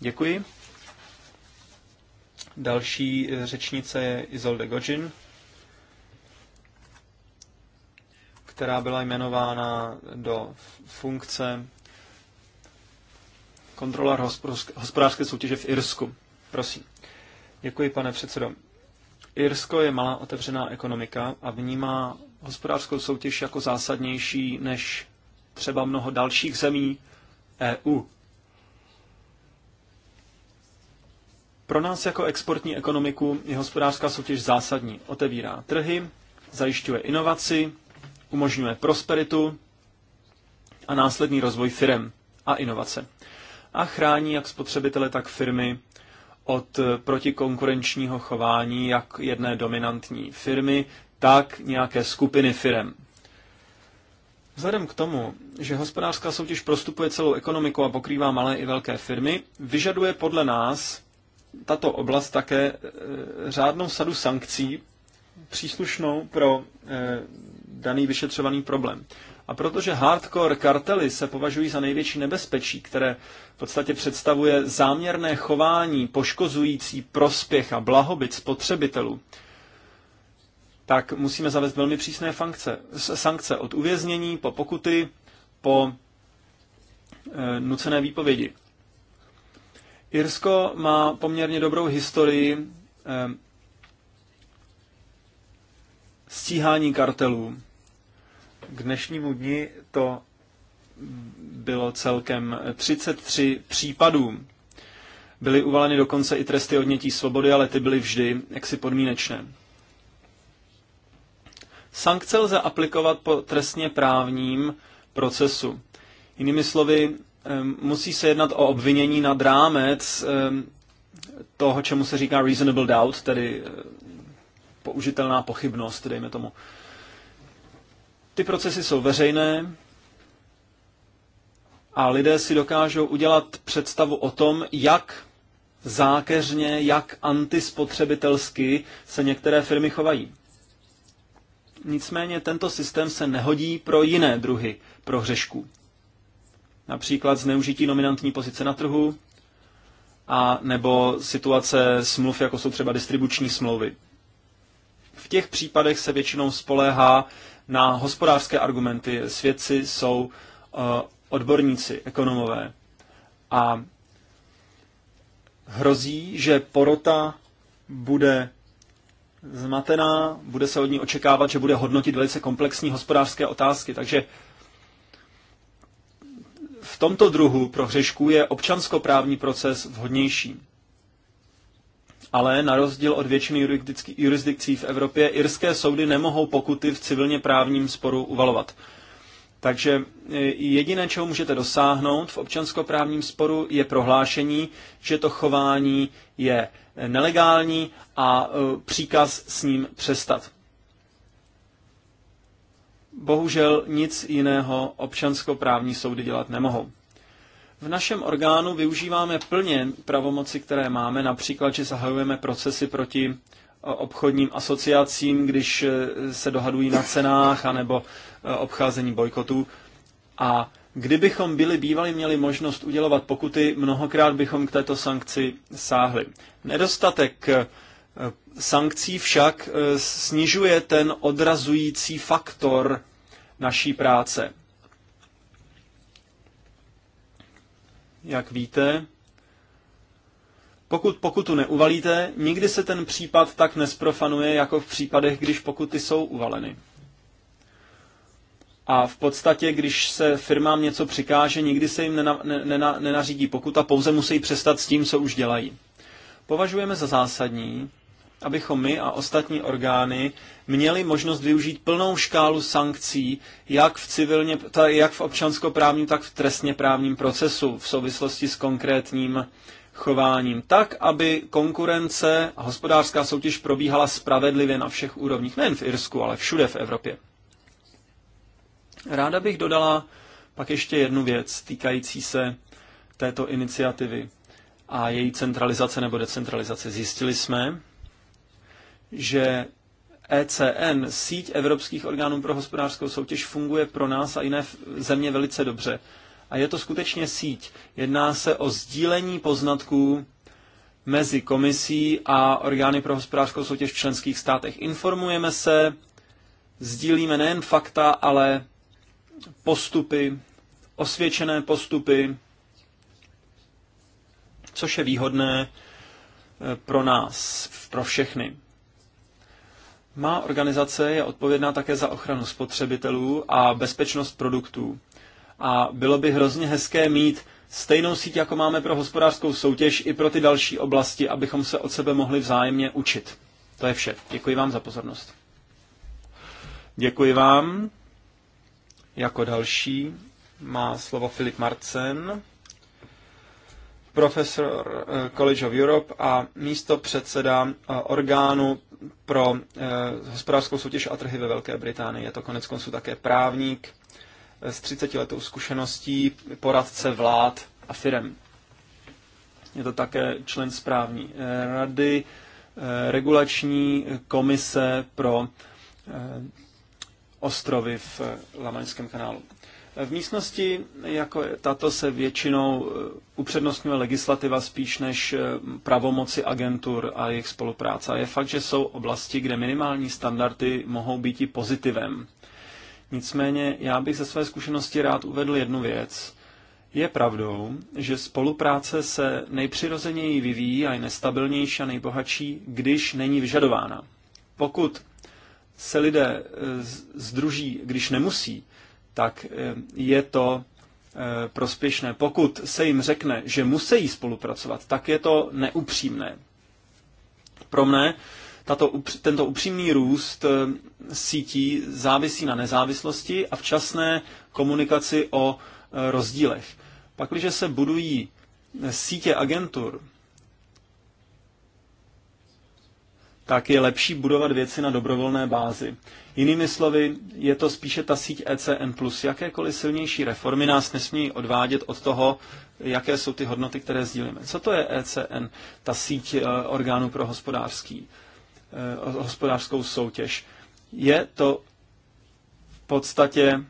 Děkuji. Další eh, řečnice je Izolde Gojin která byla jmenována do funkce kontrolor hospodářské soutěže v Irsku. Prosím. Děkuji, pane předsedo. Irsko je malá otevřená ekonomika a vnímá hospodářskou soutěž jako zásadnější než třeba mnoho dalších zemí EU. Pro nás jako exportní ekonomiku je hospodářská soutěž zásadní. Otevírá trhy, zajišťuje inovaci, umožňuje prosperitu a následný rozvoj firm a inovace. A chrání jak spotřebitele, tak firmy od protikonkurenčního chování jak jedné dominantní firmy, tak nějaké skupiny firm. Vzhledem k tomu, že hospodářská soutěž prostupuje celou ekonomiku a pokrývá malé i velké firmy, vyžaduje podle nás tato oblast také eh, řádnou sadu sankcí příslušnou pro eh, daný vyšetřovaný problém. A protože hardcore kartely se považují za největší nebezpečí, které v podstatě představuje záměrné chování poškozující prospěch a blahobyt spotřebitelů, tak musíme zavést velmi přísné funkce, sankce od uvěznění po pokuty, po e, nucené výpovědi. Irsko má poměrně dobrou historii e, stíhání kartelů. K dnešnímu dni to bylo celkem 33 případů. Byly uvaleny dokonce i tresty odnětí svobody, ale ty byly vždy jaksi podmínečné. Sankce lze aplikovat po trestně právním procesu. Jinými slovy, musí se jednat o obvinění nad rámec toho, čemu se říká reasonable doubt, tedy použitelná pochybnost, dejme tomu. Ty procesy jsou veřejné a lidé si dokážou udělat představu o tom, jak zákeřně, jak antispotřebitelsky se některé firmy chovají. Nicméně tento systém se nehodí pro jiné druhy prohřešků. Například zneužití nominantní pozice na trhu a nebo situace smluv, jako jsou třeba distribuční smlouvy těch případech se většinou spoléhá na hospodářské argumenty. Svědci jsou eh, odborníci, ekonomové. A hrozí, že porota bude zmatená, bude se od ní očekávat, že bude hodnotit velice komplexní hospodářské otázky. Takže v tomto druhu pro hřešku je občanskoprávní proces vhodnější ale na rozdíl od většiny jurisdikcí v Evropě, irské soudy nemohou pokuty v civilně právním sporu uvalovat. Takže e, jediné, čeho můžete dosáhnout v občanskoprávním sporu, je prohlášení, že to chování je nelegální a e, příkaz s ním přestat. Bohužel nic jiného občanskoprávní soudy dělat nemohou. V našem orgánu využíváme plně pravomoci, které máme, například, že zahajujeme procesy proti e, obchodním asociacím, když e, se dohadují na cenách, anebo e, obcházení bojkotů. A kdybychom byli bývali měli možnost udělovat pokuty, mnohokrát bychom k této sankci sáhli. Nedostatek sankcí však snižuje ten odrazující faktor naší práce. jak víte, pokud pokutu neuvalíte, nikdy se ten případ tak nesprofanuje, jako v případech, když pokuty jsou uvaleny. A v podstatě, když se firmám něco přikáže, nikdy se jim nena, nena, nenařídí pokuta, pouze musí přestat s tím, co už dělají. Považujeme za zásadní, abychom my a ostatní orgány měli možnost využít plnou škálu sankcí, jak v, civilně, jak v občanskoprávním, tak v trestně právním procesu v souvislosti s konkrétním chováním, tak, aby konkurence a hospodářská soutěž probíhala spravedlivě na všech úrovních, nejen v Irsku, ale všude v Evropě. Ráda bych dodala pak ještě jednu věc týkající se této iniciativy a její centralizace nebo decentralizace. Zjistili jsme, že ECN, síť Evropských orgánů pro hospodářskou soutěž, funguje pro nás a jiné země velice dobře. A je to skutečně síť. Jedná se o sdílení poznatků mezi komisí a orgány pro hospodářskou soutěž v členských státech. Informujeme se, sdílíme nejen fakta, ale postupy, osvědčené postupy, což je výhodné eh, pro nás, pro všechny. Má organizace je odpovědná také za ochranu spotřebitelů a bezpečnost produktů. A bylo by hrozně hezké mít stejnou síť, jako máme pro hospodářskou soutěž, i pro ty další oblasti, abychom se od sebe mohli vzájemně učit. To je vše. Děkuji vám za pozornost. Děkuji vám. Jako další má slovo Filip Marcen, profesor eh, College of Europe a místo předseda eh, orgánu pro eh, hospodářskou soutěž a trhy ve Velké Británii. Je to konec konců také právník eh, s 30 letou zkušeností, poradce vlád a firem. Je to také člen správní eh, rady, regulační komise pro ostrovy v Lamaňském kanálu. V místnosti jako tato se většinou eh, upřednostňuje legislativa spíš než eh, pravomoci agentur a jejich spolupráce. A je fakt, že jsou oblasti, kde minimální standardy mohou být i pozitivem. Nicméně já bych ze své zkušenosti rád uvedl jednu věc. Je pravdou, že spolupráce se nejpřirozeněji vyvíjí a je nestabilnější a nejbohatší, když není vyžadována. Pokud se lidé eh, združí, když nemusí, tak eh, je to eh, prospěšné. Pokud se jim řekne, že musí spolupracovat, tak je to neupřímné. Pro mne tato, tento upřímný růst eh, sítí závisí na nezávislosti a včasné komunikaci o rozdílech. Pakliže se budují sítě agentur, tak je lepší budovat věci na dobrovolné bázi. Jinými slovy, je to spíše ta síť ECN+. Jakékoliv silnější reformy nás nesmí odvádět od toho, jaké jsou ty hodnoty, které sdílíme. Co to je ECN, ta síť eh, orgánů pro hospodářský, eh, hospodářskou soutěž? Je to v podstatě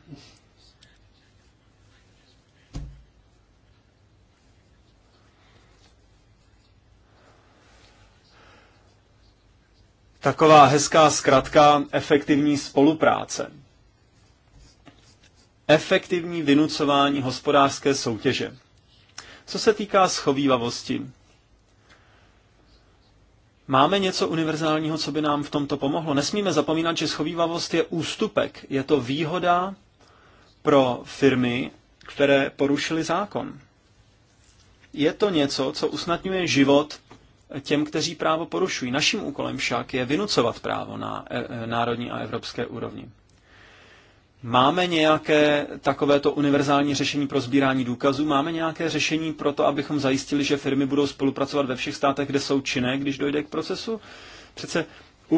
taková hezká zkratka efektivní spolupráce. Efektivní vynucování hospodářské soutěže. Co se týká schovývavosti, Máme něco univerzálního, co by nám v tomto pomohlo. Nesmíme zapomínat, že schovývavost je ústupek. Je to výhoda pro firmy, které porušily zákon. Je to něco, co usnadňuje život těm, kteří právo porušují. Naším úkolem však je vynucovat právo na e, e, národní a evropské úrovni. Máme nějaké takovéto univerzální řešení pro sbírání důkazů? Máme nějaké řešení pro to, abychom zajistili, že firmy budou spolupracovat ve všech státech, kde jsou činné, když dojde k procesu? Přece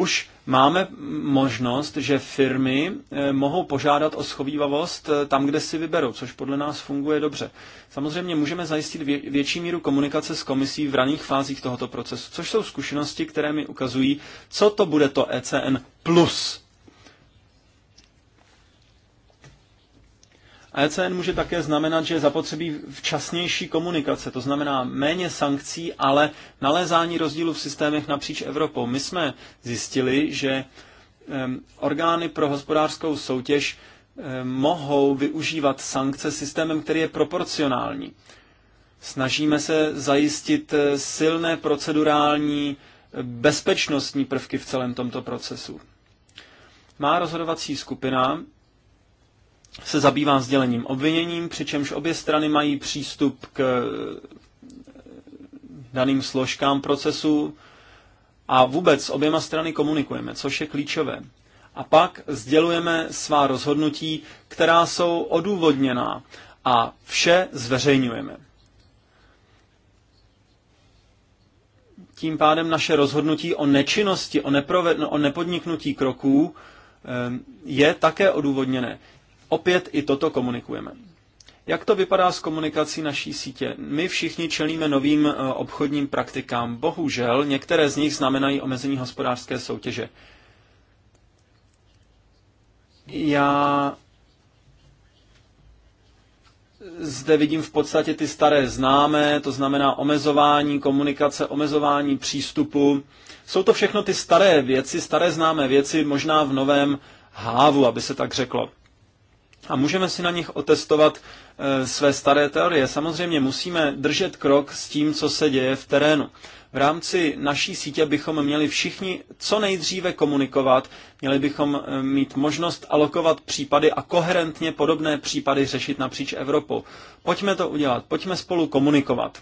už máme možnost, že firmy eh, mohou požádat o schovývavost eh, tam, kde si vyberou, což podle nás funguje dobře. Samozřejmě můžeme zajistit větší míru komunikace s komisí v raných fázích tohoto procesu, což jsou zkušenosti, které mi ukazují, co to bude to ECN plus ECN může také znamenat, že je zapotřebí včasnější komunikace, to znamená méně sankcí, ale nalézání rozdílů v systémech napříč Evropou. My jsme zjistili, že orgány pro hospodářskou soutěž mohou využívat sankce systémem, který je proporcionální. Snažíme se zajistit eh, silné procedurální eh, bezpečnostní prvky v celém tomto procesu. Má rozhodovací skupina se zabývá sdělením obviněním, přičemž obě strany mají přístup k eh, daným složkám procesu a vůbec s oběma strany komunikujeme, což je klíčové. A pak sdělujeme svá rozhodnutí, která jsou odůvodněná a vše zveřejňujeme. Tím pádem naše rozhodnutí o nečinnosti, o, o nepodniknutí kroků eh, je také odůvodněné. Opět i toto komunikujeme. Jak to vypadá s komunikací naší sítě? My všichni čelíme novým eh, obchodním praktikám. Bohužel, některé z nich znamenají omezení hospodářské soutěže. Já zde vidím v podstatě ty staré známé, to znamená omezování komunikace, omezování přístupu. Jsou to všechno ty staré věci, staré známé věci, možná v novém hávu, aby se tak řeklo a můžeme si na nich otestovat e, své staré teorie. Samozřejmě musíme držet krok s tím, co se děje v terénu. V rámci naší sítě bychom měli všichni co nejdříve komunikovat, měli bychom e, mít možnost alokovat případy a koherentně podobné případy řešit napříč Evropou. Pojďme to udělat, pojďme spolu komunikovat.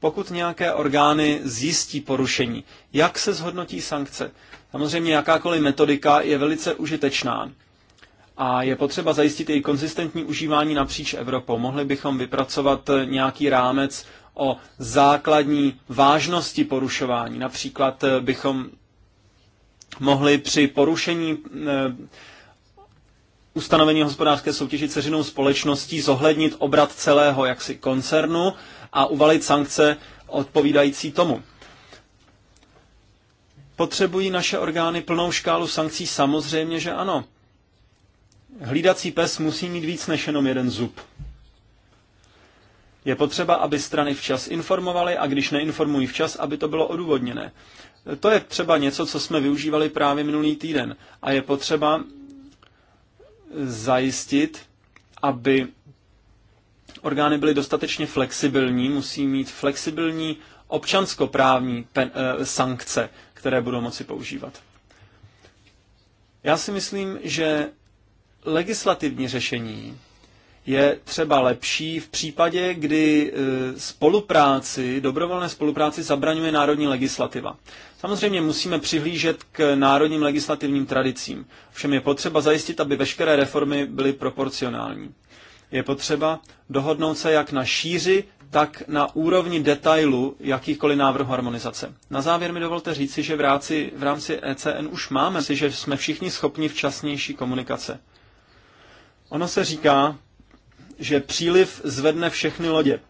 Pokud nějaké orgány zjistí porušení, jak se zhodnotí sankce? Samozřejmě jakákoliv metodika je velice užitečná a je potřeba zajistit její konzistentní užívání napříč Evropou. Mohli bychom vypracovat nějaký rámec o základní vážnosti porušování. Například eh, bychom mohli při porušení eh, ustanovení hospodářské soutěži ceřinou společností zohlednit obrat celého jaksi koncernu a uvalit sankce odpovídající tomu. Potřebují naše orgány plnou škálu sankcí? Samozřejmě, že ano. Hlídací pes musí mít víc než jenom jeden zub. Je potřeba, aby strany včas informovaly a když neinformují včas, aby to bylo odůvodněné. To je třeba něco, co jsme využívali právě minulý týden. A je potřeba zajistit, aby orgány byly dostatečně flexibilní, musí mít flexibilní občanskoprávní pen, e, eh, sankce, které budou moci používat. Já si myslím, že legislativní řešení je třeba lepší v případě, kdy e, spolupráci, dobrovolné spolupráci zabraňuje národní legislativa. Samozřejmě musíme přihlížet k národním legislativním tradicím. Všem je potřeba zajistit, aby veškeré reformy byly proporcionální. Je potřeba dohodnout se jak na šíři, tak na úrovni detailu jakýchkoliv návrh harmonizace. Na závěr mi dovolte říci, že v rámci, v rámci ECN už máme si, že jsme všichni schopni včasnější komunikace. Ono se říká, že příliv zvedne všechny lodě,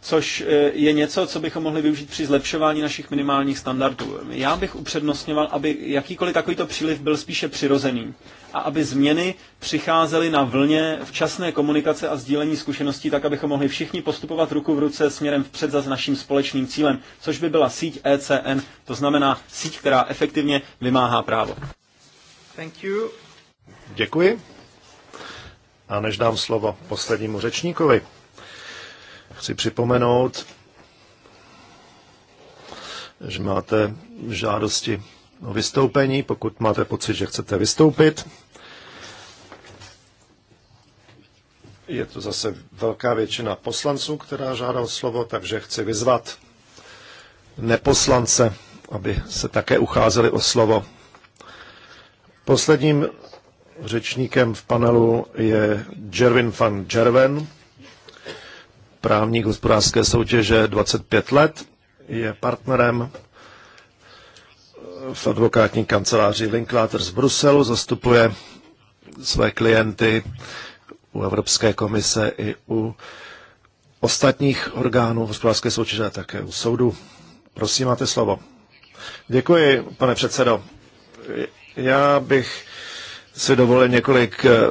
což eh, je něco, co bychom mohli využít při zlepšování našich minimálních standardů. Já bych upřednostňoval, aby jakýkoliv takovýto příliv byl spíše přirozený a aby změny přicházely na vlně včasné komunikace a sdílení zkušeností, tak abychom mohli všichni postupovat ruku v ruce směrem vpřed za naším společným cílem, což by byla síť ECN, to znamená síť, která efektivně vymáhá právo. Thank you. Děkuji. A než dám slovo poslednímu řečníkovi, chci připomenout, že máte žádosti o vystoupení, pokud máte pocit, že chcete vystoupit. Je to zase velká většina poslanců, která žádá o slovo, takže chci vyzvat neposlance, aby se také ucházeli o slovo. Posledním Řečníkem v panelu je Jervin van Jerven, právník hospodářské soutěže 25 let, je partnerem v advokátní kanceláři Linklater z Bruselu, zastupuje své klienty u Evropské komise i u ostatních orgánů hospodářské soutěže a také u soudu. Prosím, máte slovo. Děkuji, pane předsedo. Já bych si dovolil několik eh,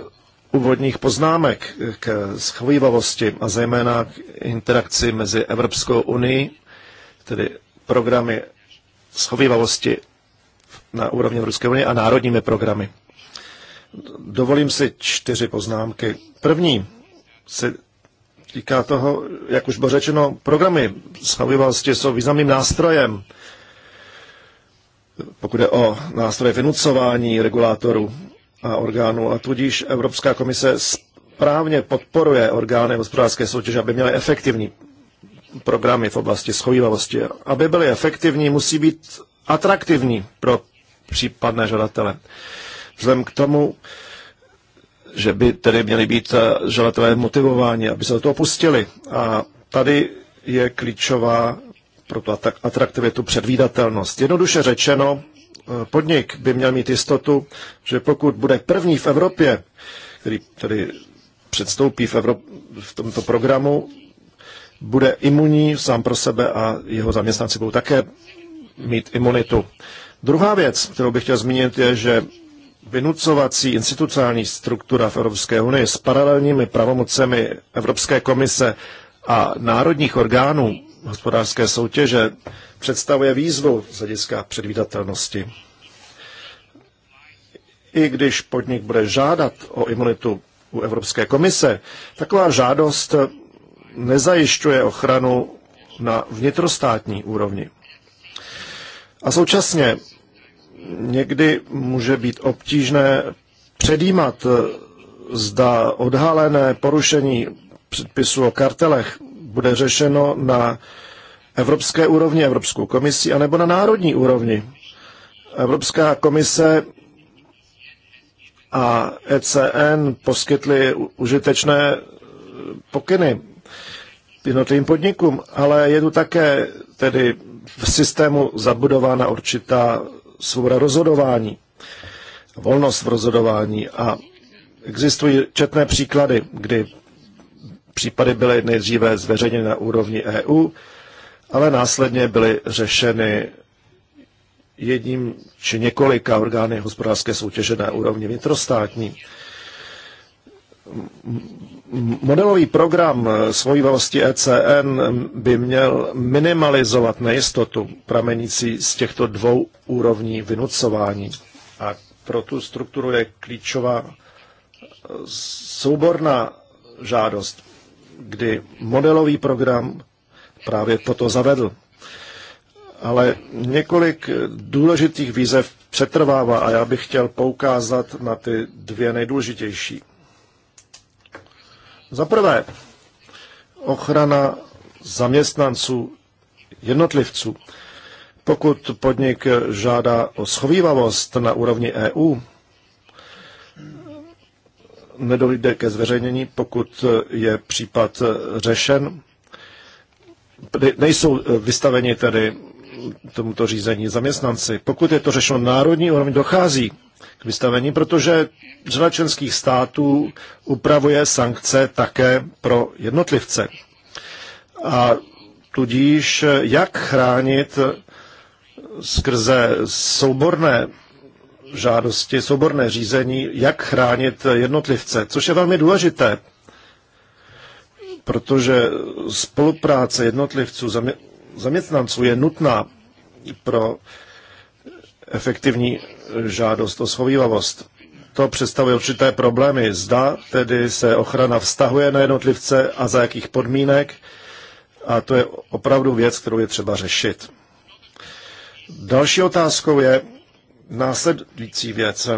úvodních poznámek k schovývavosti a zejména k interakci mezi Evropskou unii, tedy programy schovývavosti na úrovni Evropské unie a národními programy. Dovolím si čtyři poznámky. První se týká toho, jak už bylo řečeno, programy schovývavosti jsou významným nástrojem, pokud je o nástroje vynucování regulátorů a orgánů. A tudíž Evropská komise správně podporuje orgány hospodářské soutěže, aby měly efektivní programy v oblasti schovývavosti. Aby byly efektivní, musí být atraktivní pro případné žadatele. Vzhledem k tomu, že by tedy měli být eh, žadatelé motivováni, aby se do toho pustili. A tady je klíčová pro tu atraktivitu předvídatelnost. Jednoduše řečeno, Eh, podnik by měl mít jistotu, že pokud bude první v Evropě, který tedy předstoupí v, Evrop- v tomto programu, bude imunní sám pro sebe a jeho zaměstnanci budou také mít imunitu. Druhá věc, kterou bych chtěl zmínit, je, že vynucovací institucionální struktura v Evropské unii s paralelními pravomocemi Evropské komise a národních orgánů hospodářské soutěže představuje výzvu z hlediska předvídatelnosti. I když podnik bude žádat o imunitu u Evropské komise, taková žádost nezajišťuje ochranu na vnitrostátní úrovni. A současně někdy může být obtížné předjímat, zda odhalené porušení předpisu o kartelech bude řešeno na evropské úrovni, Evropskou komisí, anebo na národní úrovni. Evropská komise a ECN poskytly užitečné pokyny jednotlivým podnikům, ale je tu také tedy v systému zabudována určitá svoboda rozhodování, volnost v rozhodování a existují četné příklady, kdy případy byly nejdříve zveřejněny na úrovni EU, ale následně byly řešeny jedním či několika orgány hospodářské soutěže na úrovni vnitrostátní. Modelový program svojivosti ECN by měl minimalizovat nejistotu pramenící z těchto dvou úrovní vynucování. A pro tu strukturu je klíčová souborná žádost kdy modelový program právě toto zavedl. Ale několik důležitých výzev přetrvává a já bych chtěl poukázat na ty dvě nejdůležitější. Za prvé, ochrana zaměstnanců jednotlivců. Pokud podnik žádá o schovývavost na úrovni EU, nedojde ke zveřejnění, pokud je případ řešen. Nejsou vystaveni tedy tomuto řízení zaměstnanci. Pokud je to řešeno národní úrovni, dochází k vystavení, protože řada členských států upravuje sankce také pro jednotlivce. A tudíž jak chránit skrze souborné žádosti, souborné řízení, jak chránit jednotlivce, což je velmi důležité, protože spolupráce jednotlivců, zamě, zaměstnanců je nutná pro efektivní žádost o schovývavost. To představuje určité problémy. Zda tedy se ochrana vztahuje na jednotlivce a za jakých podmínek. A to je opravdu věc, kterou je třeba řešit. Další otázkou je, následující věc.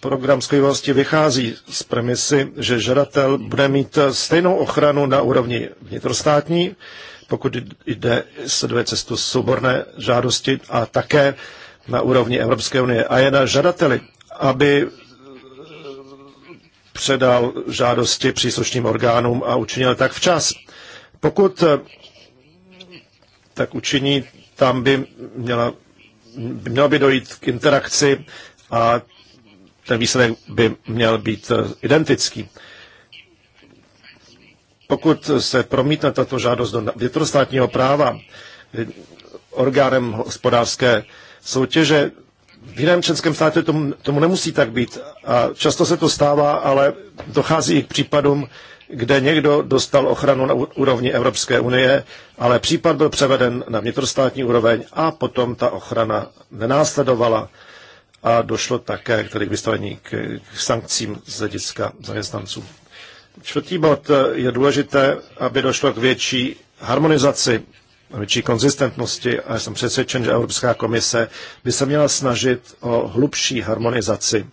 Program sklivosti vychází z premisy, že žadatel bude mít stejnou ochranu na úrovni vnitrostátní, pokud jde sleduje cestu souborné žádosti a také na úrovni Evropské unie. A je na žadateli, aby předal žádosti příslušným orgánům a učinil tak včas. Pokud tak učiní, tam by měla mělo by dojít k interakci a ten výsledek by měl být eh, identický. Pokud se promítne tato žádost do vnitrostátního práva eh, orgánem hospodářské soutěže, v jiném členském státě tomu, tomu nemusí tak být. A často se to stává, ale dochází i k případům, kde někdo dostal ochranu na úrovni Evropské unie, ale případ byl převeden na vnitrostátní úroveň a potom ta ochrana nenásledovala a došlo také tedy k vystavení k, k sankcím z hlediska zaměstnanců. Čtvrtý bod eh, je důležité, aby došlo k větší harmonizaci, větší konzistentnosti a jsem přesvědčen, že Evropská komise by se měla snažit o hlubší harmonizaci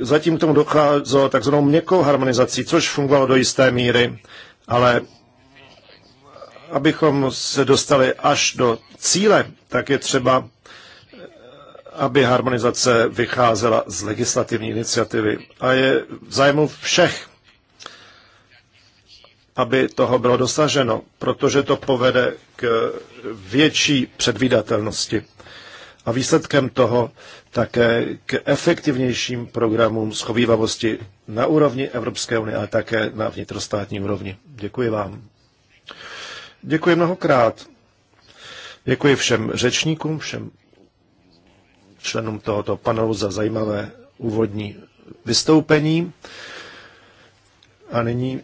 zatím k tomu docházelo takzvanou měkkou harmonizací, což fungovalo do jisté míry, ale abychom se dostali až do cíle, tak je třeba, aby harmonizace vycházela z legislativní iniciativy. A je v zájmu všech, aby toho bylo dosaženo, protože to povede k větší předvídatelnosti a výsledkem toho také k efektivnějším programům schovývavosti na úrovni Evropské unie, ale také na vnitrostátní úrovni. Děkuji vám. Děkuji mnohokrát. Děkuji všem řečníkům, všem členům tohoto panelu za zajímavé úvodní vystoupení. A nyní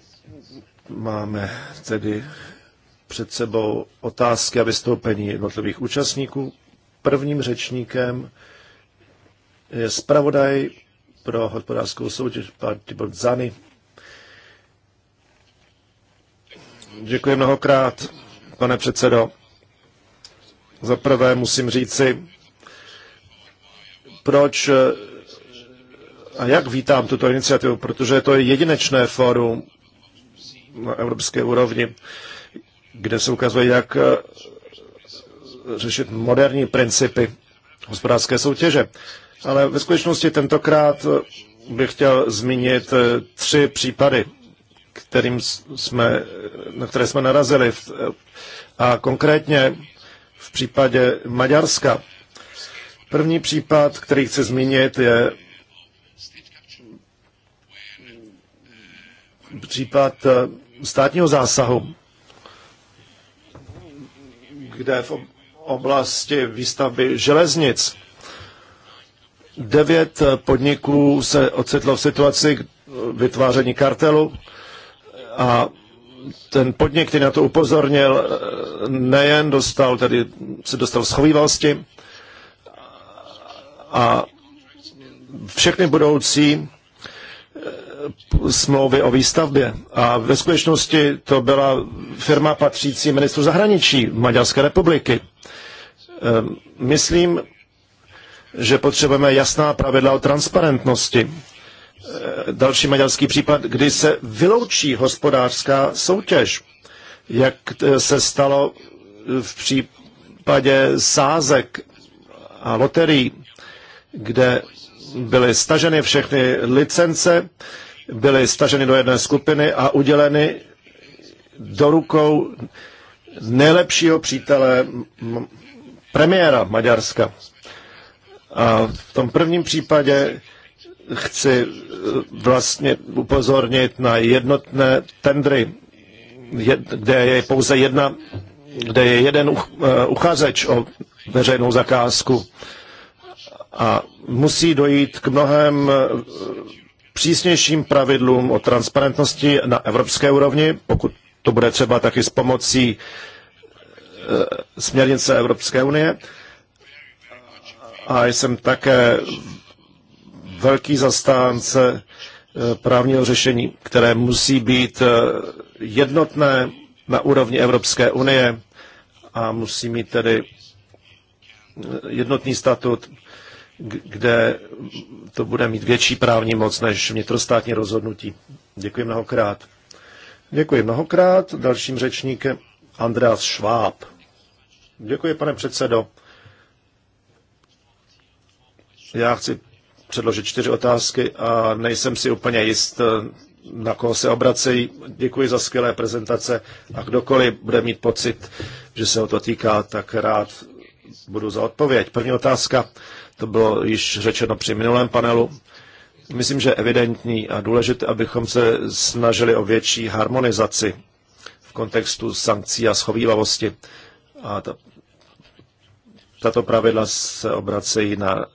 máme tedy před sebou otázky a vystoupení jednotlivých účastníků. Prvním řečníkem je zpravodaj pro hospodářskou soutěž pan Tibor Zany. Děkuji mnohokrát, pane předsedo. Za prvé musím říci, proč a jak vítám tuto iniciativu, protože to je jedinečné fórum na evropské úrovni, kde se ukazuje, jak řešit moderní principy hospodářské soutěže. Ale ve skutečnosti tentokrát bych chtěl zmínit eh, tři případy, kterým jsme, na které jsme narazili. A konkrétně v případě Maďarska. První případ, který chci zmínit, je případ eh, státního zásahu, kde v oblasti výstavby železnic. Devět podniků se ocitlo v situaci vytváření kartelu a ten podnik, který na to upozornil, nejen dostal, tedy se dostal schovývalosti a všechny budoucí smlouvy o výstavbě. A ve skutečnosti to byla firma patřící ministru zahraničí Maďarské republiky. Ehm, myslím, že potřebujeme jasná pravidla o transparentnosti. Ehm, další maďarský případ, kdy se vyloučí hospodářská soutěž, jak se stalo v případě sázek a loterií, kde byly staženy všechny licence byly staženy do jedné skupiny a uděleny do rukou nejlepšího přítele premiéra Maďarska. A v tom prvním případě chci e, vlastně upozornit na jednotné tendry, kde je pouze jedna, kde je jeden e, uchazeč o veřejnou zakázku. A musí dojít k mnohem e, přísnějším pravidlům o transparentnosti na evropské úrovni, pokud to bude třeba taky s pomocí e, směrnice Evropské unie. A jsem také velký zastánce e, právního řešení, které musí být e, jednotné na úrovni Evropské unie a musí mít tedy e, jednotný statut kde to bude mít větší právní moc než vnitrostátní rozhodnutí. Děkuji mnohokrát. Děkuji mnohokrát. Dalším řečníkem Andreas Schwab. Děkuji, pane předsedo. Já chci předložit čtyři otázky a nejsem si úplně jist, na koho se obracejí. Děkuji za skvělé prezentace a kdokoliv bude mít pocit, že se o to týká, tak rád budu za odpověď. První otázka. To bylo již řečeno při minulém panelu. Myslím, že je evidentní a důležité, abychom se snažili o větší harmonizaci v kontextu sankcí a schovývavosti. A ta, tato pravidla se obracejí na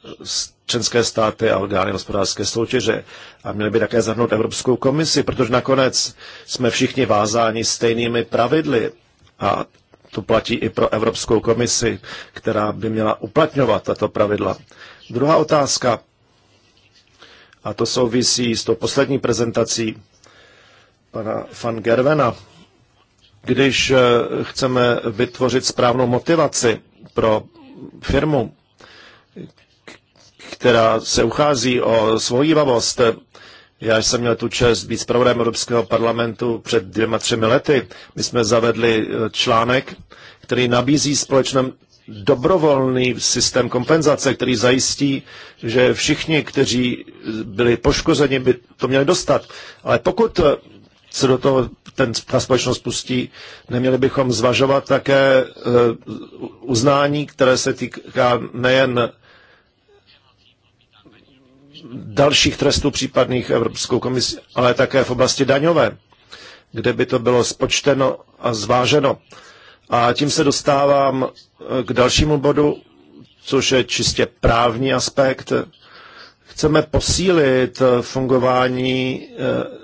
členské státy a orgány hospodářské soutěže a měly by také zahrnout Evropskou komisi, protože nakonec jsme všichni vázáni stejnými pravidly a to platí i pro Evropskou komisi, která by měla uplatňovat tato pravidla. Druhá otázka, a to souvisí s tou poslední prezentací pana van Gervena. Když eh, chceme vytvořit správnou motivaci pro firmu, která se uchází o svoji vavost, já jsem měl tu čest být zpravodajem Evropského parlamentu před dvěma, třemi lety. My jsme zavedli eh, článek, který nabízí společném dobrovolný systém kompenzace, který zajistí, že všichni, kteří eh, byli poškozeni, by to měli dostat. Ale pokud eh, se do toho ten, ta společnost pustí, neměli bychom zvažovat také uznání, které se týká nejen dalších trestů případných Evropskou komisí, ale také v oblasti daňové, kde by to bylo spočteno a zváženo. A tím se dostávám eh, k dalšímu bodu, což je čistě právní aspekt. Chceme posílit eh, fungování eh,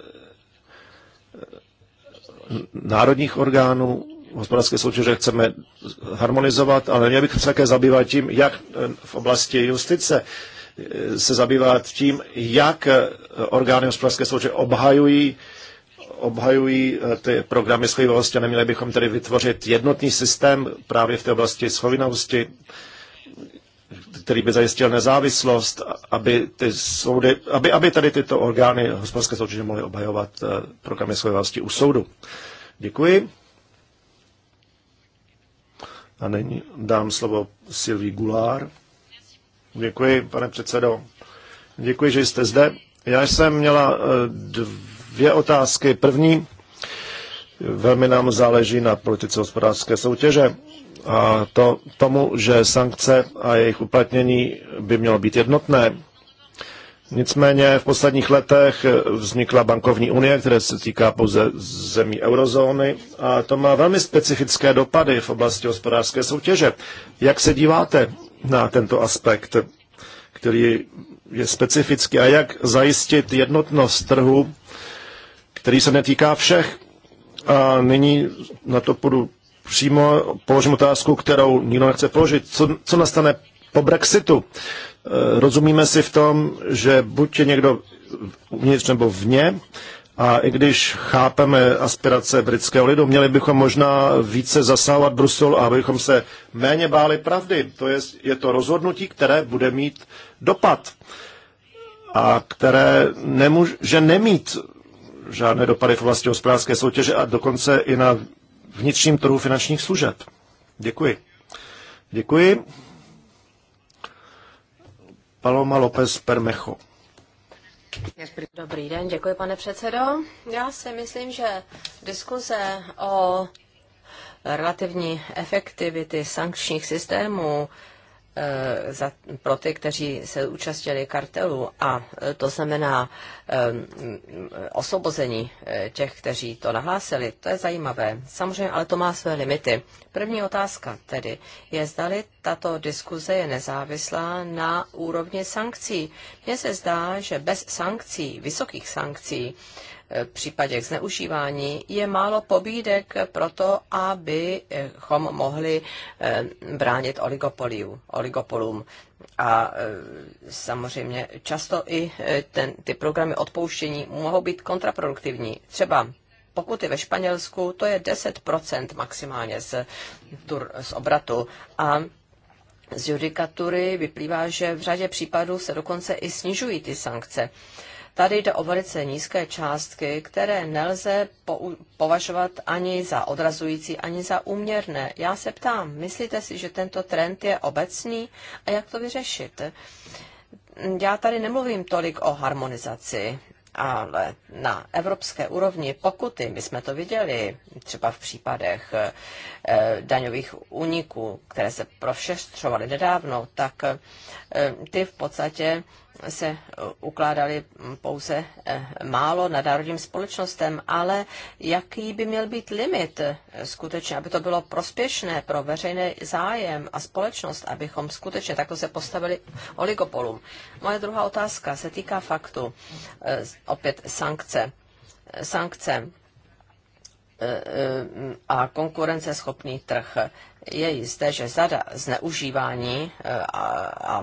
národních orgánů hospodářské soutěže chceme harmonizovat, ale měli bychom se také zabývat tím, jak v oblasti justice se zabývat tím, jak eh, orgány hospodářské soutěže obhajují obhajují eh, ty programy schovivosti a neměli bychom tedy vytvořit jednotný systém právě v té oblasti schovinovosti, který by zajistil nezávislost, aby, ty soudy, aby, aby tady tyto orgány hospodářské soutěže mohly obhajovat eh, programy schovivosti u soudu. Děkuji. A nyní dám slovo Sylvie Gulár. Děkuji, pane předsedo. Děkuji, že jste zde. Já jsem měla eh, dvě otázky. První, velmi nám záleží na politice hospodářské soutěže a to tomu, že sankce a jejich uplatnění by mělo být jednotné. Nicméně v posledních letech vznikla bankovní unie, která se týká pouze zemí eurozóny a to má velmi specifické dopady v oblasti hospodářské soutěže. Jak se díváte na tento aspekt, který je specifický. A jak zajistit jednotnost trhu, který se netýká všech? A nyní na to půjdu přímo, položím otázku, kterou nikdo nechce položit. Co, co nastane po Brexitu? Eh, rozumíme si v tom, že buď je někdo uvnitř nebo vně a i když chápeme aspirace britského lidu, měli bychom možná více zasávat Brusel a abychom se méně báli pravdy. To je, je to rozhodnutí, které bude mít dopad a které nemůže nemít žádné dopady v oblasti hospodářské soutěže a dokonce i na vnitřním trhu finančních služeb. Děkuji. Děkuji. Paloma López Permecho. Dobrý den, děkuji pane předsedo. Já si myslím, že diskuze o relativní efektivity sankčních systémů Eh, za, pro ty, kteří se účastnili kartelu a eh, to znamená um, osvobození těch, kteří to nahlásili, to je zajímavé. Samozřejmě, ale to má své limity. První otázka tedy je, zdali tato diskuze je nezávislá na úrovni sankcí. Mně se zdá, že bez sankcí, vysokých sankcí, Eh, případě zneužívání je málo pobídek pro to, abychom mohli eh, bránit oligopoliu, oligopolům. A eh, samozřejmě často i ten, ty programy odpouštění mohou být kontraproduktivní. Třeba pokuty ve Španělsku, to je 10% maximálně z, tur, z obratu. A z judikatury vyplývá, že v řadě případů se dokonce i snižují ty sankce. Tady jde o velice nízké částky, které nelze považovat ani za odrazující, ani za úměrné. Já se ptám, myslíte si, že tento trend je obecný a jak to vyřešit? Já tady nemluvím tolik o harmonizaci, ale na evropské úrovni pokuty, my jsme to viděli třeba v případech eh, daňových úniků, které se prošestřovaly nedávno, tak eh, ty v podstatě se ukládali pouze eh, málo národním společnostem, ale jaký by měl být limit eh, skutečně, aby to bylo prospěšné pro veřejný zájem a společnost, abychom skutečně takto se postavili oligopolům. Moje druhá otázka se týká faktu, eh, opět sankce. Sankce a konkurenceschopný trh je jisté, že řada zneužívání e, a, a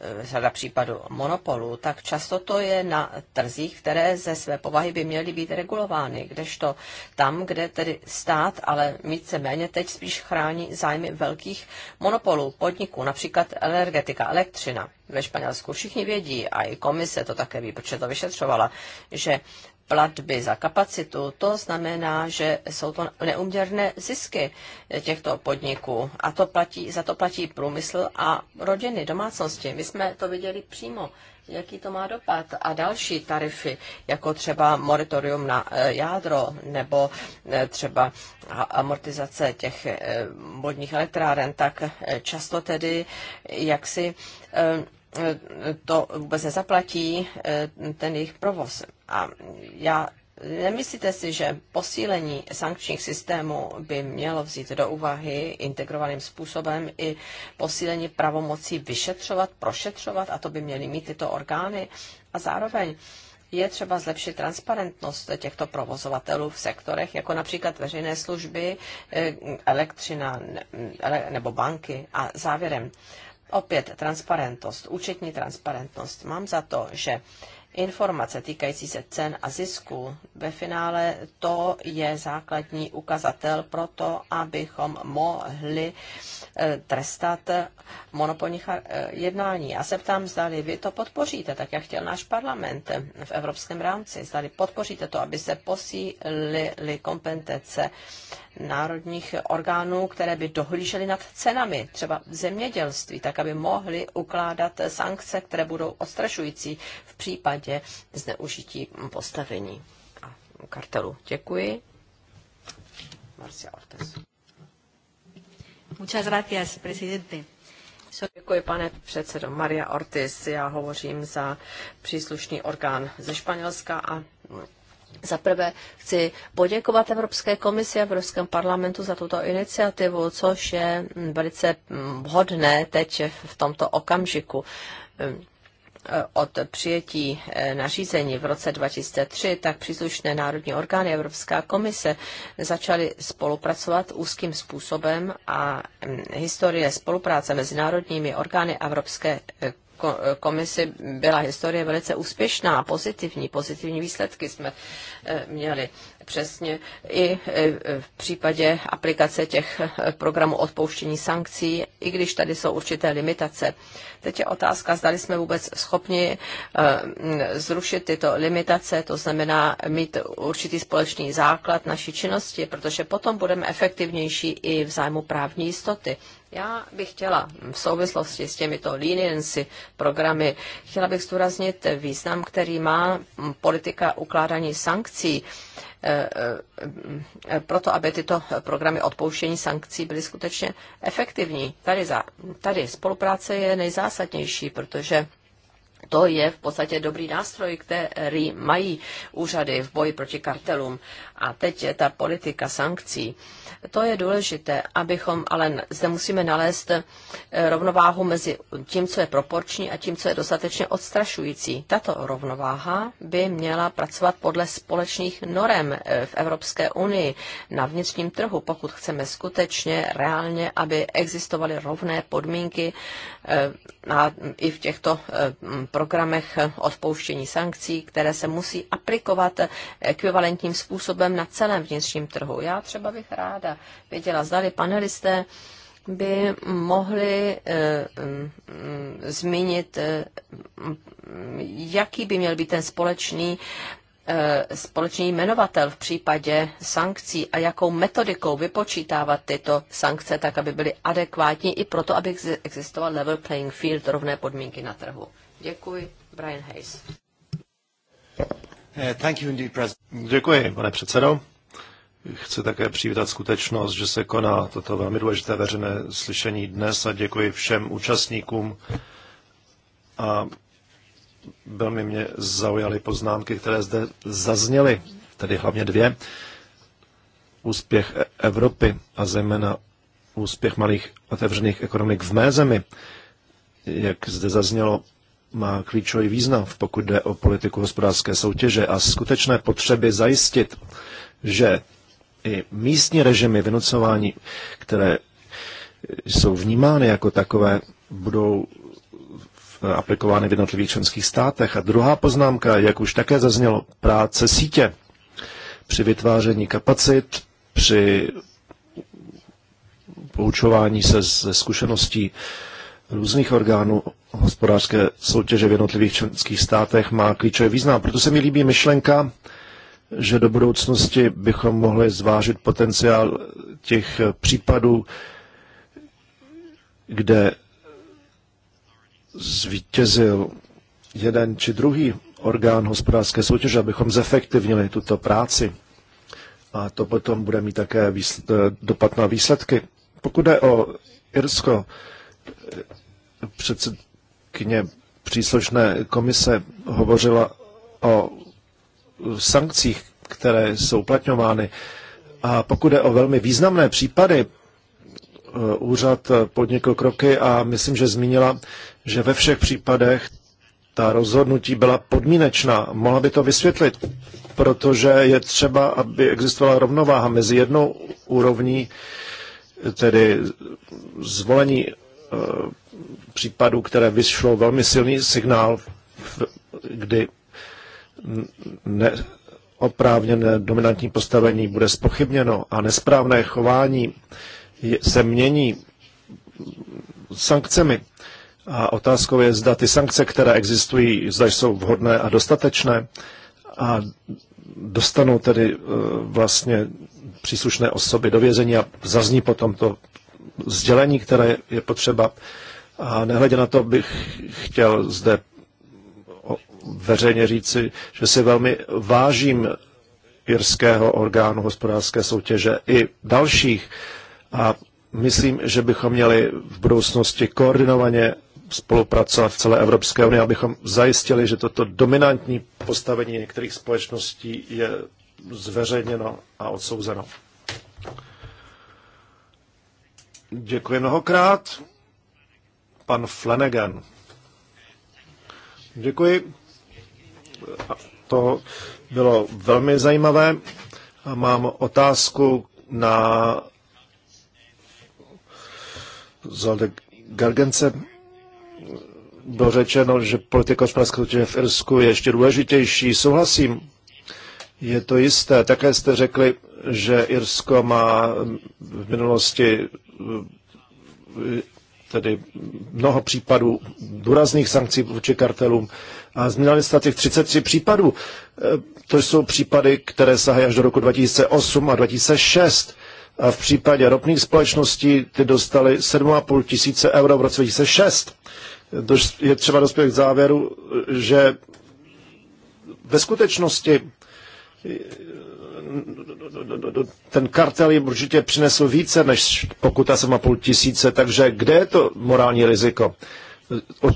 e, řada případů monopolu, tak často to je na trzích, které ze své povahy by měly být regulovány, kdežto tam, kde tedy stát, ale mít se méně teď spíš chrání zájmy velkých monopolů, podniků, například energetika, elektřina ve Španělsku. Všichni vědí, a i komise to také ví, protože to vyšetřovala, že platby za kapacitu, to znamená, že jsou to neuměrné zisky těchto podniků. A to platí, za to platí průmysl a rodiny, domácnosti. My jsme to viděli přímo, jaký to má dopad. A další tarify, jako třeba moratorium na e, jádro nebo e, třeba amortizace těch e, vodních elektráren, tak často tedy jaksi Eh, to vůbec nezaplatí eh, ten jejich provoz. A já Nemyslíte si, že posílení sankčních systémů by mělo vzít do úvahy integrovaným způsobem i posílení pravomocí vyšetřovat, prošetřovat, a to by měly mít tyto orgány? A zároveň je třeba zlepšit transparentnost těchto provozovatelů v sektorech, jako například veřejné služby, eh, elektřina nebo banky. A závěrem, Opět transparentnost, účetní transparentnost. Mám za to, že informace týkající se cen a zisku ve finále to je základní ukazatel pro to, abychom mohli eh, trestat monopolní eh, jednání. Já se ptám, zdali vy to podpoříte, tak jak chtěl náš parlament v evropském rámci, zdali podpoříte to, aby se posílili kompetence národních orgánů, které by dohlížely nad cenami, třeba v zemědělství, tak aby mohly ukládat sankce, které budou ostrašující v případě zneužití postavení a kartelu. Děkuji. Marcia Ortez. Muchas gracias, presidente. Děkuji, pane předsedo. Maria Ortiz, já hovořím za příslušný orgán ze Španělska a za prvé chci poděkovat Evropské komisi a Evropském parlamentu za tuto iniciativu, což je velice vhodné teď v tomto okamžiku od přijetí eh, nařízení v roce 2003, tak příslušné národní orgány Evropská komise začaly spolupracovat úzkým způsobem a hm, historie spolupráce mezi národními orgány Evropské eh, komisi byla historie velice úspěšná, pozitivní, pozitivní výsledky jsme eh, měli. Přesně i eh, v případě aplikace těch eh, programů odpouštění sankcí, i když tady jsou určité limitace. Teď je otázka, zdali jsme vůbec schopni zrušit tyto limitace, to znamená mít určitý společný základ naší činnosti, protože potom budeme efektivnější i v zájmu právní jistoty. Já bych chtěla v souvislosti s těmito leniency programy, chtěla bych zdůraznit význam, který má politika ukládání sankcí eh, eh, proto, aby tyto programy odpouštění sankcí byly skutečně efektivní. Tady, za, tady spolupráce je nejzásadnější, protože to je v podstatě dobrý nástroj, který mají úřady v boji proti kartelům. A teď je ta politika sankcí. To je důležité, abychom, ale zde musíme nalézt eh, rovnováhu mezi tím, co je proporční a tím, co je dostatečně odstrašující. Tato rovnováha by měla pracovat podle společných norem eh, v Evropské unii na vnitřním trhu, pokud chceme skutečně, reálně, aby existovaly rovné podmínky eh, i v těchto programech odpouštění sankcí, které se musí aplikovat ekvivalentním způsobem na celém vnitřním trhu. Já třeba bych ráda věděla, zdali panelisté by mohli eh, mm, zmínit, eh, mm, jaký by měl být ten společný eh, společný jmenovatel v případě sankcí a jakou metodikou vypočítávat tyto sankce tak, aby byly adekvátní i proto, aby existoval level playing field, rovné podmínky na trhu. Děkuji. Brian Hayes. Eh, děkuji, pane předsedo. Chci také přivítat skutečnost, že se koná toto velmi důležité veřejné slyšení dnes a děkuji všem účastníkům. A velmi mě zaujaly poznámky, které zde zazněly, tedy hlavně dvě. Úspěch Evropy a zejména úspěch malých otevřených ekonomik v mé zemi, jak zde zaznělo, má klíčový význam, pokud jde o politiku hospodářské soutěže a skutečné potřeby zajistit, že i místní režimy vynucování, které jsou vnímány jako takové, budou aplikovány v jednotlivých členských státech. A druhá poznámka, jak už také zaznělo, práce sítě při vytváření kapacit, při poučování se ze zkušeností různých orgánů hospodářské soutěže v jednotlivých členských státech má klíčový význam. Proto se mi líbí myšlenka, že do budoucnosti bychom mohli zvážit potenciál těch případů, kde zvítězil jeden či druhý orgán hospodářské soutěže, abychom zefektivnili tuto práci. A to potom bude mít také dopad na výsledky. Pokud jde o Irsko, předsedkyně příslušné komise hovořila o sankcích, které jsou uplatňovány. A pokud je o velmi významné případy, e, úřad podnikl kroky a myslím, že zmínila, že ve všech případech ta rozhodnutí byla podmínečná. Mohla by to vysvětlit, protože je třeba, aby existovala rovnováha mezi jednou úrovní, tedy zvolení e, případů, které vyšlo velmi silný signál, kdy neoprávněné dominantní postavení bude spochybněno a nesprávné chování se mění sankcemi. A otázkou je, zda ty sankce, které existují, zda jsou vhodné a dostatečné a dostanou tedy e, vlastně příslušné osoby do vězení a zazní potom to sdělení, které je potřeba a nehledě na to bych chtěl zde veřejně říci, že si velmi vážím irského orgánu hospodářské soutěže i dalších a myslím, že bychom měli v budoucnosti koordinovaně spolupracovat v celé Evropské unii, abychom zajistili, že toto dominantní postavení některých společností je zveřejněno a odsouzeno. Děkuji mnohokrát pan Flanagan. Děkuji. To bylo velmi zajímavé. Mám otázku na Zolde Gargence. Bylo řečeno, že politika soutěže v Irsku je ještě důležitější. Souhlasím, je to jisté. Také jste řekli, že Irsko má v minulosti tedy mnoho případů důrazných sankcí vůči kartelům a zmínili jste těch 33 případů. E, to jsou případy, které sahají až do roku 2008 a 2006. A v případě ropných společností ty dostali 7,5 tisíce euro v roce 2006. Je třeba dospět k závěru, že ve skutečnosti ten kartel jim určitě přinesl více než pokuta 7,5 tisíce, takže kde je to morální riziko?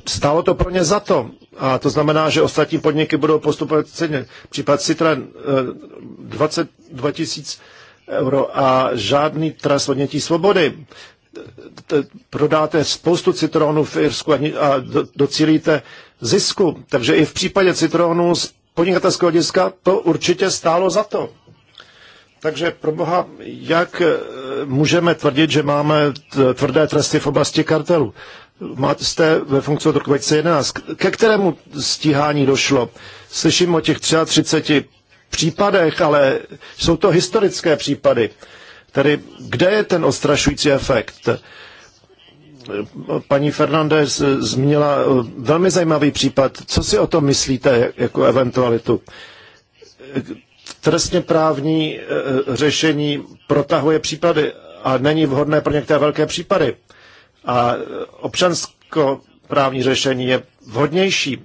Stálo to pro ně za to. A to znamená, že ostatní podniky budou postupovat ceně. Případ Citroen 22 eh, tisíc euro a žádný trest odnětí svobody. Prodáte spoustu citronů v Irsku a docílíte zisku. Takže i v případě citronů z podnikatelského hlediska to určitě stálo za to. Takže pro boha, jak eh, můžeme tvrdit, že máme tvrdé tresty v oblasti kartelu? Máte, jste ve funkci od roku 2011. Ke kterému stíhání došlo? Slyším o těch 33 případech, ale jsou to historické případy. Tedy kde je ten ostrašující efekt? Paní Fernandez zmínila eh, velmi zajímavý případ. Co si o tom myslíte jako eventualitu? trestně právní eh, eh, řešení protahuje případy a není vhodné pro některé velké případy. A eh, právní řešení je vhodnější,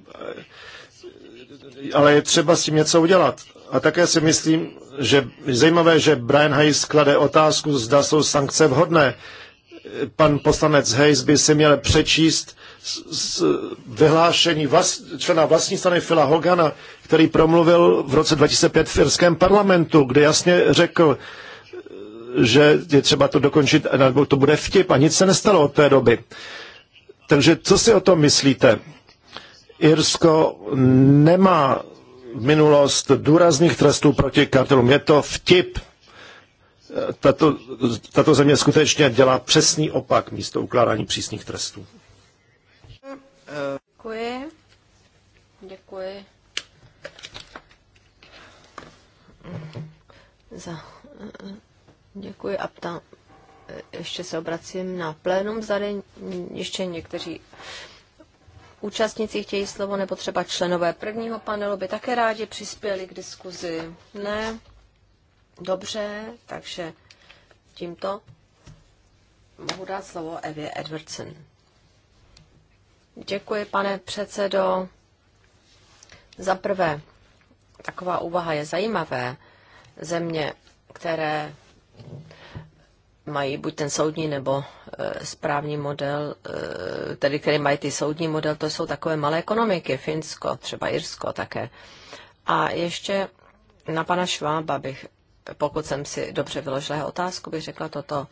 ale je třeba s tím něco udělat. A také si myslím, že zajímavé, že Brian Hayes klade otázku, zda jsou sankce vhodné. Pan poslanec Hayes by si měl přečíst z vyhlášení vlast, člena vlastní strany Fila Hogana, který promluvil v roce 2005 v irském parlamentu, kde jasně řekl, že je třeba to dokončit, nebo to bude vtip a nic se nestalo od té doby. Takže co si o tom myslíte? Irsko nemá minulost důrazných trestů proti kartelům. Je to vtip. Tato, tato země skutečně dělá přesný opak místo ukládání přísných trestů. Děkuji. Děkuji za... Děkuji a ptám, ještě se obracím na plénum. Zde ještě někteří účastníci chtějí slovo, nebo třeba členové prvního panelu by také rádi přispěli k diskuzi. Ne? Dobře, takže tímto mohu dát slovo Evě Edwardson. Děkuji, pane předsedo. Za prvé, taková úvaha je zajímavé. Země, které mají buď ten soudní nebo e, správní model, e, tedy které mají ty soudní model, to jsou takové malé ekonomiky, Finsko, třeba Irsko také. A ještě na pana Švába bych, pokud jsem si dobře vyložila otázku, bych řekla toto.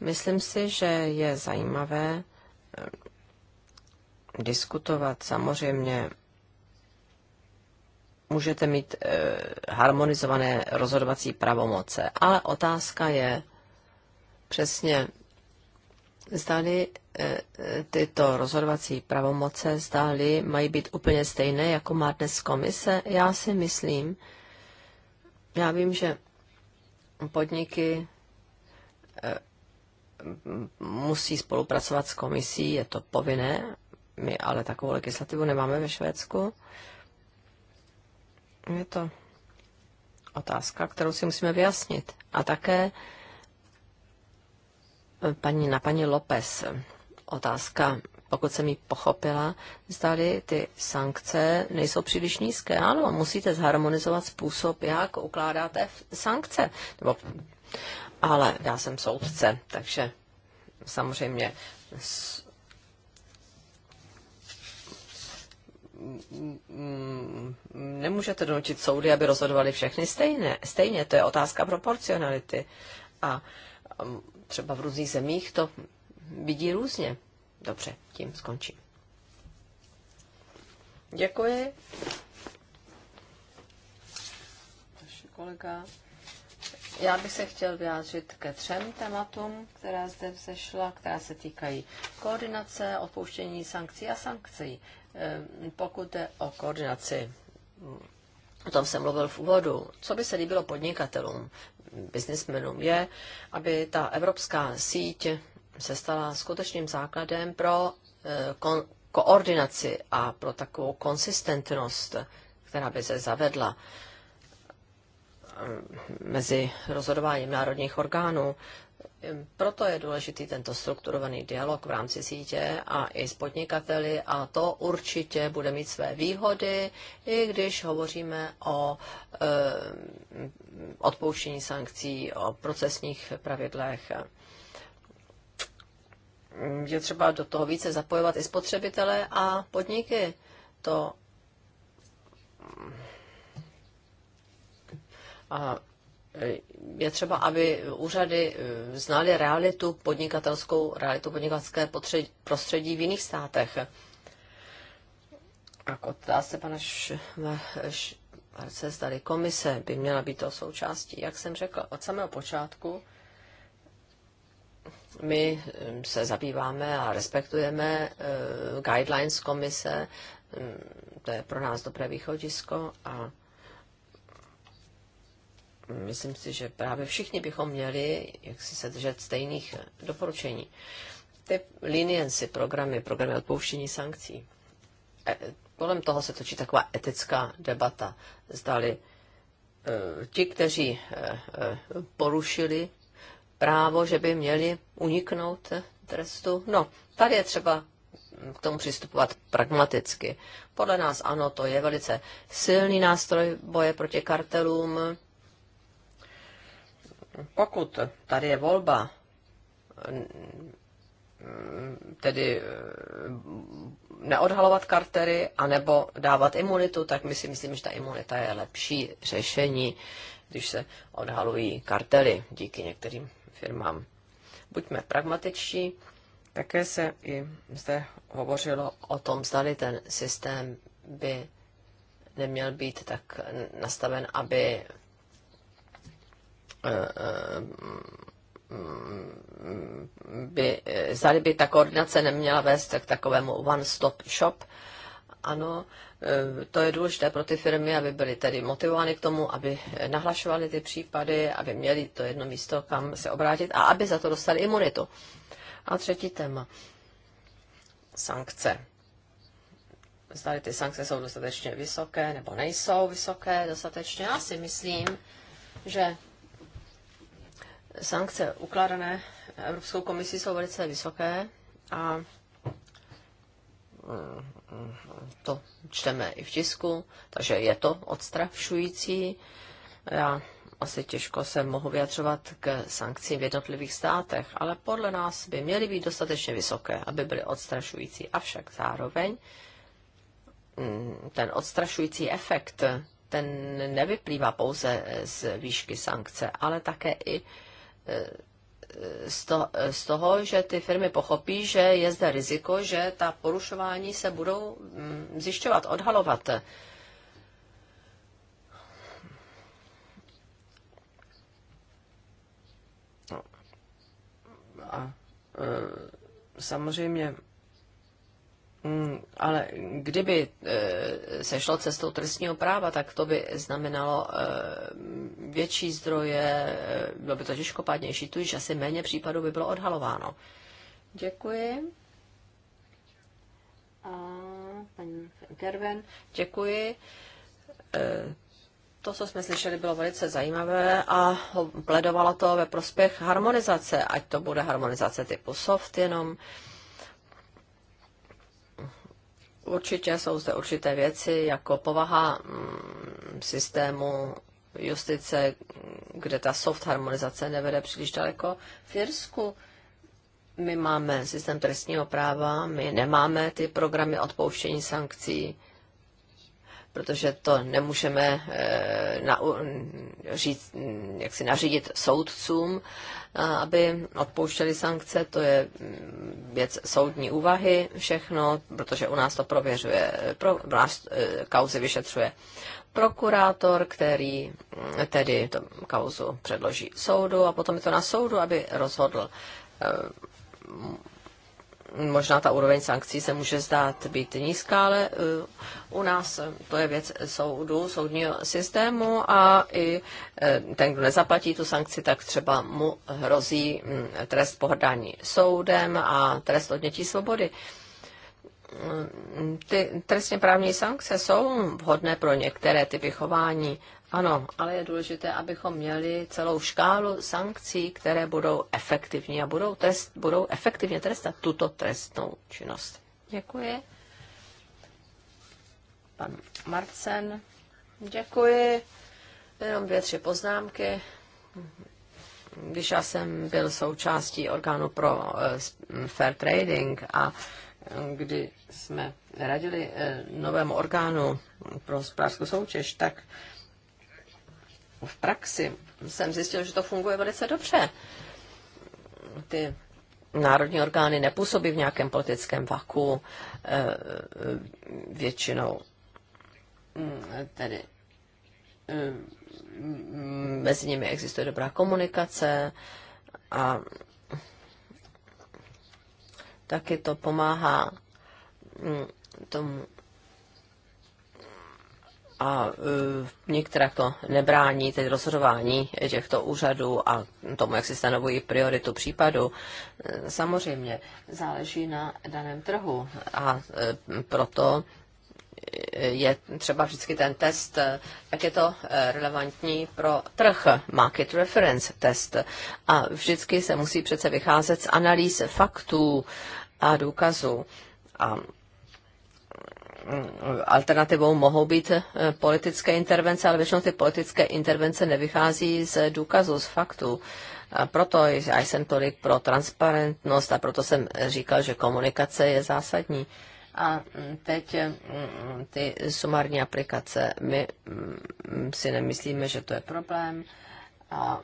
Myslím si, že je zajímavé, diskutovat. Samozřejmě můžete mít e, harmonizované rozhodovací pravomoce, ale otázka je přesně, zdali e, tyto rozhodovací pravomoce, zdali mají být úplně stejné, jako má dnes komise. Já si myslím, já vím, že podniky eh, musí spolupracovat s komisí, je to povinné, my ale takovou legislativu nemáme ve Švédsku. Je to otázka, kterou si musíme vyjasnit. A také eh, paní, na paní López otázka, pokud jsem ji pochopila, zdali ty sankce nejsou příliš nízké. Ano, musíte zharmonizovat způsob, jak ukládáte sankce. Nebo, ale já jsem soudce, takže samozřejmě nemůžete donutit soudy, aby rozhodovali všechny stejné. Stejně, to je otázka proporcionality. A um, třeba v různých zemích to vidí různě. Dobře, tím skončím. Děkuji. Naši kolega. Já bych se chtěl vyjádřit ke třem tématům, která zde vzešla, která se týkají koordinace, odpouštění sankcí a sankcí. Ehm, pokud je o koordinaci, o tom jsem mluvil v úvodu, co by se líbilo podnikatelům, biznismenům, je, aby ta evropská síť se stala skutečným základem pro eh, koordinaci a pro takovou konsistentnost, která by se zavedla ehm, mezi rozhodováním národních orgánů, proto je důležitý tento strukturovaný dialog v rámci sítě a i s podnikateli a to určitě bude mít své výhody, i když hovoříme o e, odpouštění sankcí, o procesních pravidlech. Je třeba do toho více zapojovat i spotřebitele a podniky. To a je třeba, aby úřady eh, znaly realitu podnikatelskou, realitu podnikatelské prostředí v jiných státech. A kotá se pana Švarce, zdali komise by měla být to součástí. Jak jsem řekl, od samého počátku my hm, se zabýváme a respektujeme eh, guidelines komise, hm, to je pro nás dobré východisko a myslím si, že právě všichni bychom měli jak si se držet stejných doporučení. Ty leniency programy, programy odpouštění sankcí, e, kolem toho se točí taková etická debata. Zdali e, ti, kteří e, porušili právo, že by měli uniknout trestu. No, tady je třeba k tomu přistupovat pragmaticky. Podle nás ano, to je velice silný nástroj boje proti kartelům, pokud tady je volba, tedy eh, neodhalovat kartery, anebo dávat imunitu, tak my si myslím, že ta imunita je lepší řešení, když se odhalují kartery díky některým firmám. Buďme pragmatičtí. Také se i zde hovořilo o tom, zda ten systém by neměl být tak nastaven, aby by, zdali by ta koordinace neměla vést k takovému one-stop shop. Ano, eh, to je důležité pro ty firmy, aby byly tedy motivovány k tomu, aby nahlašovaly ty případy, aby měli to jedno místo, kam se obrátit a aby za to dostali imunitu. A třetí téma. Sankce. Zdali ty sankce jsou dostatečně vysoké nebo nejsou vysoké dostatečně. Já si myslím, že sankce ukládané Evropskou komisí jsou velice vysoké a mm, to čteme i v tisku, takže je to odstrašující. Já asi těžko se mohu vyjadřovat k sankcím v jednotlivých státech, ale podle nás by měly být dostatečně vysoké, aby byly odstrašující. Avšak zároveň mm, ten odstrašující efekt, ten nevyplývá pouze z výšky sankce, ale také i z toho, že ty firmy pochopí, že je zde riziko, že ta porušování se budou mm, zjišťovat, odhalovat. A e, samozřejmě Mm, ale kdyby eh, se šlo cestou trestního práva, tak to by znamenalo eh, větší zdroje, eh, bylo by to těžkopádnější, tu již asi méně případů by bylo odhalováno. Děkuji. A paní Gerven, děkuji. To, co jsme slyšeli, bylo velice zajímavé a pledovalo to ve prospěch harmonizace, ať to bude harmonizace typu soft jenom, Určitě jsou zde určité věci, jako povaha mm, systému justice, kde ta soft harmonizace nevede příliš daleko. V Jirsku my máme systém trestního práva, my nemáme ty programy odpouštění sankcí, protože to nemůžeme eh, na, říct, hm, jak si nařídit soudcům, eh, aby odpouštěli sankce, to je hm, věc soudní úvahy všechno, protože u nás to prověřuje, pro, u nás eh, kauzy vyšetřuje prokurátor, který hm, tedy to kauzu předloží soudu a potom je to na soudu, aby rozhodl možná ta úroveň sankcí se může zdát být nízká, ale eh, u nás eh, to je věc soudu, soudního systému a i eh, ten, kdo nezaplatí tu sankci, tak třeba mu hrozí mm, trest pohrdání soudem a trest odnětí svobody. Mm, ty trestně právní sankce jsou vhodné pro některé typy chování, ano, ale je důležité, abychom měli celou škálu sankcí, které budou efektivní a budou, trest, budou efektivně trestat tuto trestnou činnost. Děkuji. Pan Marcen, děkuji. Jenom dvě, tři poznámky. Když já jsem byl součástí orgánu pro eh, fair trading a eh, kdy jsme radili eh, novému orgánu pro hospodářskou soutěž, tak v praxi jsem zjistil, že to funguje velice dobře. Ty národní orgány nepůsobí v nějakém politickém vaku eh, většinou. Mm, tedy eh, mezi nimi existuje dobrá komunikace a taky to pomáhá mm, tomu a e, některá to nebrání tedy rozhodování těchto úřadů a tomu, jak si stanovují prioritu případu. E, samozřejmě záleží na daném trhu a e, proto je třeba vždycky ten test, jak je to relevantní pro trh, market reference test. A vždycky se musí přece vycházet z analýz faktů a důkazů. A alternativou mohou být eh, politické intervence, ale většinou ty politické intervence nevychází z důkazu, z faktu. A proto já jsem tolik pro transparentnost a proto jsem říkal, že komunikace je zásadní. A mm, teď eh, mm, ty sumární aplikace, my mm, si nemyslíme, že to je problém. A,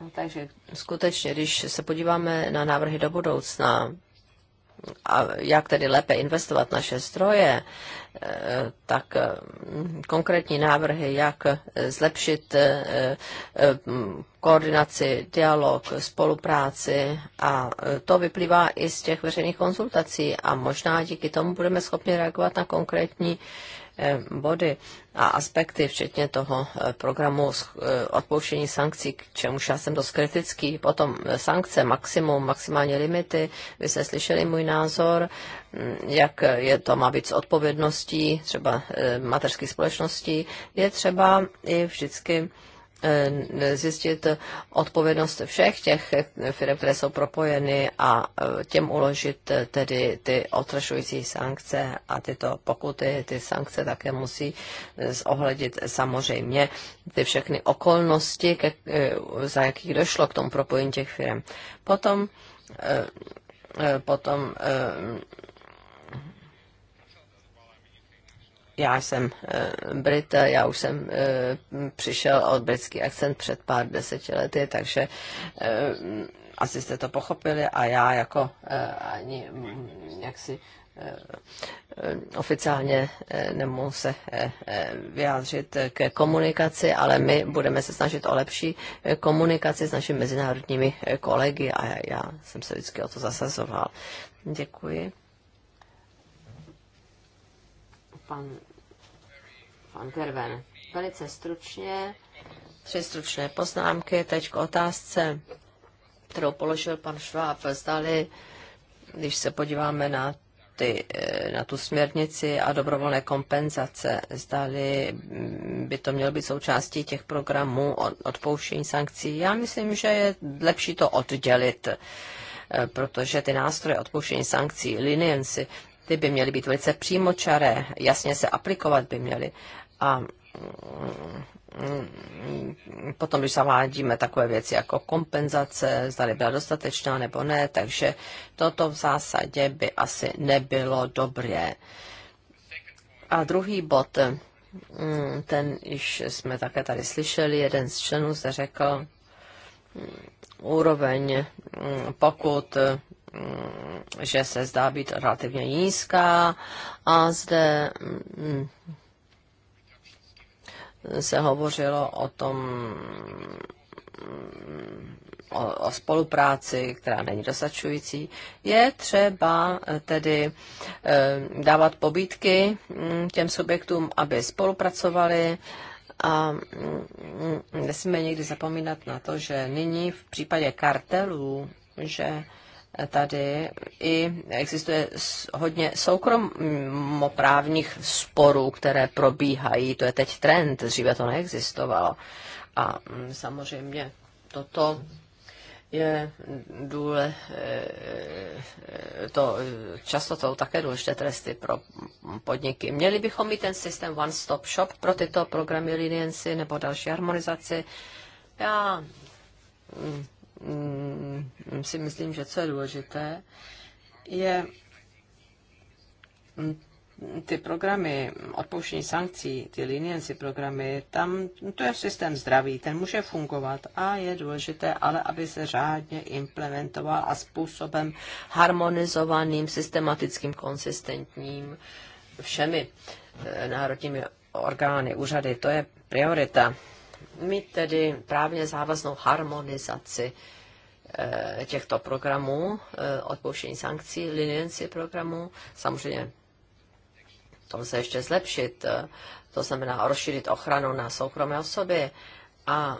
no, takže skutečně, když se podíváme na návrhy do budoucna, a jak tedy lépe investovat naše stroje, eh, tak eh, konkrétní návrhy, jak zlepšit eh, koordinaci, dialog, spolupráci a to vyplývá i z těch veřejných konzultací a možná díky tomu budeme schopni reagovat na konkrétní Eh, body a aspekty, včetně toho eh, programu eh, odpouštění sankcí, k čemuž já jsem dost kritický. Potom sankce, maximum, maximální limity. Vy jste slyšeli můj názor, mm, jak je to má být s odpovědností třeba mateřských společností. Je třeba i vždycky Eh, zjistit odpovědnost všech těch firm, které jsou propojeny a eh, těm uložit eh, tedy ty otrašující sankce a tyto pokuty, ty sankce také musí zohledit samozřejmě ty všechny okolnosti, za jakých došlo k tomu propojení těch firm. Potom potom já jsem eh, Brit, já už jsem eh, přišel od britský akcent před pár deseti lety, takže eh, asi jste to pochopili a já jako ani mm, jaksi oficiálně nemohu se vyjádřit ke komunikaci, ale my budeme se snažit o lepší komunikaci s našimi mezinárodními kolegy a já jsem se vždycky o to zasazoval. Děkuji. Pan Pan Gerven. Velice stručně, tři stručné poznámky. Teď k otázce, kterou položil pan Šváb. Zdali, když se podíváme na ty, eh, na tu směrnici a dobrovolné kompenzace. Zdali by to mělo být součástí těch programů odpouštění sankcí. Já myslím, že je lepší to oddělit, eh, protože ty nástroje odpouštění sankcí, linienci, ty by měly být velice přímočaré, jasně se aplikovat by měly. A mm, potom, když zavádíme takové věci jako kompenzace, zda byla dostatečná nebo ne, takže toto v zásadě by asi nebylo dobré. A druhý bod, mm, ten již jsme také tady slyšeli, jeden z členů se řekl, mm, úroveň pokud že se zdá být relativně nízká a zde se hovořilo o tom, o, o spolupráci, která není dosačující, je třeba tedy eh, dávat pobídky mm, těm subjektům, aby spolupracovali a mm, mm, nesmíme někdy zapomínat na to, že nyní v případě kartelů, že tady i existuje hodně soukromoprávních sporů, které probíhají. To je teď trend, dříve to neexistovalo. A mm, samozřejmě toto je důle, eh, to, často jsou také důležité tresty pro podniky. Měli bychom mít ten systém One Stop Shop pro tyto programy leniency nebo další harmonizaci. Já mm, Mm, si myslím, že co je důležité, je mm, ty programy odpouštění sankcí, ty leniency programy, tam to je systém zdravý, ten může fungovat a je důležité, ale aby se řádně implementoval a způsobem harmonizovaným, systematickým, konsistentním všemi eh, národními orgány, úřady. To je priorita mít tedy právně závaznou harmonizaci eh, těchto programů, eh, odpouštění sankcí, linienci programů. Samozřejmě to se ještě zlepšit, eh, to znamená rozšířit ochranu na soukromé osoby. A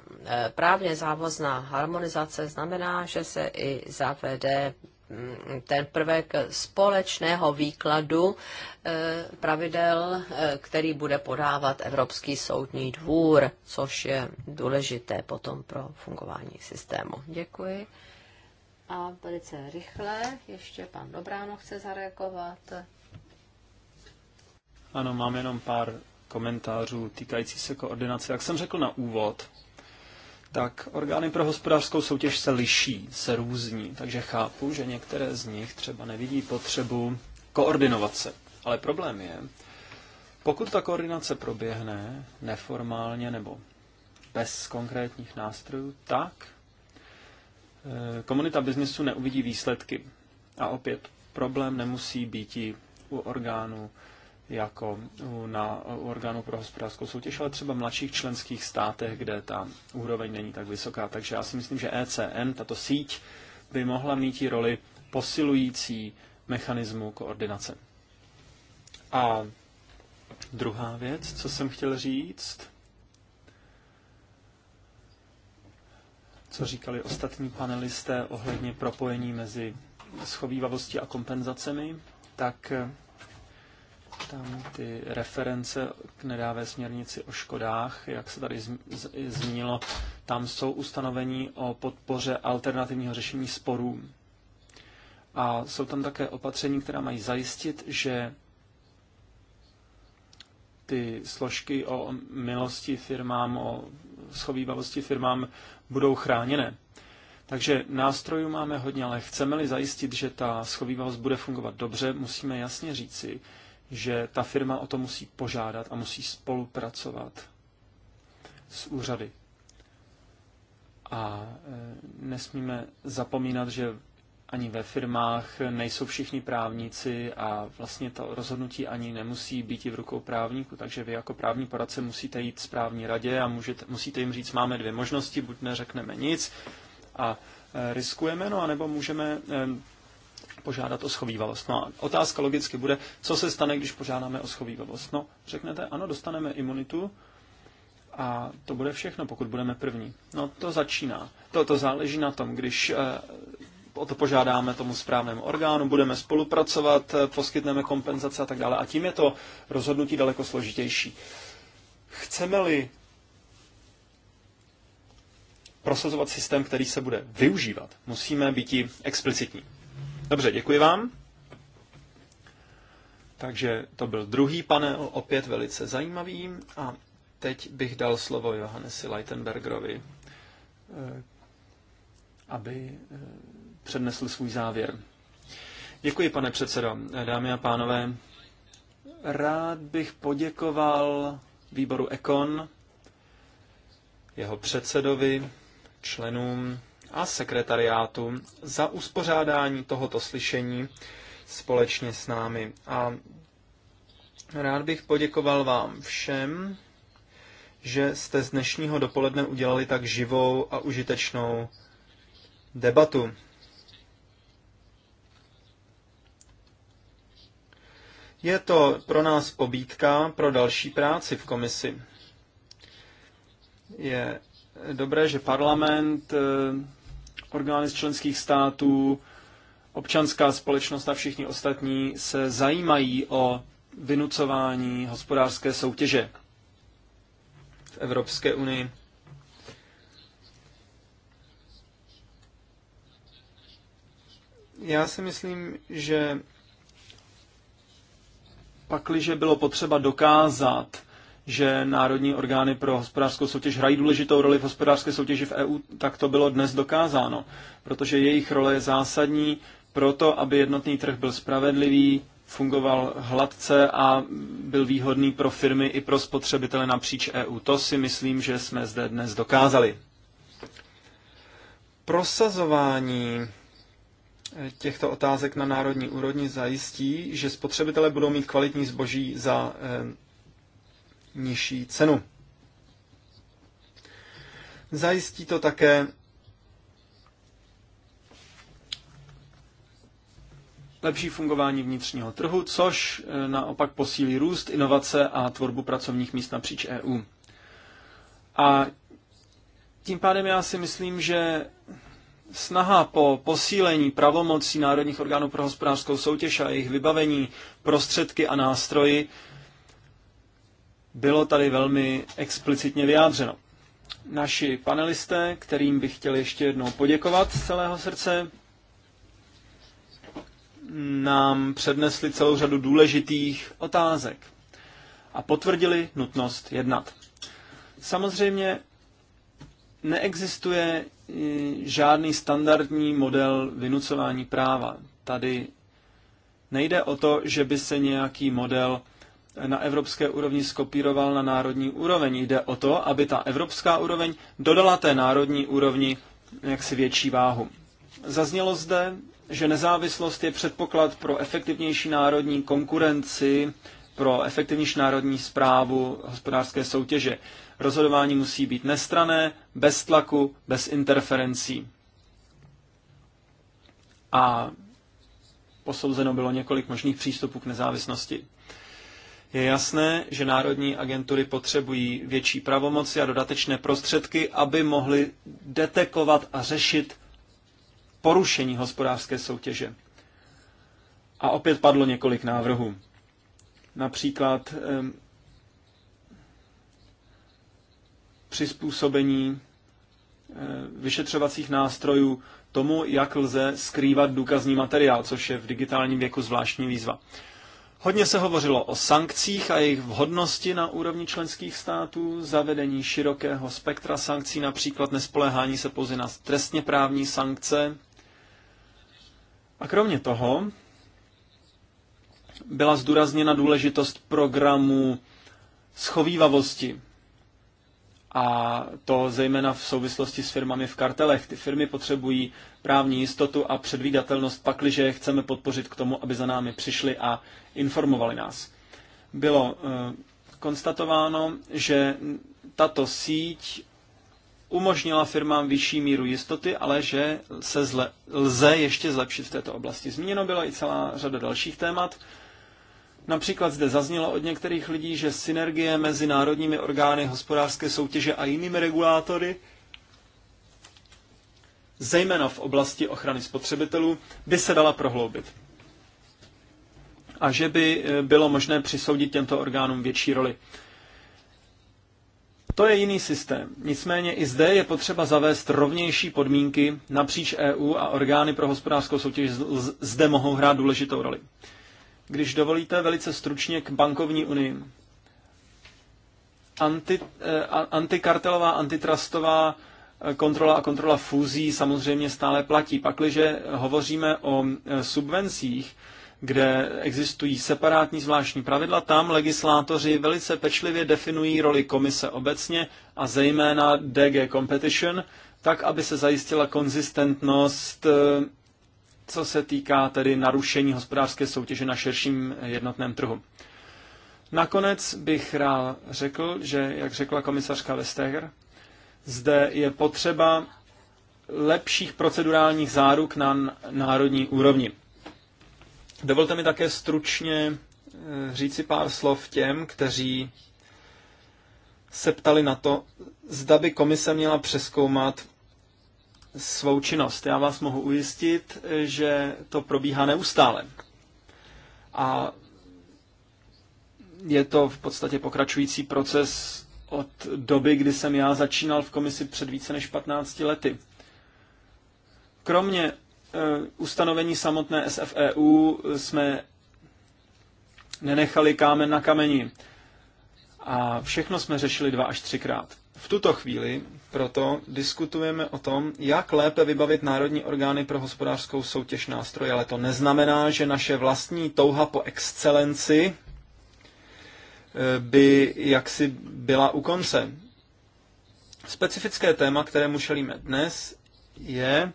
právně závazná harmonizace znamená, že se i zavede Mm, ten prvek společného výkladu eh, pravidel, eh, který bude podávat Evropský soudní dvůr, což je důležité potom pro fungování systému. Děkuji. A velice rychle ještě pan Dobráno chce zareagovat. Ano, mám jenom pár komentářů týkající se koordinace. Jak jsem řekl na úvod, tak orgány pro hospodářskou soutěž se liší, se různí, takže chápu, že některé z nich třeba nevidí potřebu koordinovat se. Ale problém je, pokud ta koordinace proběhne neformálně nebo bez konkrétních nástrojů, tak eh, komunita biznesu neuvidí výsledky. A opět, problém nemusí být i u orgánů jako na orgánu pro hospodářskou soutěž, ale třeba v mladších členských státech, kde ta úroveň není tak vysoká. Takže já si myslím, že ECN, tato síť, by mohla mít i roli posilující mechanismu koordinace. A druhá věc, co jsem chtěl říct, co říkali ostatní panelisté ohledně propojení mezi schovývavostí a kompenzacemi, tak tam ty reference k nedávé směrnici o škodách, jak se tady zmínilo, tam jsou ustanovení o podpoře alternativního řešení sporů. A jsou tam také opatření, která mají zajistit, že ty složky o milosti firmám, o schovývavosti firmám budou chráněné. Takže nástrojů máme hodně, ale chceme-li zajistit, že ta schovývavost bude fungovat dobře, musíme jasně říci, že ta firma o to musí požádat a musí spolupracovat s úřady. A e, nesmíme zapomínat, že ani ve firmách nejsou všichni právníci a vlastně to rozhodnutí ani nemusí být i v rukou právníku, takže vy jako právní poradce musíte jít z právní radě a můžete, musíte jim říct, máme dvě možnosti, buď neřekneme nic a e, riskujeme, no anebo můžeme e, požádat o schovývavost. No a otázka logicky bude, co se stane, když požádáme o schovývavost. No, řeknete, ano, dostaneme imunitu a to bude všechno, pokud budeme první. No, to začíná. To, to záleží na tom, když eh, o to požádáme tomu správnému orgánu, budeme spolupracovat, eh, poskytneme kompenzace a tak dále. A tím je to rozhodnutí daleko složitější. Chceme-li prosazovat systém, který se bude využívat, musíme být explicitní. Dobře, děkuji vám. Takže to byl druhý panel, opět velice zajímavý. A teď bych dal slovo Johannesi Leitenbergerovi, eh, aby eh, přednesl svůj závěr. Děkuji, pane předsedo. Dámy a pánové, rád bych poděkoval výboru Ekon, jeho předsedovi, členům a sekretariátu za uspořádání tohoto slyšení společně s námi. A rád bych poděkoval vám všem, že jste z dnešního dopoledne udělali tak živou a užitečnou debatu. Je to pro nás pobídka pro další práci v komisi. Je dobré, že parlament, eh, orgány z členských států, občanská společnost a všichni ostatní se zajímají o vynucování hospodářské soutěže v Evropské unii. Já si myslím, že pakliže bylo potřeba dokázat, že národní orgány pro hospodářskou soutěž hrají důležitou roli v hospodářské soutěži v EU, tak to bylo dnes dokázáno, protože jejich role je zásadní pro to, aby jednotný trh byl spravedlivý, fungoval hladce a byl výhodný pro firmy i pro spotřebitele napříč EU. To si myslím, že jsme zde dnes dokázali. Prosazování eh, těchto otázek na národní úrovni zajistí, že spotřebitelé budou mít kvalitní zboží za eh, nižší cenu. Zajistí to také lepší fungování vnitřního trhu, což eh, naopak posílí růst, inovace a tvorbu pracovních míst napříč EU. A tím pádem já si myslím, že snaha po posílení pravomocí Národních orgánů pro hospodářskou soutěž a jejich vybavení prostředky a nástroji bylo tady velmi explicitně vyjádřeno. Naši panelisté, kterým bych chtěl ještě jednou poděkovat z celého srdce, nám přednesli celou řadu důležitých otázek a potvrdili nutnost jednat. Samozřejmě neexistuje eh, žádný standardní model vynucování práva. Tady nejde o to, že by se nějaký model na evropské úrovni skopíroval na národní úroveň. Jde o to, aby ta evropská úroveň dodala té národní úrovni jaksi větší váhu. Zaznělo zde, že nezávislost je předpoklad pro efektivnější národní konkurenci, pro efektivnější národní zprávu hospodářské soutěže. Rozhodování musí být nestrané, bez tlaku, bez interferencí. A posouzeno bylo několik možných přístupů k nezávislosti. Je jasné, že národní agentury potřebují větší pravomoci a dodatečné prostředky, aby mohly detekovat a řešit porušení hospodářské soutěže. A opět padlo několik návrhů. Například přizpůsobení vyšetřovacích nástrojů tomu, jak lze skrývat důkazní materiál, což je v digitálním věku zvláštní výzva. Hodně se hovořilo o sankcích a jejich vhodnosti na úrovni členských států, zavedení širokého spektra sankcí, například nespoléhání se pouze na trestně právní sankce. A kromě toho byla zdůrazněna důležitost programu schovývavosti a to zejména v souvislosti s firmami v kartelech. Ty firmy potřebují právní jistotu a předvídatelnost pakliže je chceme podpořit k tomu, aby za námi přišli a informovali nás. Bylo eh, konstatováno, že tato síť umožnila firmám vyšší míru jistoty, ale že se zle, lze ještě zlepšit v této oblasti. Zmíněno byla i celá řada dalších témat. Například zde zaznělo od některých lidí, že synergie mezi národními orgány hospodářské soutěže a jinými regulátory, zejména v oblasti ochrany spotřebitelů, by se dala prohloubit. A že by eh, bylo možné přisoudit těmto orgánům větší roli. To je jiný systém. Nicméně i zde je potřeba zavést rovnější podmínky napříč EU a orgány pro hospodářskou soutěž zde mohou hrát důležitou roli. Když dovolíte, velice stručně k bankovní unii. Anti, eh, antikartelová, antitrustová eh, kontrola a kontrola fúzí samozřejmě stále platí. Pakliže hovoříme o eh, subvencích, kde existují separátní zvláštní pravidla, tam legislátoři velice pečlivě definují roli komise obecně a zejména DG Competition, tak, aby se zajistila konzistentnost co se týká tedy narušení hospodářské soutěže na širším jednotném trhu. Nakonec bych rád řekl, že, jak řekla komisařka Vestager, zde je potřeba lepších procedurálních záruk na národní úrovni. Dovolte mi také stručně e, říci pár slov těm, kteří se ptali na to, zda by komise měla přeskoumat svou činnost. Já vás mohu ujistit, že to probíhá neustále. A je to v podstatě pokračující proces od doby, kdy jsem já začínal v komisi před více než 15 lety. Kromě uh, ustanovení samotné SFEU jsme nenechali kámen na kameni a všechno jsme řešili dva až třikrát. V tuto chvíli proto diskutujeme o tom, jak lépe vybavit národní orgány pro hospodářskou soutěž nástroje, ale to neznamená, že naše vlastní touha po excelenci eh, by jaksi byla u konce. Specifické téma, které mušelíme dnes, je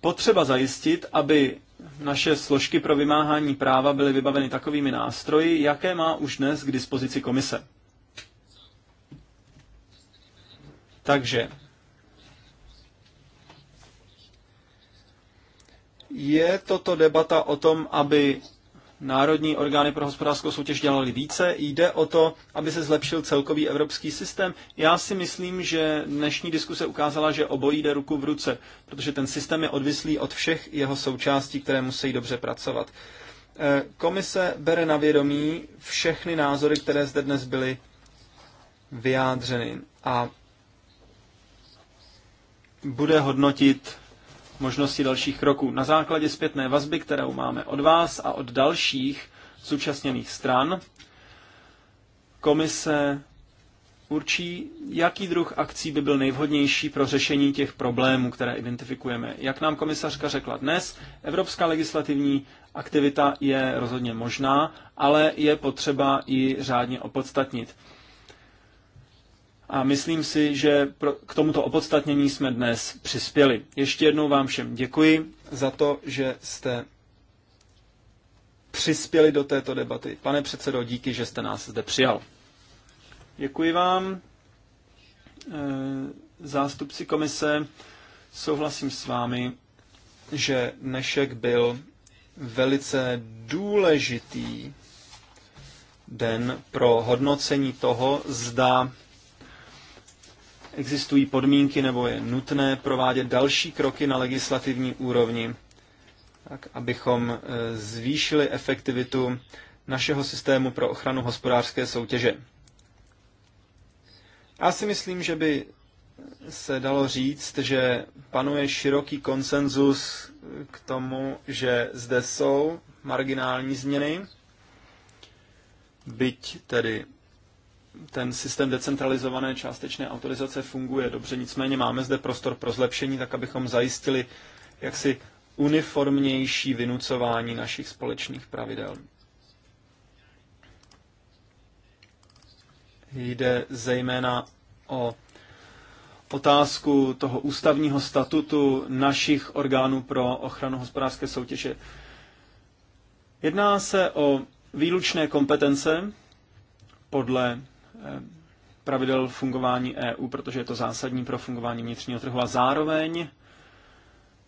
potřeba zajistit, aby naše složky pro vymáhání práva byly vybaveny takovými nástroji, jaké má už dnes k dispozici komise. Takže je toto debata o tom, aby národní orgány pro hospodářskou soutěž dělali více, jde o to, aby se zlepšil celkový evropský systém. Já si myslím, že dnešní diskuse ukázala, že obojí jde ruku v ruce, protože ten systém je odvislý od všech jeho součástí, které musí dobře pracovat. Eh, komise bere na vědomí všechny názory, které zde dnes byly vyjádřeny. A bude hodnotit možnosti dalších kroků. Na základě zpětné vazby, kterou máme od vás a od dalších zúčastněných stran, komise určí, jaký druh akcí by byl nejvhodnější pro řešení těch problémů, které identifikujeme. Jak nám komisařka řekla dnes, evropská legislativní aktivita je rozhodně možná, ale je potřeba ji řádně opodstatnit a myslím si, že k tomuto opodstatnění jsme dnes přispěli. Ještě jednou vám všem děkuji za to, že jste přispěli do této debaty. Pane předsedo, díky, že jste nás zde přijal. Děkuji vám. Eh, zástupci komise, souhlasím s vámi, že dnešek byl velice důležitý den pro hodnocení toho, zda existují podmínky nebo je nutné provádět další kroky na legislativní úrovni, tak abychom eh, zvýšili efektivitu našeho systému pro ochranu hospodářské soutěže. Já si myslím, že by se dalo říct, že panuje široký konsenzus k tomu, že zde jsou marginální změny, byť tedy ten systém decentralizované částečné autorizace funguje dobře, nicméně máme zde prostor pro zlepšení, tak abychom zajistili jaksi uniformnější vynucování našich společných pravidel. Jde zejména o otázku toho ústavního statutu našich orgánů pro ochranu hospodářské soutěže. Jedná se o výlučné kompetence podle Eh, pravidel fungování EU, protože je to zásadní pro fungování vnitřního trhu. A zároveň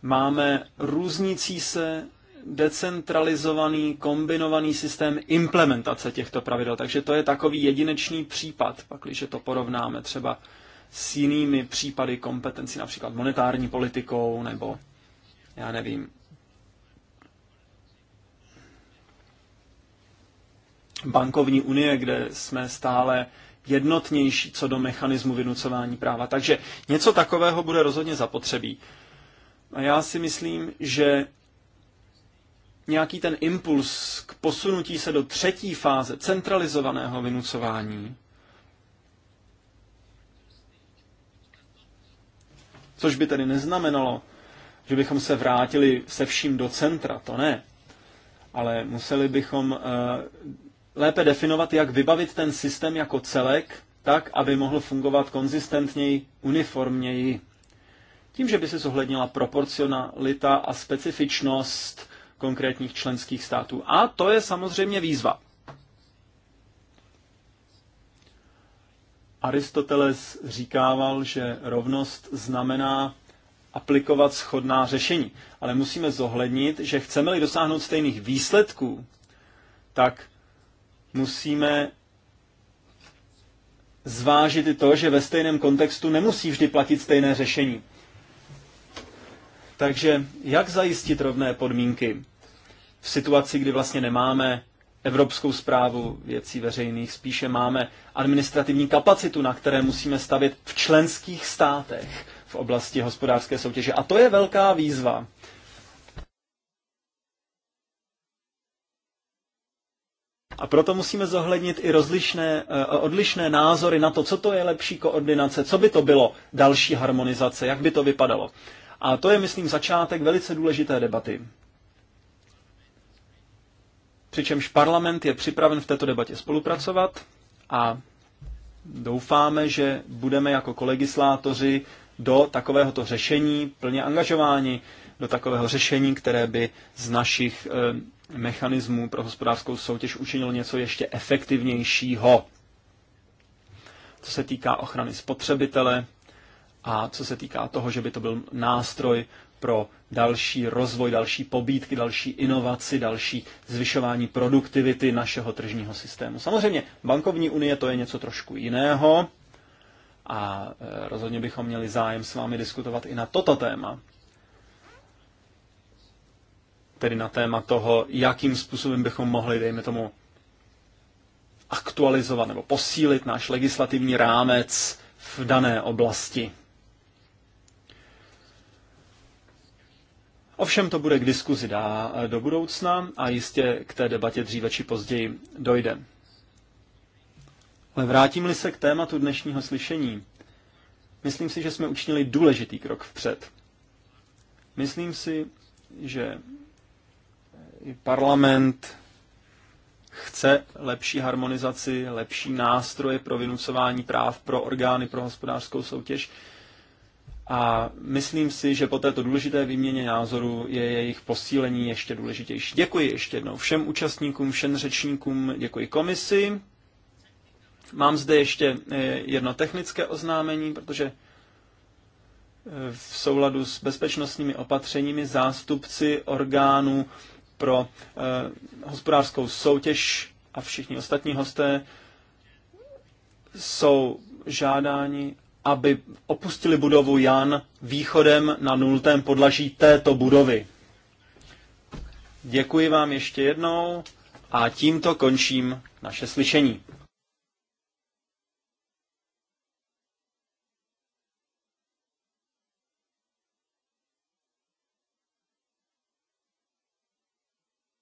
máme různící se decentralizovaný, kombinovaný systém implementace těchto pravidel. Takže to je takový jedinečný případ, pak když to porovnáme třeba s jinými případy kompetencí, například monetární politikou nebo já nevím, bankovní unie, kde jsme stále jednotnější co do mechanismu vynucování práva. Takže něco takového bude rozhodně zapotřebí. A já si myslím, že nějaký ten impuls k posunutí se do třetí fáze centralizovaného vynucování, což by tedy neznamenalo, že bychom se vrátili se vším do centra, to ne. Ale museli bychom eh, lépe definovat, jak vybavit ten systém jako celek, tak, aby mohl fungovat konzistentněji, uniformněji. Tím, že by se zohlednila proporcionalita a specifičnost konkrétních členských států. A to je samozřejmě výzva. Aristoteles říkával, že rovnost znamená aplikovat schodná řešení. Ale musíme zohlednit, že chceme-li dosáhnout stejných výsledků, tak musíme zvážit i to, že ve stejném kontextu nemusí vždy platit stejné řešení. Takže jak zajistit rovné podmínky v situaci, kdy vlastně nemáme evropskou zprávu věcí veřejných, spíše máme administrativní kapacitu, na které musíme stavět v členských státech v oblasti hospodářské soutěže. A to je velká výzva A proto musíme zohlednit i rozlišné, eh, odlišné názory na to, co to je lepší koordinace, co by to bylo další harmonizace, jak by to vypadalo. A to je, myslím, začátek velice důležité debaty. Přičemž parlament je připraven v této debatě spolupracovat a doufáme, že budeme jako kolegislátoři do takovéhoto řešení plně angažováni, do takového řešení, které by z našich eh, mechanismů pro hospodářskou soutěž učinil něco ještě efektivnějšího, co se týká ochrany spotřebitele a co se týká toho, že by to byl nástroj pro další rozvoj, další pobídky, další inovaci, další zvyšování produktivity našeho tržního systému. Samozřejmě bankovní unie to je něco trošku jiného a e, rozhodně bychom měli zájem s vámi diskutovat i na toto téma tedy na téma toho, jakým způsobem bychom mohli, dejme tomu, aktualizovat nebo posílit náš legislativní rámec v dané oblasti. Ovšem to bude k diskuzi dá do budoucna a jistě k té debatě dříve či později dojde. Ale vrátím-li se k tématu dnešního slyšení, myslím si, že jsme učinili důležitý krok vpřed. Myslím si, že parlament chce lepší harmonizaci, lepší nástroje pro vynucování práv pro orgány pro hospodářskou soutěž. A myslím si, že po této důležité výměně názoru je jejich posílení ještě důležitější. Děkuji ještě jednou všem účastníkům, všem řečníkům, děkuji komisi. Mám zde ještě eh, jedno technické oznámení, protože eh, v souladu s bezpečnostními opatřeními zástupci orgánů pro eh, hospodářskou soutěž a všichni ostatní hosté jsou žádáni, aby opustili budovu Jan východem na nultém podlaží této budovy. Děkuji vám ještě jednou a tímto končím naše slyšení.